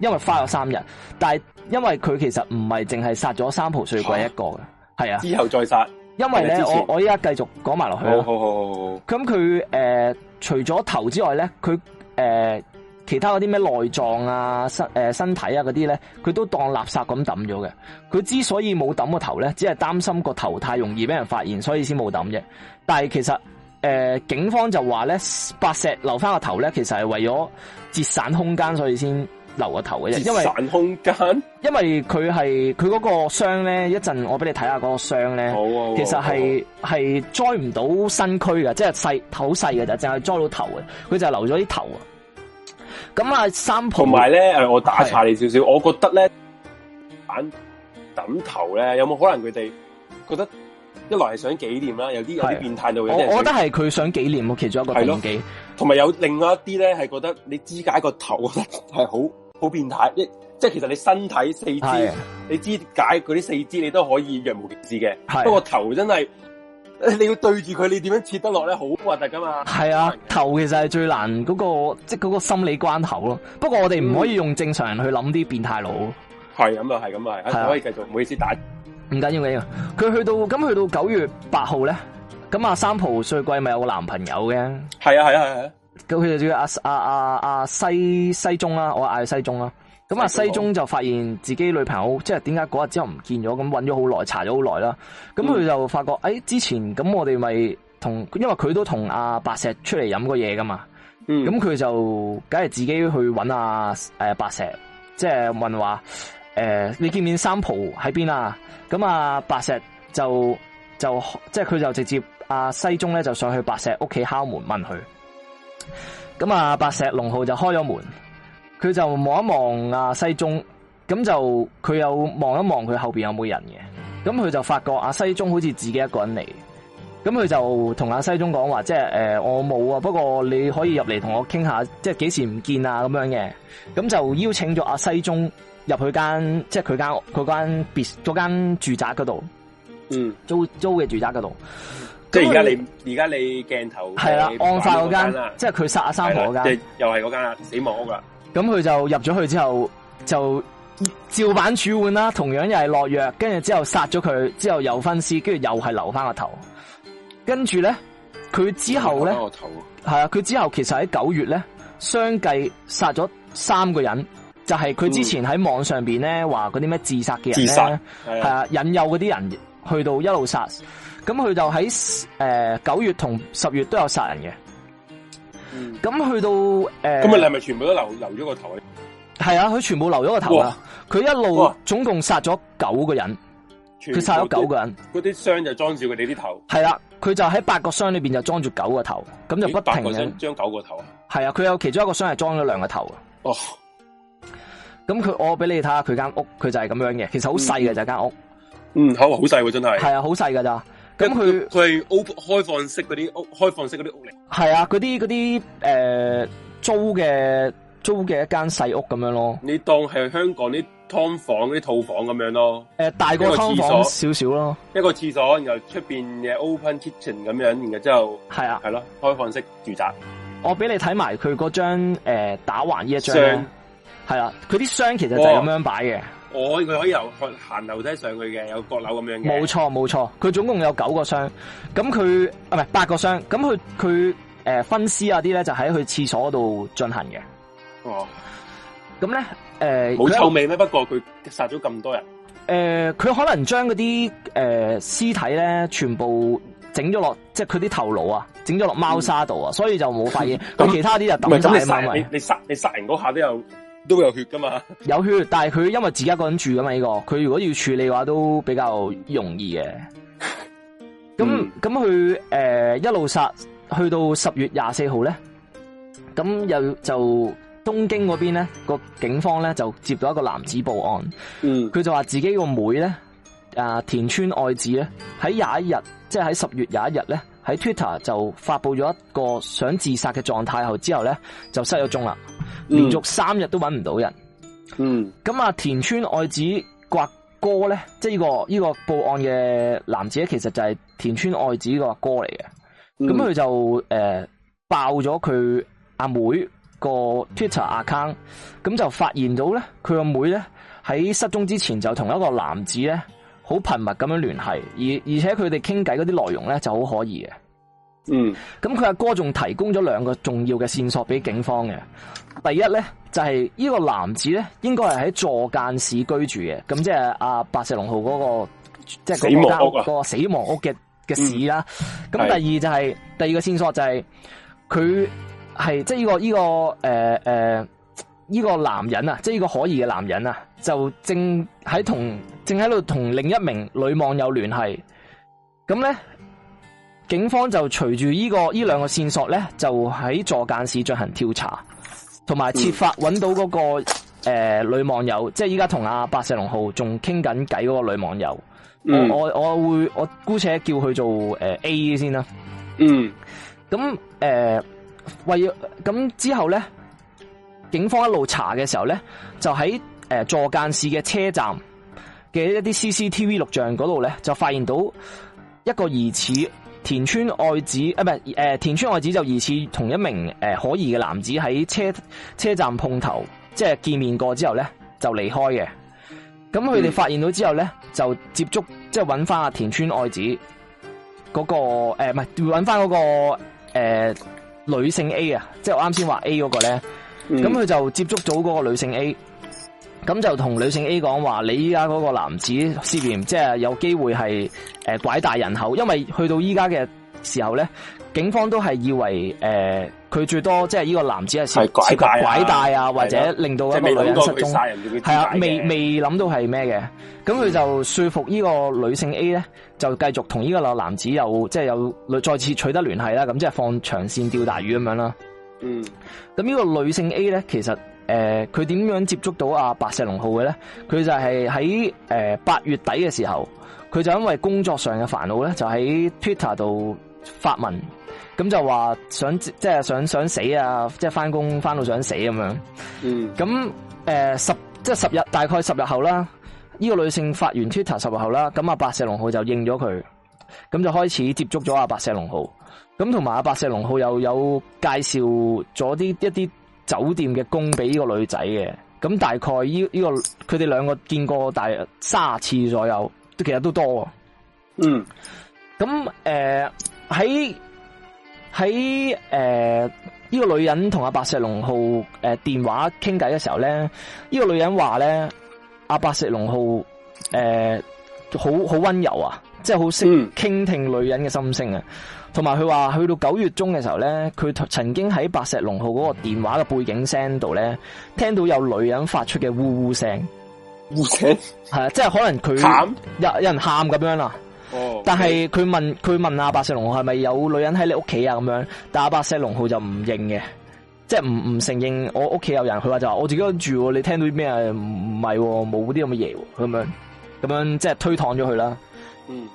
因為花咗三日，但係因為佢其實唔係淨係殺咗三浦碎櫃一個嘅，係、oh, 啊，之後再殺。因為咧，我我依家繼續講埋落去啦。好好好好。咁佢誒，除咗頭之外咧，佢誒、呃、其他嗰啲咩內臟啊、身誒、呃、身體啊嗰啲咧，佢都當垃圾咁抌咗嘅。佢之所以冇抌個頭咧，只係擔心個頭太容易俾人發現，所以先冇抌啫。但係其實誒、呃，警方就話咧，白石留翻個頭咧，其實係為咗節省空間，所以先。留個頭嘅，因為慳空間，因為佢係佢嗰個箱咧，一陣我俾你睇下嗰個箱咧，其實係係載唔到身軀嘅，即係細好細嘅，就淨係裝到頭嘅，佢就係留咗啲頭啊。咁啊，三浦同埋咧，誒，我打柴你少少，我覺得咧，板揼頭咧，有冇可能佢哋覺得一來係想紀念啦，有啲有啲變態到嘅，我覺得係佢想紀念其中一個動機，同埋有另外一啲咧係覺得你肢解個頭係好。好變態，即即其實你身體四肢，啊、你肢解嗰啲四肢你都可以若無其事嘅，啊、不過頭真係你要對住佢，你點樣切得落咧，好核突㗎嘛！係啊，頭其實係最難嗰個，即嗰個心理關頭咯。不過我哋唔可以用正常人去諗啲變態佬。係咁啊，係咁啊，係可以繼續，唔、啊、好意思打，唔緊要緊要，佢去到咁去到九月八號咧，咁阿三浦瑞季咪有個男朋友嘅。係啊，係啊，係啊。咁佢就叫阿啊阿、啊啊、西西中啦，我嗌西中啦。咁啊西，西中就發現自己女朋友即係點解嗰日之後唔見咗，咁搵咗好耐，查咗好耐啦。咁佢就發覺誒、嗯欸，之前咁我哋咪同，因為佢都同阿白石出嚟飲過嘢噶嘛。咁佢、嗯、就梗係自己去搵阿誒白石，即係問話誒、呃、你見唔見三浦喺邊啊？咁啊白石就就即係佢就直接阿、啊、西中咧就上去白石屋企敲門問佢。咁啊，白、嗯、石龍浩就開咗門，佢就望一望阿西中，咁就佢又望一望佢後邊有冇人嘅，咁佢就發覺阿西中好似自己一個人嚟，咁佢就同阿西中講話，即係誒、呃，我冇啊，不過你可以入嚟同我傾下，即係幾時唔見啊咁樣嘅，咁就邀請咗阿西中入去間，即係佢間佢間別嗰間住宅嗰度，嗯，租租嘅住宅嗰度。即係而家你，而家是你鏡頭係啦，按晒嗰間即係佢殺阿三婆嗰間，就是、又係嗰間啊，死亡屋啦。咁佢就入咗去之後，就照板煮碗啦，同樣又係落藥，跟住之後殺咗佢，之後又分屍，跟住又係留翻個頭。跟住咧，佢之後咧，係啊，佢之後其實喺九月咧，相繼殺咗三個人，就係、是、佢之前喺網上邊咧話嗰啲咩自殺嘅人自殺咧，係啊，引誘嗰啲人去到一路殺。咁佢就喺誒九月同十月都有殺人嘅，咁、嗯、去到誒，咁啊你係咪全部都留留咗個頭啊？係啊，佢全部留咗個頭啊。佢哇一路總共殺咗九個人，佢殺咗九個人，嗰啲箱就裝住佢哋啲頭。係啦、啊，佢就喺八個箱裏邊就裝住九個頭，咁就不停嘅將九個頭啊。係啊，佢有其中一個箱係裝咗兩個頭啊。哦，咁佢我俾你睇下佢間屋，佢就係咁樣嘅，其實好細嘅就係間屋。嗯，好，好細喎，真係。係啊，好細噶咋。咁佢佢係開放式嗰啲屋，開放式嗰啲屋嚟。係啊，嗰啲嗰啲誒租嘅租嘅一間細屋咁樣咯。你當係香港啲劏房嗰啲套房咁樣咯。誒、呃，大過劏房少少咯，一個廁所，然後出邊嘅 open kitchen 咁樣，然之後係啊，係咯，開放式住宅。我俾你睇埋佢嗰張誒打橫呢一張係上啊，佢啲箱其實就係咁樣擺嘅。我佢可以由行樓梯上去嘅，有閣樓咁樣嘅。冇錯冇錯，佢總共有九個箱，咁佢啊唔係八個箱，咁佢佢誒分屍啊啲咧就喺佢廁所度進行嘅。哦呢，咁咧誒，冇臭味咩？有不過佢殺咗咁多人，誒、呃，佢可能將嗰啲誒屍體咧全部整咗落，即係佢啲頭顱啊，整咗落貓砂度啊，嗯、所以就冇發現。咁 *laughs* 其他啲就抌晒。你殺你殺你殺人嗰下都有。都有血噶嘛，有血，但係佢因為自己一個人住噶嘛呢、這個，佢如果要處理嘅話都比較容易嘅。咁咁佢誒一路殺去到十月廿四號咧，咁又就東京嗰邊咧個警方咧就接到一個男子報案，嗯，佢就話自己個妹咧啊、呃、田村愛子咧喺廿一日，即係喺十月廿一日咧喺 Twitter 就發佈咗一個想自殺嘅狀態後之後咧就失咗蹤啦。連續三日都揾唔到人，嗯，咁啊田村愛子哥咧，即係呢個呢、這個報案嘅男子，其實就係田村愛子個阿哥嚟嘅。咁佢、嗯、就誒、呃、爆咗佢阿妹個 Twitter account，咁就發現到咧，佢阿妹咧喺失蹤之前就同一個男子咧好頻密咁樣聯繫，而且而且佢哋傾偈嗰啲內容咧就好可疑嘅。嗯，咁佢阿哥仲提供咗兩個重要嘅線索俾警方嘅。第一咧，就係、是、呢個男子咧，應該係喺座間市居住嘅。咁即係阿白石龍浩嗰個，即係嗰間屋個死亡屋嘅嘅市啦。咁、嗯、第二就係、是、是的 第二個線索就係佢係即係呢個呢、這個誒誒呢個男人啊，即係呢個可疑嘅男人啊，就正喺同正喺度同另一名女網友聯繫。咁咧。警方就隨住呢個呢兩個線索咧，就喺座間市進行調查，同埋設法揾到嗰、那個誒、嗯呃、女網友，即係依家同阿白石龍浩仲傾緊偈嗰個女網友。嗯呃、我我會我姑且叫佢做誒、呃、A 先啦。嗯。咁誒、呃、為咁之後咧，警方一路查嘅時候咧，就喺誒、呃、座間市嘅車站嘅一啲 CCTV 錄像嗰度咧，就發現到一個疑似田村愛子啊，唔係誒，田村愛子就疑似同一名誒、呃、可疑嘅男子喺車車站碰頭，即係見面過之後咧就離開嘅。咁佢哋發現到之後咧就接觸，即係揾翻阿田村愛子嗰、嗰個，唔係，揾翻嗰個女性 A 啊，即係我啱先話 A 嗰個咧。咁佢就接觸到嗰個女性 A。咁就同女性 A 講話，你依家嗰個男子涉嫌，即係有機會係誒拐帶人口，因為去到依家嘅時候咧，警方都係以為誒佢、呃、最多即係呢個男子係涉拐帶、啊、涉及拐帶啊，或者的令到一個女人失蹤，係啊，未未諗到係咩嘅，咁佢就說服呢個女性 A 咧，就繼續同呢個男子有即係有再次取得聯繫啦，咁即係放長線釣大魚咁樣啦。嗯，咁呢個女性 A 咧，其實。誒，佢點、呃、樣接觸到阿、啊、白石龍浩嘅咧？佢就係喺誒八月底嘅時候，佢就因為工作上嘅煩惱咧，就喺 Twitter 度發文，咁就話想即係想想死啊，即係返工返到想死咁樣。嗯，咁誒十即係十日，大概十日後啦。呢、這個女性發完 Twitter 十日後啦，咁阿白石龍浩就應咗佢，咁就開始接觸咗阿、啊、白石龍浩。咁同埋阿白石龍浩又有介紹咗啲一啲。酒店嘅工俾呢個女仔嘅，咁大概呢、這、呢個佢哋兩個見過大約卅次左右，都其實都多。嗯那，咁誒喺喺誒呢個女人同阿白石龍浩誒電話傾偈嘅時候咧，呢、這個女人話咧阿白石龍浩誒好好溫柔啊，即係好識傾聽女人嘅心聲啊。嗯嗯同埋佢話去到九月中嘅時候咧，佢曾經喺白石龍號嗰個電話嘅背景聲度咧，聽到有女人發出嘅嗚嗚聲。嗚聲係啊，即係可能佢喊有有人喊咁樣啦。哦、oh, okay.，但係佢問佢問阿白石龍號係咪有女人喺你屋企啊？咁樣，但阿白石龍號就唔認，嘅，即係唔唔承認我屋企有人。佢話就話我自己住，你聽到啲咩？唔係係，冇啲咁嘅嘢，咁樣咁樣即係推搪咗佢啦。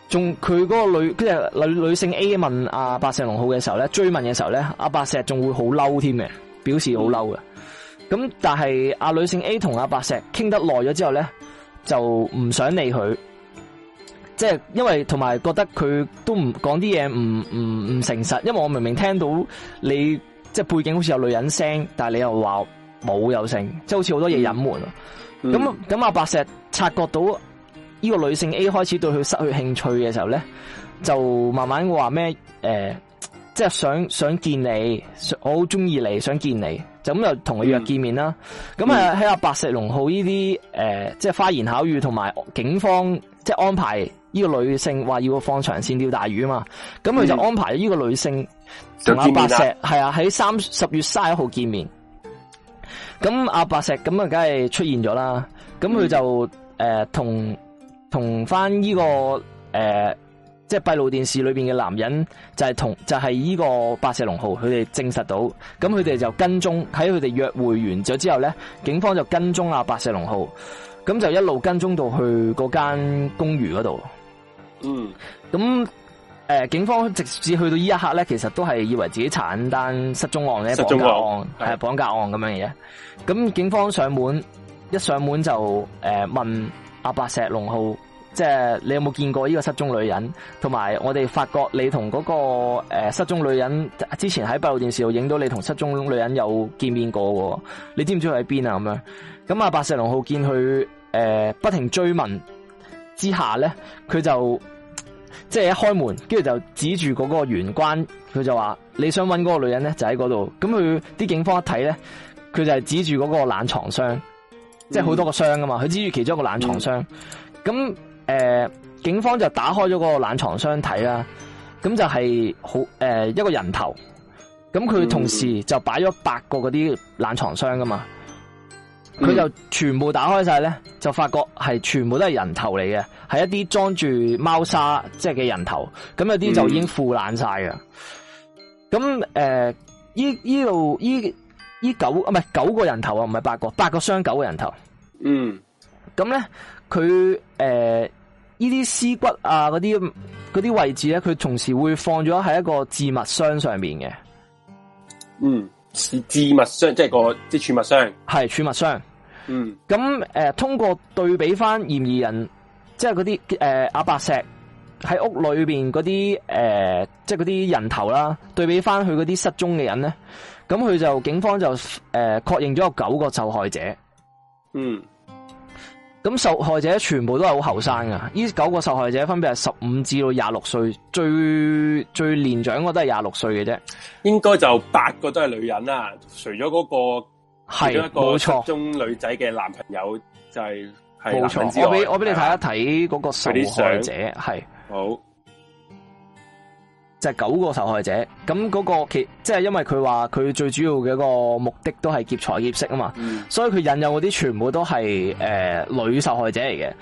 仲佢嗰個女，即係女女性 A 問阿白石龍浩嘅時候咧，追問嘅時候咧，阿白石仲會好嬲添嘅，表示好嬲嘅。咁但係阿女性 A 同阿白石傾得耐咗之後咧，就唔想理佢，即係因為同埋覺得佢都唔講啲嘢，唔唔唔誠實，因為我明明聽到你即係背景好似有女人聲，但係你又話冇，有聲，即係好似好多嘢隱瞞。咁咁阿白石察覺到。呢個女性 A 開始對佢失去興趣嘅時候咧，就慢慢話咩？誒、呃，即係想想見你，我好中意你，想見你，就咁又同佢約見面啦。咁啊喺阿白石龍號呢啲誒，即係花言巧語同埋警方即係安排呢個女性話要放長線釣大魚啊嘛。咁佢就安排呢個女性同阿、嗯、白石係、嗯、啊，喺十月卅一號見面。咁阿白石咁啊，梗係出現咗啦。咁佢就誒、嗯呃、同。同翻呢個誒，即係閉路電視裏邊嘅男人，就係、是、同就係、是、呢個白石龍浩。佢哋證實到，咁佢哋就跟蹤喺佢哋約會完咗之後咧，警方就跟蹤阿白石龍浩，咁就一路跟蹤到去嗰間公寓嗰度。嗯、咁、呃、誒，警方直至去到呢一刻咧，其實都係以為自己查緊單失蹤案咧，綁架案係綁對 架案咁樣嘢。咁警方上門一上門就誒、呃、問。阿白石龍浩，即係你有冇見過呢個失蹤女人？同埋我哋發覺你同嗰個誒失蹤女人，之前喺閉路電視度影到你同失蹤女人有見面過，你知唔知佢喺邊啊？咁樣，咁阿白石龍浩見佢誒、呃、不停追問之下咧，佢就即係、就是、一開門，跟住就指住嗰個玄關，佢就話你想搵嗰個女人咧就喺嗰度。咁佢啲警方一睇咧，佢就係指住嗰個冷藏箱。即係好多個箱噶嘛，佢指住其中一個冷藏箱，咁誒、嗯呃，警方就打開咗嗰個冷藏箱睇啦，咁就係好誒一個人頭，咁佢同時就擺咗八個嗰啲冷藏箱噶嘛，佢就全部打開晒咧，嗯、就發覺係全部都係人頭嚟嘅，係一啲裝住貓砂即係嘅人頭，咁有啲就已經腐爛晒噶，咁誒、嗯，依依度依。依九啊，唔係九個人頭啊，唔係八個，八個箱九個人頭。嗯呢，咁咧佢誒，依啲屍骨啊，嗰啲嗰啲位置咧，佢同時會放咗喺一個置物箱上面嘅。嗯，置置物箱即係個即係儲物箱，係儲物箱。嗯，咁、呃、誒，通過對比翻嫌疑人，即係嗰啲誒阿伯石喺屋裏邊嗰啲誒，即係嗰啲人頭啦，對比翻佢嗰啲失蹤嘅人咧。咁佢就警方就誒確認咗有九個受害者。嗯，咁受害者全部都係好後生噶，呢九個受害者分別係十五至到廿六歲，最最年長個都係廿六歲嘅啫，應該就八個都係女人啦，除咗嗰個係冇錯中女仔嘅男朋友就係冇錯，我俾我俾你睇一睇嗰個受害者係是好。就九個受害者，咁嗰個其即係因為佢話佢最主要嘅一個目的都係劫財劫色啊嘛，嗯、所以佢引誘嗰啲全部都係誒、呃、女受害者嚟嘅，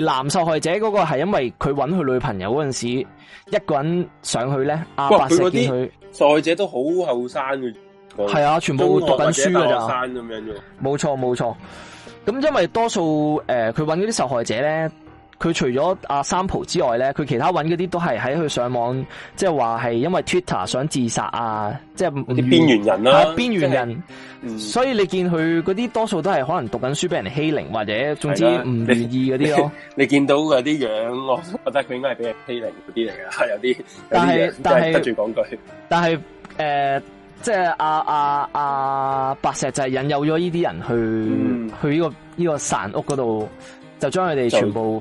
而男受害者嗰個係因為佢揾佢女朋友嗰陣時，一個人上去咧，哇阿伯成見佢受害者都好後生嘅，係啊，全部讀緊書噶咋，冇錯冇錯，咁因為多數誒佢揾嗰啲受害者咧。佢除咗阿三浦之外咧，佢其他搵嗰啲都係喺佢上網，即係話係因為 Twitter 想自殺啊，即係啲邊緣人啦、啊，邊緣人，就是嗯、所以你見佢嗰啲多數都係可能讀緊書俾人欺凌，或者總之唔願意嗰啲咯。你見到嗰啲樣，我我覺得佢應該係俾人欺凌嗰啲嚟噶，有啲，有些有些但係但係得罪講句，但係誒，即係阿阿阿白石就係引誘咗呢啲人去、嗯、去呢、這個呢、這個山屋嗰度，就將佢哋全部。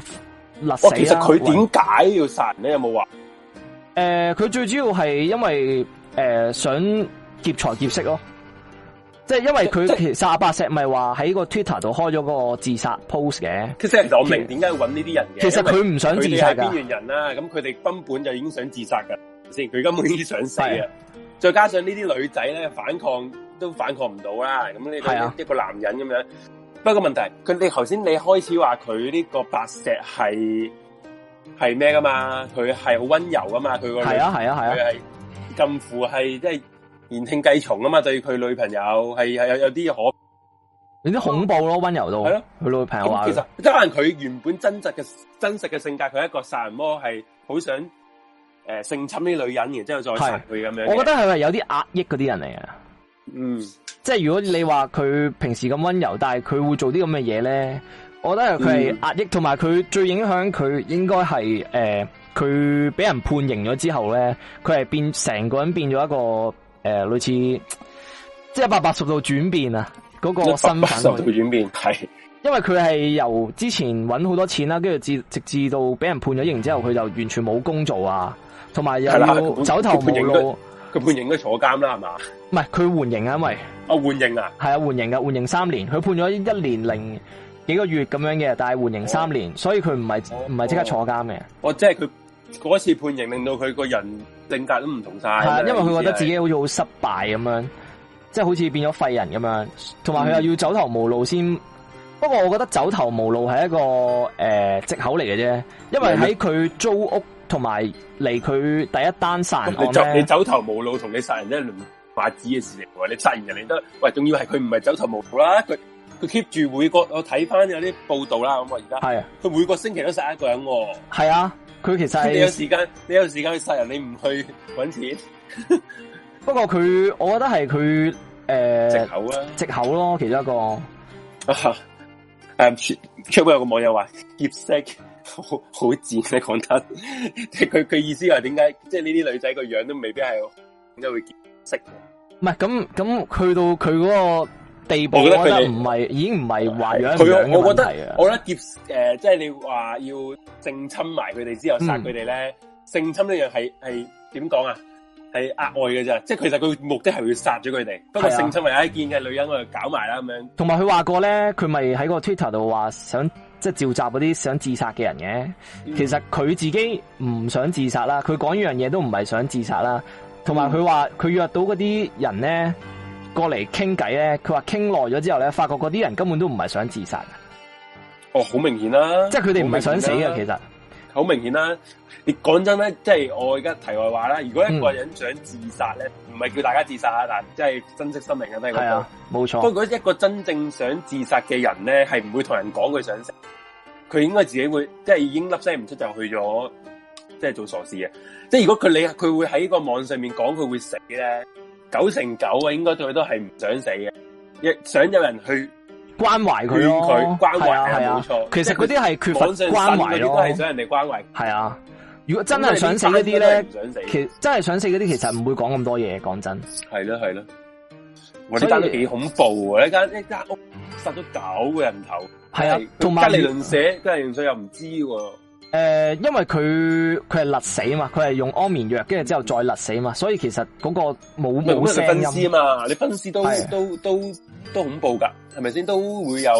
我其實佢點解要殺人呢？你有冇話？誒、呃，佢最主要係因為誒、呃、想劫財劫色咯，即、就、係、是、因為佢其實阿伯石咪話喺個 Twitter 度開咗個自殺 post 嘅。其實我明點解要搵呢啲人嘅。其實佢唔想自殺邊緣人啦、啊，咁佢哋根本就已經想自殺噶，先佢根本已經想死了啊！再加上這些呢啲女仔咧反抗都反抗唔到啦，咁呢個一個男人咁樣。不過問題，佢你頭先你開始話佢呢個白石係係咩㗎嘛？佢係好溫柔㗎嘛？佢個係啊係啊係啊，佢係近乎係即係言聽計從啊嘛！對佢女朋友係係有有啲可有啲恐怖咯，溫柔到係咯，佢女朋友話。其實，即可能佢原本真實嘅真實嘅性格，佢一個殺人魔係好想誒性、呃、侵啲女人，然之後再殺佢咁樣。我覺得佢係有啲壓抑嗰啲人嚟嘅。嗯，即係如果你話佢平時咁溫柔，但係佢會做啲咁嘅嘢咧，我覺得佢係壓抑，同埋佢最影響佢應該係誒，佢俾人判刑咗之後咧，佢係變成個人變咗一個誒、呃，類似即係一百八十度轉變啊，嗰、那個身份一百八十度轉變係，是因為佢係由之前揾好多錢啦，跟住至直至到俾人判咗刑之後，佢就完全冇工做啊，同埋又要走投無路。判刑都坐監啦，係嘛？唔係佢緩刑啊，因為啊緩刑啊，係啊緩刑啊，緩刑三年，佢判咗一年零幾個月咁樣嘅，但係緩刑三年，哦、所以佢唔係唔係即刻坐監嘅、哦。哦，即係佢嗰次判刑令到佢個人性格都唔同晒。係呀，係係因為佢覺得自己好似好失敗咁樣，即、就、係、是、好似變咗廢人咁樣，同埋佢又要走投無路先。嗯、不過我覺得走投無路係一個誒借、呃、口嚟嘅啫，因為喺佢租屋。同埋嚟佢第一單殺人咧，你走你走投無路，同你殺人咧輪麻子嘅事情，喎。你殺完人你都喂，仲要係佢唔係走投無路啦，佢佢 keep 住每個我睇翻有啲報道啦，咁啊而家係啊，佢每個星期都殺一個人，哦，係啊，佢其實你有時間，你有時間去殺人，你唔去搵錢。 *laughs* 不過佢，我覺得係佢誒借口啊，借口咯，其中一個。誒 Twitter 有個網友話，劫色。好好賤，你講得，即係佢佢意思係點解？即係呢啲女仔個樣都未必係點解會識嘅。唔係咁咁去到佢嗰個地步我我，我覺得唔係，已經唔係壞人嘅樣嘅問題啊！我覺得劫誒，即、呃、係、就是、你話要性侵埋佢哋之後殺佢哋咧，嗯、性侵樣呢樣係係點講啊？係額外嘅咋？即係其實佢目的係會殺咗佢哋。的不過性侵係一見嘅女人就，我哋搞埋啦咁樣。同埋佢話過咧，佢咪喺個 Twitter 度話想。即係召集嗰啲想自殺嘅人嘅，嗯、其實佢自己唔想自殺啦，佢講呢樣嘢都唔係想自殺啦，同埋佢話佢約到嗰啲人咧過嚟傾偈咧，佢話傾耐咗之後咧，發覺嗰啲人根本都唔係想自殺。哦，好明顯啦、啊，即係佢哋唔係想死嘅，很啊、其實好明顯啦、啊。你講真咧，即、就、係、是、我而家題外話啦，如果一個人想自殺咧。嗯唔係叫大家自殺啊，但即係珍惜生命咁樣講。係、那個、啊，冇錯。不過如果一個真正想自殺嘅人咧，係唔會同人講佢想死，佢應該自己會即係已經粒聲唔出就去咗，即係做傻事嘅。即係如果佢你佢會喺個網上面講佢會死咧，九成九啊，應該佢都係唔想死嘅，亦想有人去關懷佢，勸佢關懷係冇錯。係啊、錯其實嗰啲係缺乏關懷，的都係想人哋關懷。係啊。如果真係想死嗰啲咧，其真係想死嗰啲，其實唔會講咁多嘢。講真，係啦係啦，我覺得都幾恐怖啊！一間一間屋殺咗九個人頭，係啊，同埋隔離鄰舍，隔離鄰舍又唔知。誒，因為佢佢係勒死啊嘛，佢係用安眠藥，跟住之後再勒死啊嘛，所以其實嗰個冇冇聲音啊嘛，嘛，你分屍都都都都都恐怖噶，係咪先都會有？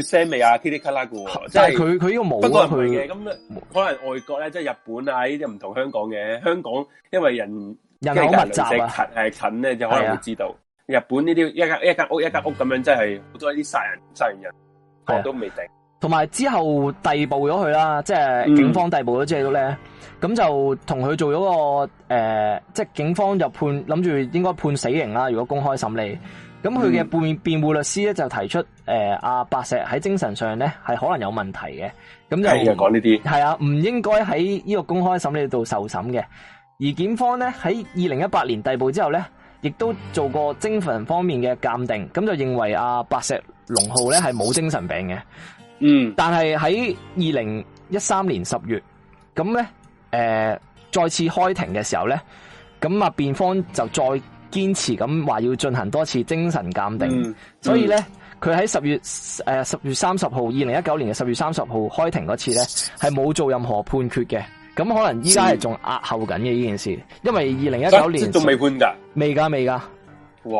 血腥啊，噼里咔啦嘅，係佢佢呢個冇啊佢嘅。咁沒可能外國咧，即係日本啊呢啲唔同香港嘅，香港因為人人好密集啊，近咧就可能會知道。是啊、日本呢啲一間一間屋一間屋咁樣，真係好多啲殺人殺人人，我都未定。同埋之後逮捕咗佢啦，即係警方逮捕咗之後咧，咁、嗯、就同佢做咗個誒、呃，即係警方就判諗住應該判死刑啦，如果公開審理。咁佢嘅辯辯護律師咧就提出，誒阿、嗯呃啊、白石喺精神上咧係可能有問題嘅，咁就講呢啲係啊，唔應該喺呢個公開審理度受審嘅。而檢方咧喺二零一八年逮捕之後咧，亦都做過精神方面嘅鑑定，咁、嗯、就認為阿、啊、白石龍浩咧係冇精神病嘅。嗯，但係喺二零一三年十月，咁咧誒再次開庭嘅時候咧，咁啊辯方就再。堅持咁話要進行多次精神鑑定，嗯、所以呢，佢喺十月誒十、呃、月三十號二零一九年嘅十月三十號開庭嗰次呢，係冇做任何判決嘅，咁可能依家係仲押後緊嘅呢件事，嗯、因為二零一九年仲未判噶，未㗎，未噶，哇！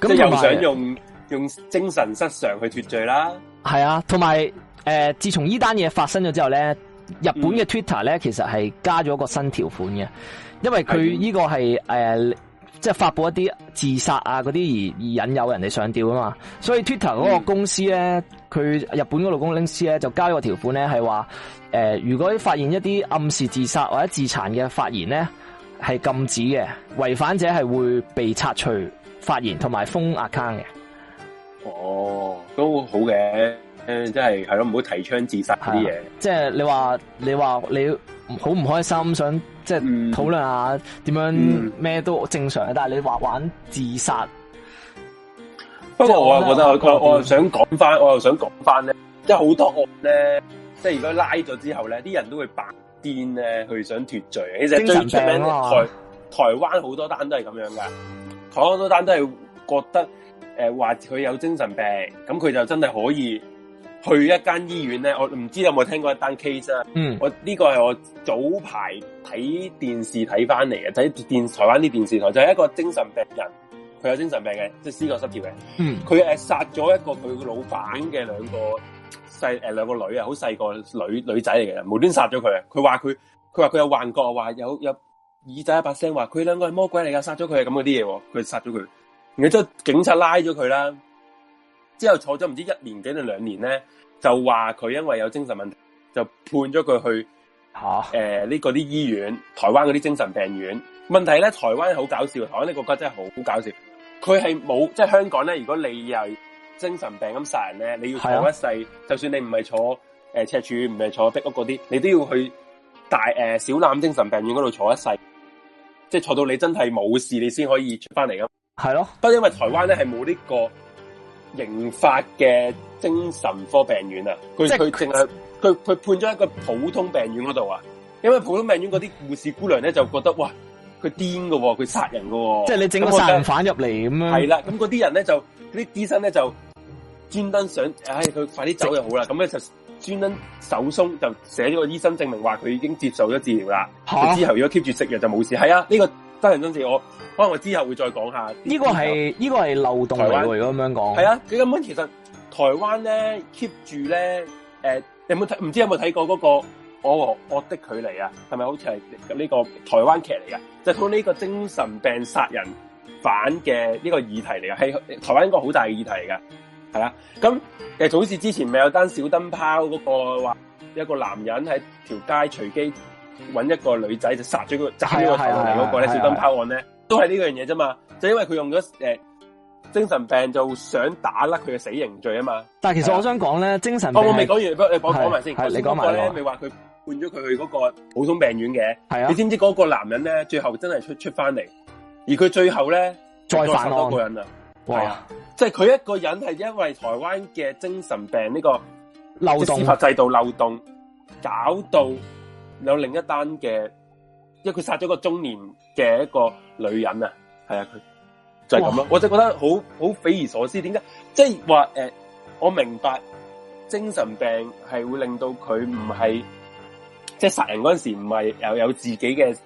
即係又想用、嗯嗯、用精神失常去脫罪啦，係啊，同埋誒，自從呢單嘢發生咗之後呢，日本嘅 Twitter 呢，其實係加咗個新條款嘅，因為佢呢個係誒。呃即係發佈一啲自殺啊嗰啲而，而引誘人哋上吊啊嘛，所以 Twitter 嗰個公司咧，佢、嗯、日本嗰工公司咧就加咗個條款咧，係話誒，如果發現一啲暗示自殺或者自殘嘅發言咧，係禁止嘅，違反者係會被拆除發言同埋封 account 嘅。哦，都好嘅，誒、啊，即係係咯，唔好提倡自殺嗰啲嘢。即係你話，你話你。好唔開心，想即係討論下點樣咩、嗯嗯、都正常嘅，但係你話玩自殺。不過即我又覺得我又想講返，我又想講返咧，即係好多案咧，即係如果拉咗之後咧，啲人都會白癲咧，去想脫罪。其實最出名精神病啊，台台灣好多單都係咁樣㗎，台灣好多單都係覺得誒話佢有精神病，咁佢就真係可以。去一間醫院咧，我唔知有冇聽過一單 case 啦。嗯，我呢個係我早排睇電視睇翻嚟嘅，就係電台灣啲電視台就係一個精神病人，佢有精神病嘅，即係思覺失調嘅。嗯，佢誒殺咗一個佢嘅老闆嘅兩個細誒兩個女啊，好細個女女，女仔嚟嘅，無端殺咗佢啊！佢話佢佢話佢有幻覺，話有有耳仔一把聲話佢兩個係魔鬼嚟噶，殺咗佢係咁嗰啲嘢，佢殺咗佢，然之後警察拉咗佢啦。之後坐咗唔知一年幾定兩年咧，就話佢因為有精神問題，就判咗佢去吓誒呢個啲醫院，台灣嗰啲精神病院。問題咧，台灣好搞笑，台灣呢個國家真係好搞笑。佢係冇即係香港咧。如果你又精神病咁殺人咧，你要坐一世，的就算你唔係坐誒、呃、赤柱，唔係坐壁屋嗰啲，你都要去大誒、呃、小欖精神病院嗰度坐一世，即、就、係、是、坐到你真係冇事，你先可以出翻嚟噶。係咯的，不過因為台灣咧係冇呢、這個。刑法嘅精神科病院啊，佢佢淨係佢佢判咗一個普通病院嗰度啊，因為普通病院嗰啲護士姑娘咧就覺得哇，佢癲噶，佢殺人噶，即係你整個殺人犯入嚟咁啊，係啦，咁嗰啲人咧就嗰啲醫生咧就專登想，誒、哎、佢快啲走就好啦，咁咧吃就專登手鬆就寫咗個醫生證明話佢已經接受咗治療啦，啊、之後如果 keep 住食藥就冇事，係啊，呢、呢個真人真事我。可能我之後會再講下，呢個係呢、這個係、這個、漏洞嚟咁樣講。係啊，佢根本其實台灣咧 keep 住咧，你有冇睇？唔知有冇睇過嗰、那個《我和惡的距離》啊？係咪好似係呢個台灣劇嚟噶？就講呢個精神病殺人犯嘅呢個議題嚟噶，係台灣一個好大嘅議題嚟噶。係啊，咁其實就好似之前咪有單小燈泡嗰、那個話，一個男人喺條街隨機揾一個女仔就殺咗、那個斬咗、啊、個頭嚟嗰個咧，啊啊啊、小燈泡案咧。都係呢樣嘢啫嘛，就因為佢用咗誒、欸、精神病，就想打甩佢嘅死刑罪啊嘛。但係其實我想講咧，啊、精神病我我未講完，不如你講講埋先。係是你講埋。嗰個咧未話佢判咗佢去嗰個普通病院嘅。係啊。你知唔知嗰個男人咧，最後真係出出翻嚟，而佢最後咧再犯案個人啊，係啊，即係佢一個人係哇、啊就是、因為台灣嘅精神病呢、這個漏洞司法制度漏洞，搞到有另一單嘅，因為佢殺咗個中年嘅一個女人啊，係啊，佢，就係，就係咁咯。我就覺得好好匪夷所思，點解即係話誒，我明白精神病係會令到佢唔係即係殺人嗰陣時唔係又有自己嘅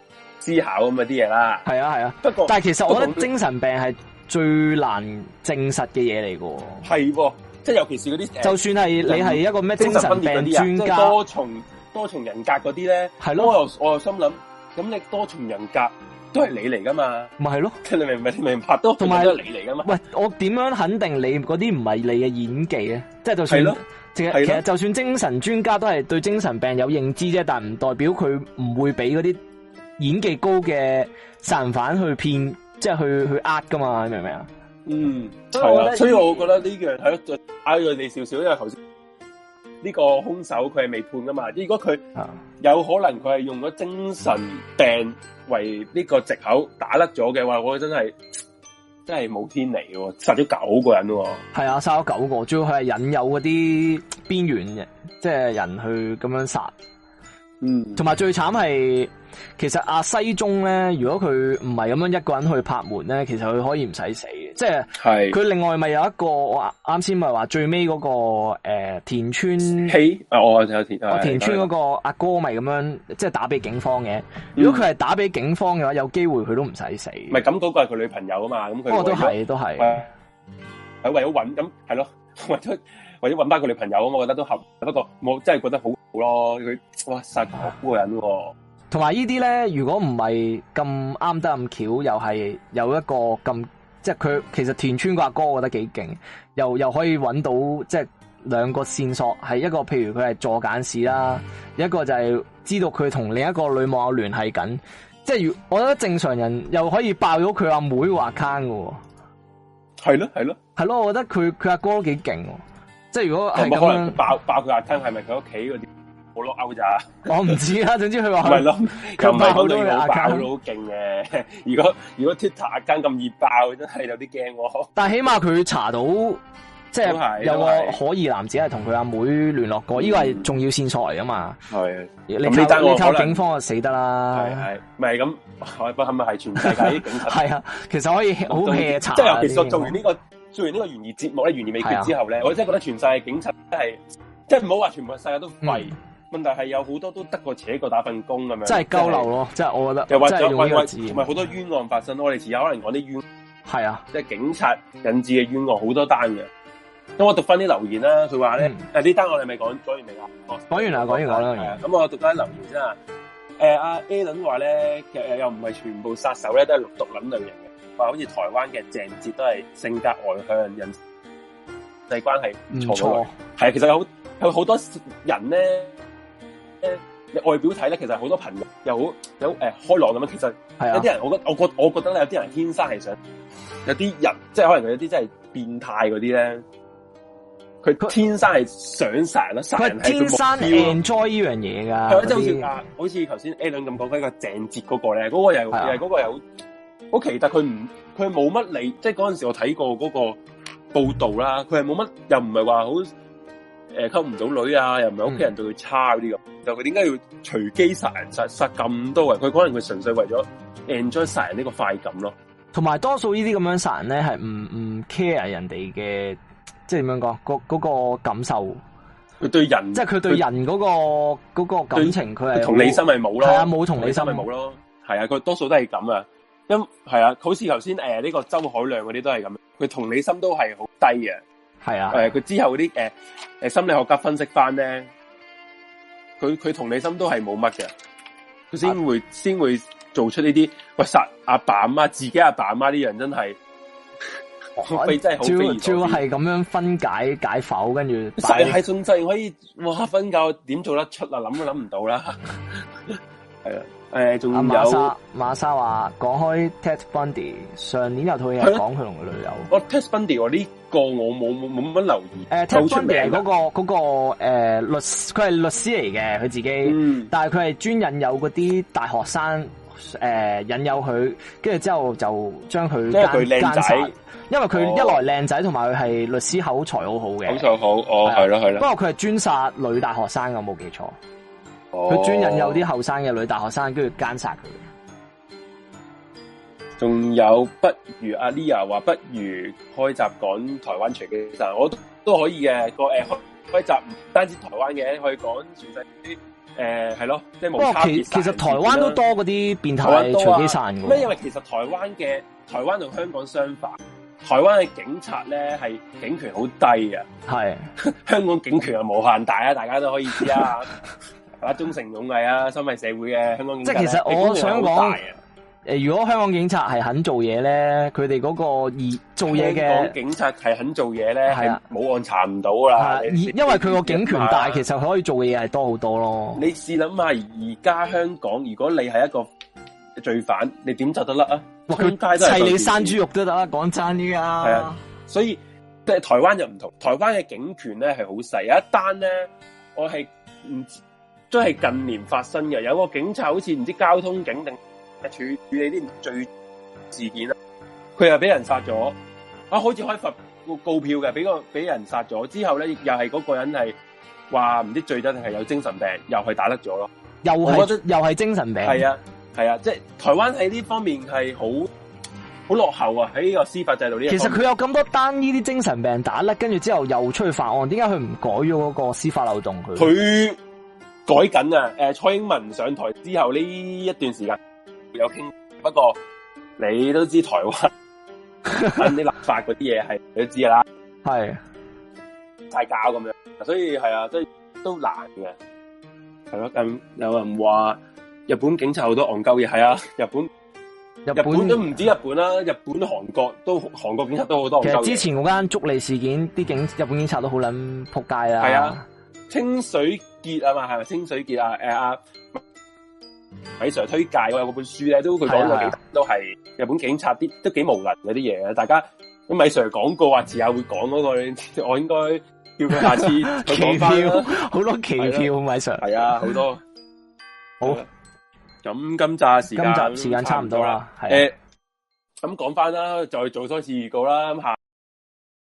思考咁嘅啲嘢啦。係啊係啊，係啊，不過但係其實我覺得精神病係最難證實嘅嘢嚟噶，係喎、啊，即係尤其是嗰啲就算係你係一個咩精，精神病專家，係多重多重人格嗰啲咧，係咯、啊，我又我又心諗，咁你多重人格？都係你嚟噶嘛？咪係咯，即係你明唔明？明白都同埋都係你嚟噶嘛？喂，我點樣肯定你嗰啲唔係你嘅演技啊？即係就算咯，其實其實就算精神專家都係對精神病有認知啫，但唔代表佢唔會俾嗰啲演技高嘅殺人犯去騙，即係去去呃噶嘛？你明唔明啊？嗯，係啊，所以我覺得呢樣睇得嗌佢哋少少，因為頭先。呢個兇手佢係未判㗎嘛？如果佢有可能佢係用咗精神病為呢個藉口打甩咗嘅話，我真係真係冇天理喎！殺咗九個人喎，係啊，殺咗九個，主要係引誘嗰啲邊緣嘅即係人去咁樣殺。嗯，同埋最慘係，其實阿、啊、西中咧，如果佢唔係咁樣一個人去拍門咧，其實佢可以唔使死，即係佢另外咪有一個，我啱先咪話最尾嗰、那個誒、欸、田村喜，我、哦田，嗯、田村嗰個阿哥咪咁樣即係、就是、打俾警方嘅，如果佢係打俾警方嘅話，有機會佢都唔使死。係咁嗰個係佢女朋友啊嘛，咁佢不都係都係，係為咗揾咁係咯，為咗搵咗揾翻佢女朋友，我覺得都合，不過我真係覺得好。好咯，佢哇，晒學夫個人、啊。同埋、啊、呢啲咧，如果唔係咁啱得咁巧，又係有一個咁，即係佢其實田村個阿哥，哥，我覺得幾勁，又又可以揾到即係兩個線索，係一個譬如佢係助簡史啦，嗯、一個就係知道佢同另一個女網友聯繫緊，即係如果我覺得正常人又可以爆咗佢阿妹個 account 㗎喎。係 u 係 t 噶，係咯係咯，係咯，我覺得佢佢阿哥都幾勁，即係如果係爆爆佢 account 係咪佢屋企嗰啲？好多勾咋？我唔知啦，總之佢話唔係咯，佢唔係好多嘅。如果如果 Twitter 阿更咁易爆，真係有啲驚。但係起碼佢查到，即係有個可疑男子係同佢阿妹聯絡過，呢個係重要線索嚟㗎嘛。係，你你警方就死得啦。係係，咪咁？我唔係咁係係全世界啲警察係啊。其實可以好 hea 查，即係其實做完呢個做完呢個懸疑節目咧，懸疑未決之後咧，我真係覺得全世界警察真係，即係唔好話全部世界都廢。問題係有好多都得個扯個打份工咁樣，即係交流咯，即係我覺得，又或者唔係好多冤案發生，我哋遲啲可能講啲冤，係啊，即係警察引致嘅冤案好多單嘅。咁我讀翻啲留言啦，佢話咧，誒呢單我哋咪講咗完未啊？講完啦，講完講啦，係咁我讀翻留言先啊。誒阿 Alan 話咧，其實又唔係全部殺手咧都係毒癮類型嘅，話好似台灣嘅鄭捷都係性格外向、人際關係唔錯，係啊。其實有有好多人咧。誒，你外表睇咧，其實好多朋友又好，有誒、欸、開朗咁樣。其實、啊、有啲人，我覺得，我覺，我覺得有啲人天生係想，有啲人，即係可能佢有啲真係變態嗰啲咧，佢天生係想殺啦，殺人係它目標，天生 enjoy 呢樣嘢噶，好似好似頭先 Aaron 咁講嗰個鄭捷嗰個咧，嗰、嗰個又嗰、啊、個又好，好奇，但佢唔，佢冇乜理，即係嗰陣時我睇過嗰個報道啦，佢係冇乜，又唔係話好。誒，溝唔到女啊，又唔係屋企人對佢差啲咁，但佢點解要隨機殺人殺殺咁多嘅？佢可能佢純粹為咗 enjoy 殺人呢個快感咯。同埋多數呢啲咁樣殺人咧，係唔唔 care 人哋嘅，即係點樣講？嗰、嗰個感受，佢對人，即係佢對人嗰、嗰個嗰個感情，佢係對同理心係冇啦。係啊，冇同理心係冇咯。係啊，佢多數都係咁啊。因為係啊，好似頭先誒呢個周海亮嗰啲都係咁，佢同理心都係好低嘅。係啊，誒，佢之後啲誒誒，心理學家分析翻咧，佢佢同理心都係冇乜嘅，佢先會先會做出呢啲喂殺阿爸阿媽，自己阿爸阿媽呢人真係，呵呵哦、真好悲真係好悲，要係咁樣分解解剖，跟住細係仲細可以哇，瞓覺點做得出啊？諗都諗唔到啦，係 *laughs* *laughs* 啊。誒，仲有馬、啊、莎馬莎話講開 Ted Bundy，上年有套戲係講佢同佢女友。哦，Ted Bundy 呢個我冇冇冇乜留意。誒，Ted Bundy 嗰個嗰、嗰個誒律，佢、嗰、係、個呃、律師嚟嘅，佢自己，嗯、但係佢係專引誘嗰啲大學生誒、呃、引誘佢，跟住之後就將佢奸奸殺，因為佢一來靚仔，同埋佢係律師，口才好口好嘅。口才好哦，係咯係咯。不過佢係專殺女大學生，我冇記錯。佢專引有啲後生嘅女大學生，跟住奸殺佢。仲有不如阿 Lia 話，不如開集講台灣隨機殺，我都都可以嘅個誒開、呃、開集唔單止台灣嘅，可以講全世界啲誒係咯，即係無差別。其實其實台灣都多嗰啲變態隨機殺嘅咩？因為其實台灣嘅台灣同香港相反，台灣嘅警察咧係警權好低啊，係是香港警權係無限大啊，大家都可以知啊。 *laughs* 忠誠勇毅啊！心繫社會嘅、啊、香港警察、啊，即係其實我想講，誒、啊，如果香港警察係肯做嘢咧，佢哋嗰個而做嘢嘅警察係肯做嘢咧，係冇案查唔到噶啦。而、啊、你因為佢個警權大，啊、其實可以做嘅嘢係多好多咯。你試諗下，而家香港，如果你係一個罪犯，你點就得啦？佢係砌你生豬肉都得。講真啲啊，係啊。所以即係台灣就唔同，台灣嘅警權咧係好細。有一單咧，我係唔。都係近年發生嘅，有一個警察好似唔知交通警定係處處理啲罪事件啦，佢又俾人殺咗啊！好似開罰告票嘅，俾個俾人殺咗之後咧，又係嗰個人係話唔知醉咗定係有精神病，又係打又是得咗咯，又係又係精神病，係啊係啊，即係、啊就是、台灣喺呢方面係好好落後啊！喺呢個司法制度呢？其實佢有咁多單呢啲精神病打甩，跟住之後又出去犯案，點解佢唔改咗嗰個司法漏洞佢？改緊啊！誒、呃，蔡英文上台之後呢一段時間有傾，不過你都知台灣啲 *laughs* 立法嗰啲嘢係你都知㗎啦，係打交咁樣，所以係啊，都都難嘅，係咯。咁、嗯、有人話日本警察好多戇鳩嘢，係啊，日本日本都唔止日本啦，日本韓的國都韓國警察都好多。其實之前嗰間足利事件，啲警日本警察都好捻仆街啊。係啊，清水。結啊嘛，係咪清水結啊？誒、呃、阿米 sir 推介，我有一本書咧，都佢講過幾都係日本警察啲，都幾無能嗰啲嘢。大家，咁米 sir 講過話，遲下會講嗰、那個，我應該叫佢下次講翻好多期票，啊、米 sir 係啊，多 *laughs* 好多好。咁今集時間，今集時間差唔多啦，係誒咁講翻啦，再做多一次預告啦，下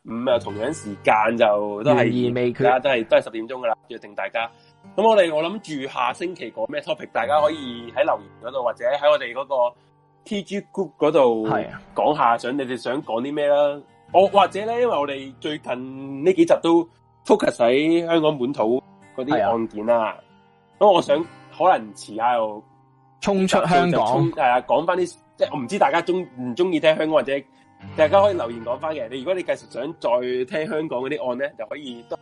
午啊同樣時間就都係未啊，都係都係十點鐘噶啦，約定大家。咁我哋我諗住下星期講咩 topic，大家可以喺留言嗰度或者喺我哋嗰個 TG group 嗰度講下，係啊、想你哋想講啲咩啦。我或者咧，因為我哋最近呢幾集都 focus 喺香港本土嗰啲案件啦，咁、啊、我想可能遲下又衝出香港，係啊，講翻啲即係我唔知大家中唔中意聽香港或者大家可以留言講翻嘅。你如果你繼續想再聽香港嗰啲案咧，就可以都。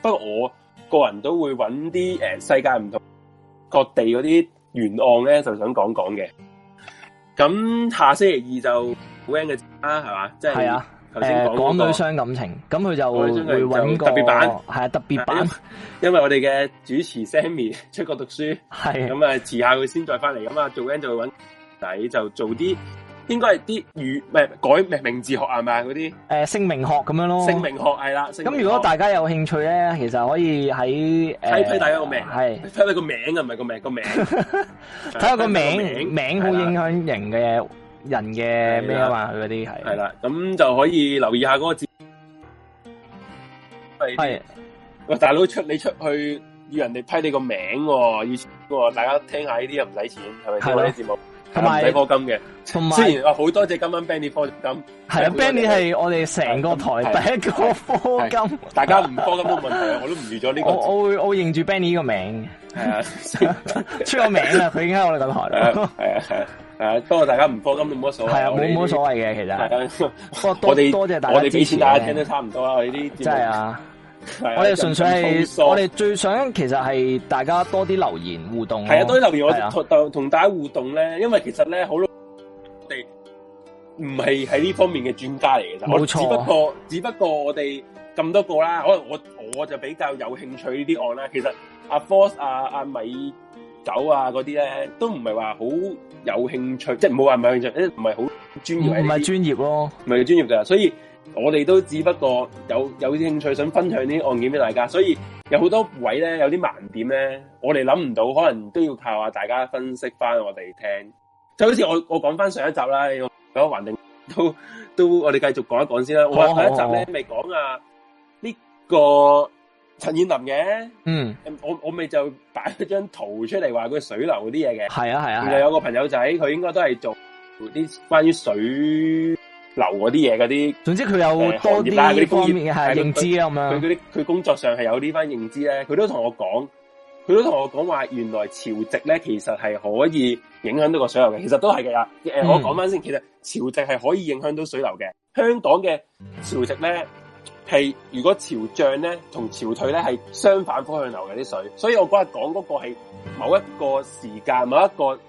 不過我。個人都會揾啲誒世界唔同各地嗰啲原案咧，就想講講嘅。咁下星期二就好 n 嘅啦，係嘛、mm？係、hmm. 啊，頭先講到港女傷感情，咁佢就會揾個係啊特別版，特別版因，因為我哋嘅主持 Sammy 出國讀書，係咁啊遲下佢先再翻嚟，咁啊做 n 就揾底就做啲。應該係啲語，唔係改咩名字學啊？嘛，嗰啲誒，姓名學咁樣咯。姓名學係啦。咁如果大家有興趣咧，其實可以喺批批大家個名係批你個名啊，唔係個名個名。睇下個名名好影響人嘅人嘅咩嘛？佢嗰啲係係啦，咁就可以留意下嗰個字。係喂，大佬出你出去要人哋批你個名，以前大家聽下呢啲又唔使錢，係咪？係啦。同埋科金嘅，雖然好多謝今晚 Benny 科金，係啊，Benny 係我哋成個台第一個科金。大家唔科金都冇問題，我都唔預咗呢個。我我會認住 Benny 呢個名，係啊，出咗名啦，佢已經喺我哋個台啦。係啊係啊係啊，不過大家唔科金都冇乜所謂，係啊冇乜所謂嘅，其實。我哋多謝大家支持，大家聽都差唔多啊，我啲真係啊。啊、我哋純粹係，我哋最想其實係大家多啲留言互動、啊。係啊，多啲留言，我同大家互動咧，因為其實咧好我哋唔係喺呢方面嘅專家嚟嘅，冇錯。只不過只不過我哋咁多個啦，可能我我就比較有興趣呢啲案啦。其實阿 Force 阿阿米九啊嗰啲咧，都唔係話好有興趣，即係冇話唔係興趣，唔係好專業，唔係專業咯，唔係專業嘅、哦，所以。我哋都只不過有有興趣想分享啲案件俾大家，所以有好多位咧有啲盲點咧，我哋諗唔到，可能都要靠啊大家分析翻我哋聽，就好似我我講翻上一集啦，有個環境都都，都我哋繼續講一講先啦。我上一集咧未講啊呢、這個陳彥霖嘅，嗯、mm.，我我未就擺咗張圖出嚟話佢水流啲嘢嘅，係啊係啊，有個朋友仔佢應該都係做啲關於水。流嗰啲嘢嗰啲，總之佢有多啲嗰啲方面嘅係認知啊咁樣。佢啲佢工作上係有呢番認知咧，佢都同我講，佢都同我講話原來潮汐咧其實係可以影響到個水流嘅，其實都係嘅啦。誒，我講翻先，其實潮汐係可以影響到水流嘅、嗯。香港嘅潮汐咧係如果潮漲咧同潮退咧係相反方向流嘅啲水，所以我嗰日講嗰個係某一個時間、某一個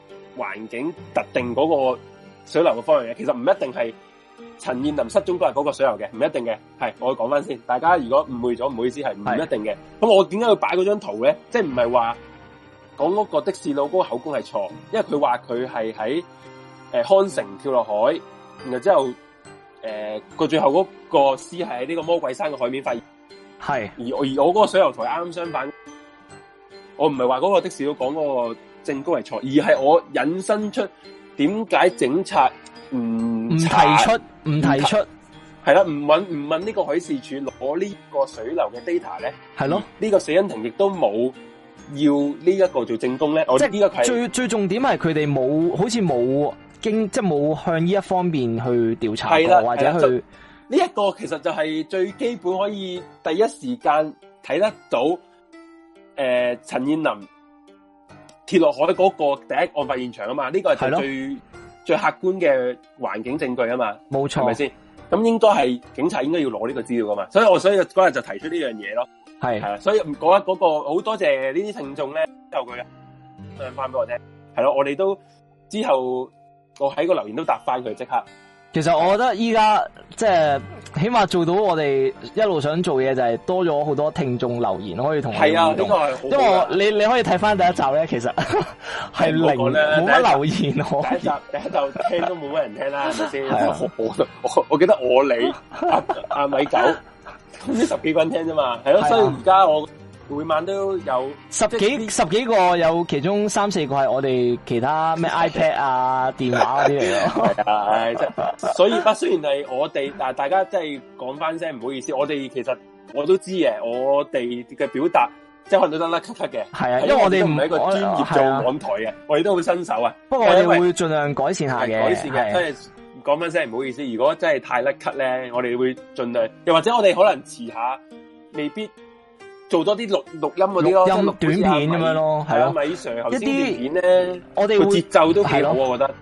環境特定嗰個水流嘅方向嘅，其實唔一定係。陳彥霖失蹤都係嗰個水油嘅，唔一定嘅，係我講翻先，大家如果誤會咗唔好意思，係唔一定嘅。咁是我點解要擺嗰張圖咧？即係唔係話講嗰個的士佬嗰個口供係錯，因為佢話佢係喺誒康城跳落海，然後之後誒個、呃、最後嗰個屍係喺呢個魔鬼山嘅海面發現。係是而我而我嗰個水油台啱相反，我唔係話嗰個的士佬講嗰個證供係錯，而係我引申出點解警察唔唔提出？唔提出，係啦，唔問唔問呢個海事處攞呢個水流嘅 data 咧，係咯的，呢、嗯這個死因庭亦都冇要呢一個做證供咧，即係呢個最最重點係佢哋冇，好似冇經，即係冇向呢一方面去調查，或者最，呢一、這個其實就係最基本可以第一時間睇得到，誒、呃，陳彥霖跌落海嗰個第一案發現場啊嘛，呢、這個係最。是最客觀嘅環境證據啊嘛，冇錯，係咪先？咁應該係警察應該要攞呢個資料噶嘛，所以我所以嗰日就提出呢樣嘢咯。係係啊，所以嗰嗰個好多謝呢啲聽眾咧，之後佢上翻俾我聽。係咯，我哋都之後我喺個留言都答翻佢，即刻。其實我覺得依家即係。起碼做到我哋一路想做嘢，就係、是、多咗好多聽眾留，留言可以同我講。係啊，因為因為你你可以睇翻第一集咧，其實係零冇乜留言。第一集第一集聽都冇乜人聽啦，係咪先？我我記得我你阿阿、 *laughs* 啊、米九，咁啲十幾個人聽啫嘛，係咯。所以而家我。每晚都有十幾十幾個有，其中三四個係我哋其他咩 iPad 啊、 *laughs* 電話嗰啲嚟咯。係、就是，所以不雖然係我哋，但係大家即係講翻聲唔好意思，我哋其實我都知嘅，我哋嘅表達即係可能都得甩咳嘅，係啊，因為我哋唔係一個專業做網台嘅，啊、我哋都好新手啊。不過我哋會盡量改善一下嘅，改善嘅，即係講翻聲唔好意思，如果真係太甩咳咧，我哋會盡量，又或者我哋可能遲下未必。做多啲錄錄音嗰啲咯，錄音短片咁樣咯，係啊，上一啲片咧，我哋節奏都幾好，我覺得。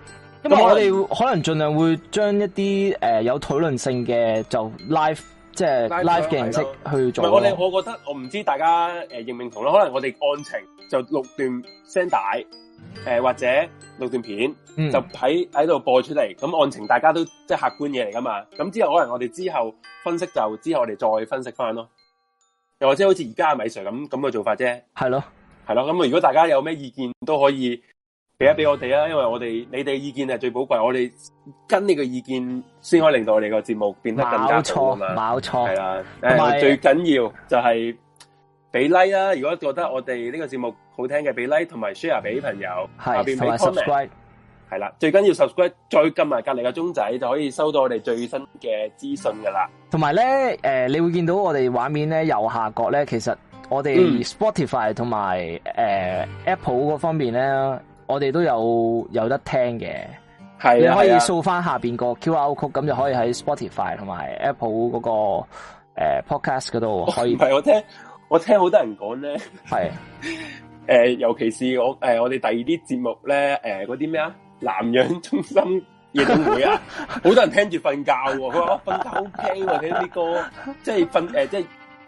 因為我哋可能盡量會將一啲誒有討論性嘅就 live 即係 live 嘅形式去做。唔係我哋，我覺得我唔知大家誒認唔認同咯。可能我哋案情就錄段聲帶，誒或者錄段片，就喺喺度播出嚟。咁案情大家都即係客觀嘢嚟噶嘛。咁之後可能我哋之後分析就之後我哋再分析翻咯。又或者好似而家阿米 Sir 咁咁嘅做法啫，係咯的，係咯。咁如果大家有咩意見都可以俾一俾我哋啊，嗯、因為我哋你哋嘅意見係最寶貴，我哋跟你嘅意見先可以令到我哋個節目變得更加好冇錯，係啦。誒，的且最緊要就係俾 like 啦是，如果覺得我哋呢個節目好聽嘅，俾 like 同埋 share 俾朋友，嗯、下邊俾 s u 係啦，最緊要 subscribe，再撳埋隔籬嘅鐘仔，就可以收到我哋最新嘅資訊噶啦。同埋咧，誒、呃，你會見到我哋畫面咧，右下角咧，其實我哋 Spotify 同埋誒、嗯呃、Apple 嗰方面咧，我哋都有有得聽嘅。係、啊，你可以掃翻下邊個 QR Code，咁就可以喺 Spotify 同埋 Apple 嗰、那個誒、呃、Podcast 嗰度可以。係、哦，我聽我聽好多人講咧，係誒、啊 *laughs* 呃，尤其是我誒、呃，我哋第二啲節目咧，誒、呃，嗰啲咩啊？南洋中心夜總會啊，好多人聽住瞓覺喎，佢話瞓覺 O K 喎，聽啲歌，即係瞓、誒，即係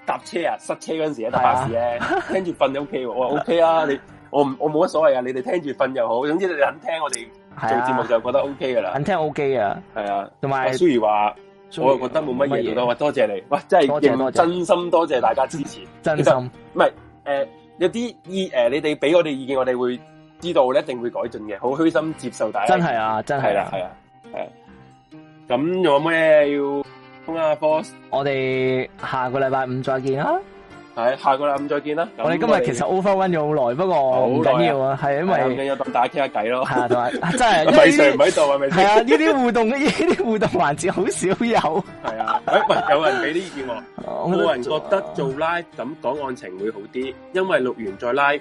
搭車啊，塞車嗰陣時搭巴士咧，聽住瞓就 O K 喎，我話 O K 啊，你我我冇乜所謂啊，你哋聽住瞓又好，總之你肯聽我哋做節目就覺得 O K 噶啦，肯聽 O K 啊，係啊，同埋雖然話，我又覺得冇乜嘢，我話多謝你，哇，真係，多謝，真心多謝大家支持，真心，唔係誒，有啲意、誒，你哋俾我哋意見，我哋會。知道我一定會改進嘅，好虛心接受大家。真係啊，真係啦，係啊，係。咁有冇咩要？咁阿 Force，我哋下個禮拜五再見啦。係下個禮拜五再見啦。我哋今日其實 over one 咗好耐，不過唔緊要啊，係因為有同大家傾下偈咯。係啊，同埋，真係。台上唔喺度係咪先？係啊，呢啲互動嘅，呢啲互動環節好少有。係啊，喂，有人俾啲意見我。有冇人覺得做 live 咁講案情會好啲？因為錄完再 live。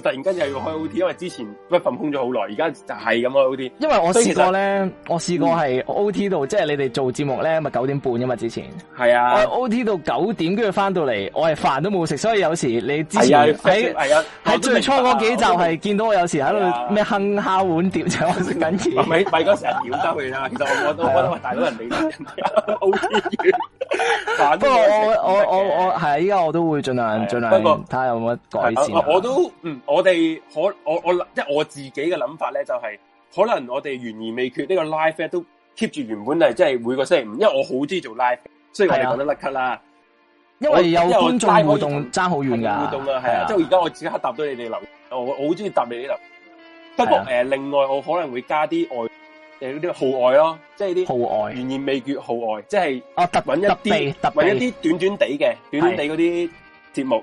突然間又要開 O T，因為之前屈份空咗好耐，而家就係咁咯 O T。因為我試過咧，我試過係 O T 度，即係你哋做節目咧，咪九點半噶嘛？之前係啊，O T 到九點，跟住翻到嚟，我係飯都冇食，所以有時你之前喺喺最初嗰幾集係見到我有時喺度咩坑敲碗碟，食緊嘢。唔係唔係嗰時日繞得佢啦，其實我都我都係大多人哋理解 O T。不過我我我我係依家我都會盡量盡量，睇下有冇改善。我都嗯。我哋可我我即係我自己嘅諗法咧，就係可能我哋懸而未決呢個 live 咧都 keep 住原本係即係每個星期五，因為我好中意做 live，所以我哋覺得甩 cut 啦。我哋有觀眾互動爭好遠噶，係啊，即係而家我即刻答到你哋留我我好中意答你呢度。不過誒，另外我可能會加啲外誒啲戶外咯，即係啲戶外懸而未決戶外，即係啊，搵一啲搵一啲短短地嘅短短哋嗰啲節目。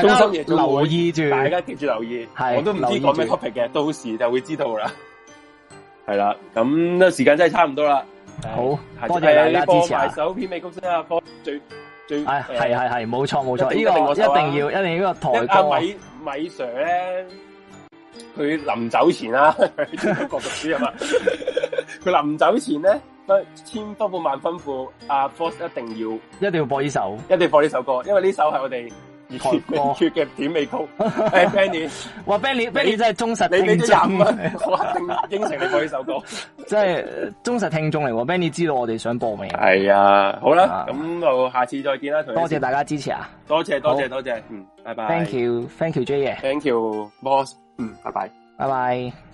中心嘢留意住，大家記住留意，我都唔知講咩 topic 嘅，到時就會知道啦。係啦，咁呢時間真係差唔多啦。好多謝大家支持播首片尾曲先啦，科，最最係係係，冇錯冇錯，呢個一定要一定要呢個台。阿米米 Sir 咧，佢臨走前啦，佢出國讀書啊嘛。佢臨走前咧，千多個萬吩咐阿科一定要一定要播呢首，一定播呢首歌，因為呢首係我哋。台嘅片尾曲。誒，Benny，話 Benny，Benny 真係忠實，你你浸，我一定應承你播呢首歌，真係忠實聽眾嚟。Benny 知道我哋想播咩？係啊，好啦，咁就下次再見啦。多謝大家支持啊！多謝多謝多謝，嗯，拜拜。Thank you，Thank you，Jay，Thank you，Boss，嗯，拜拜，拜拜。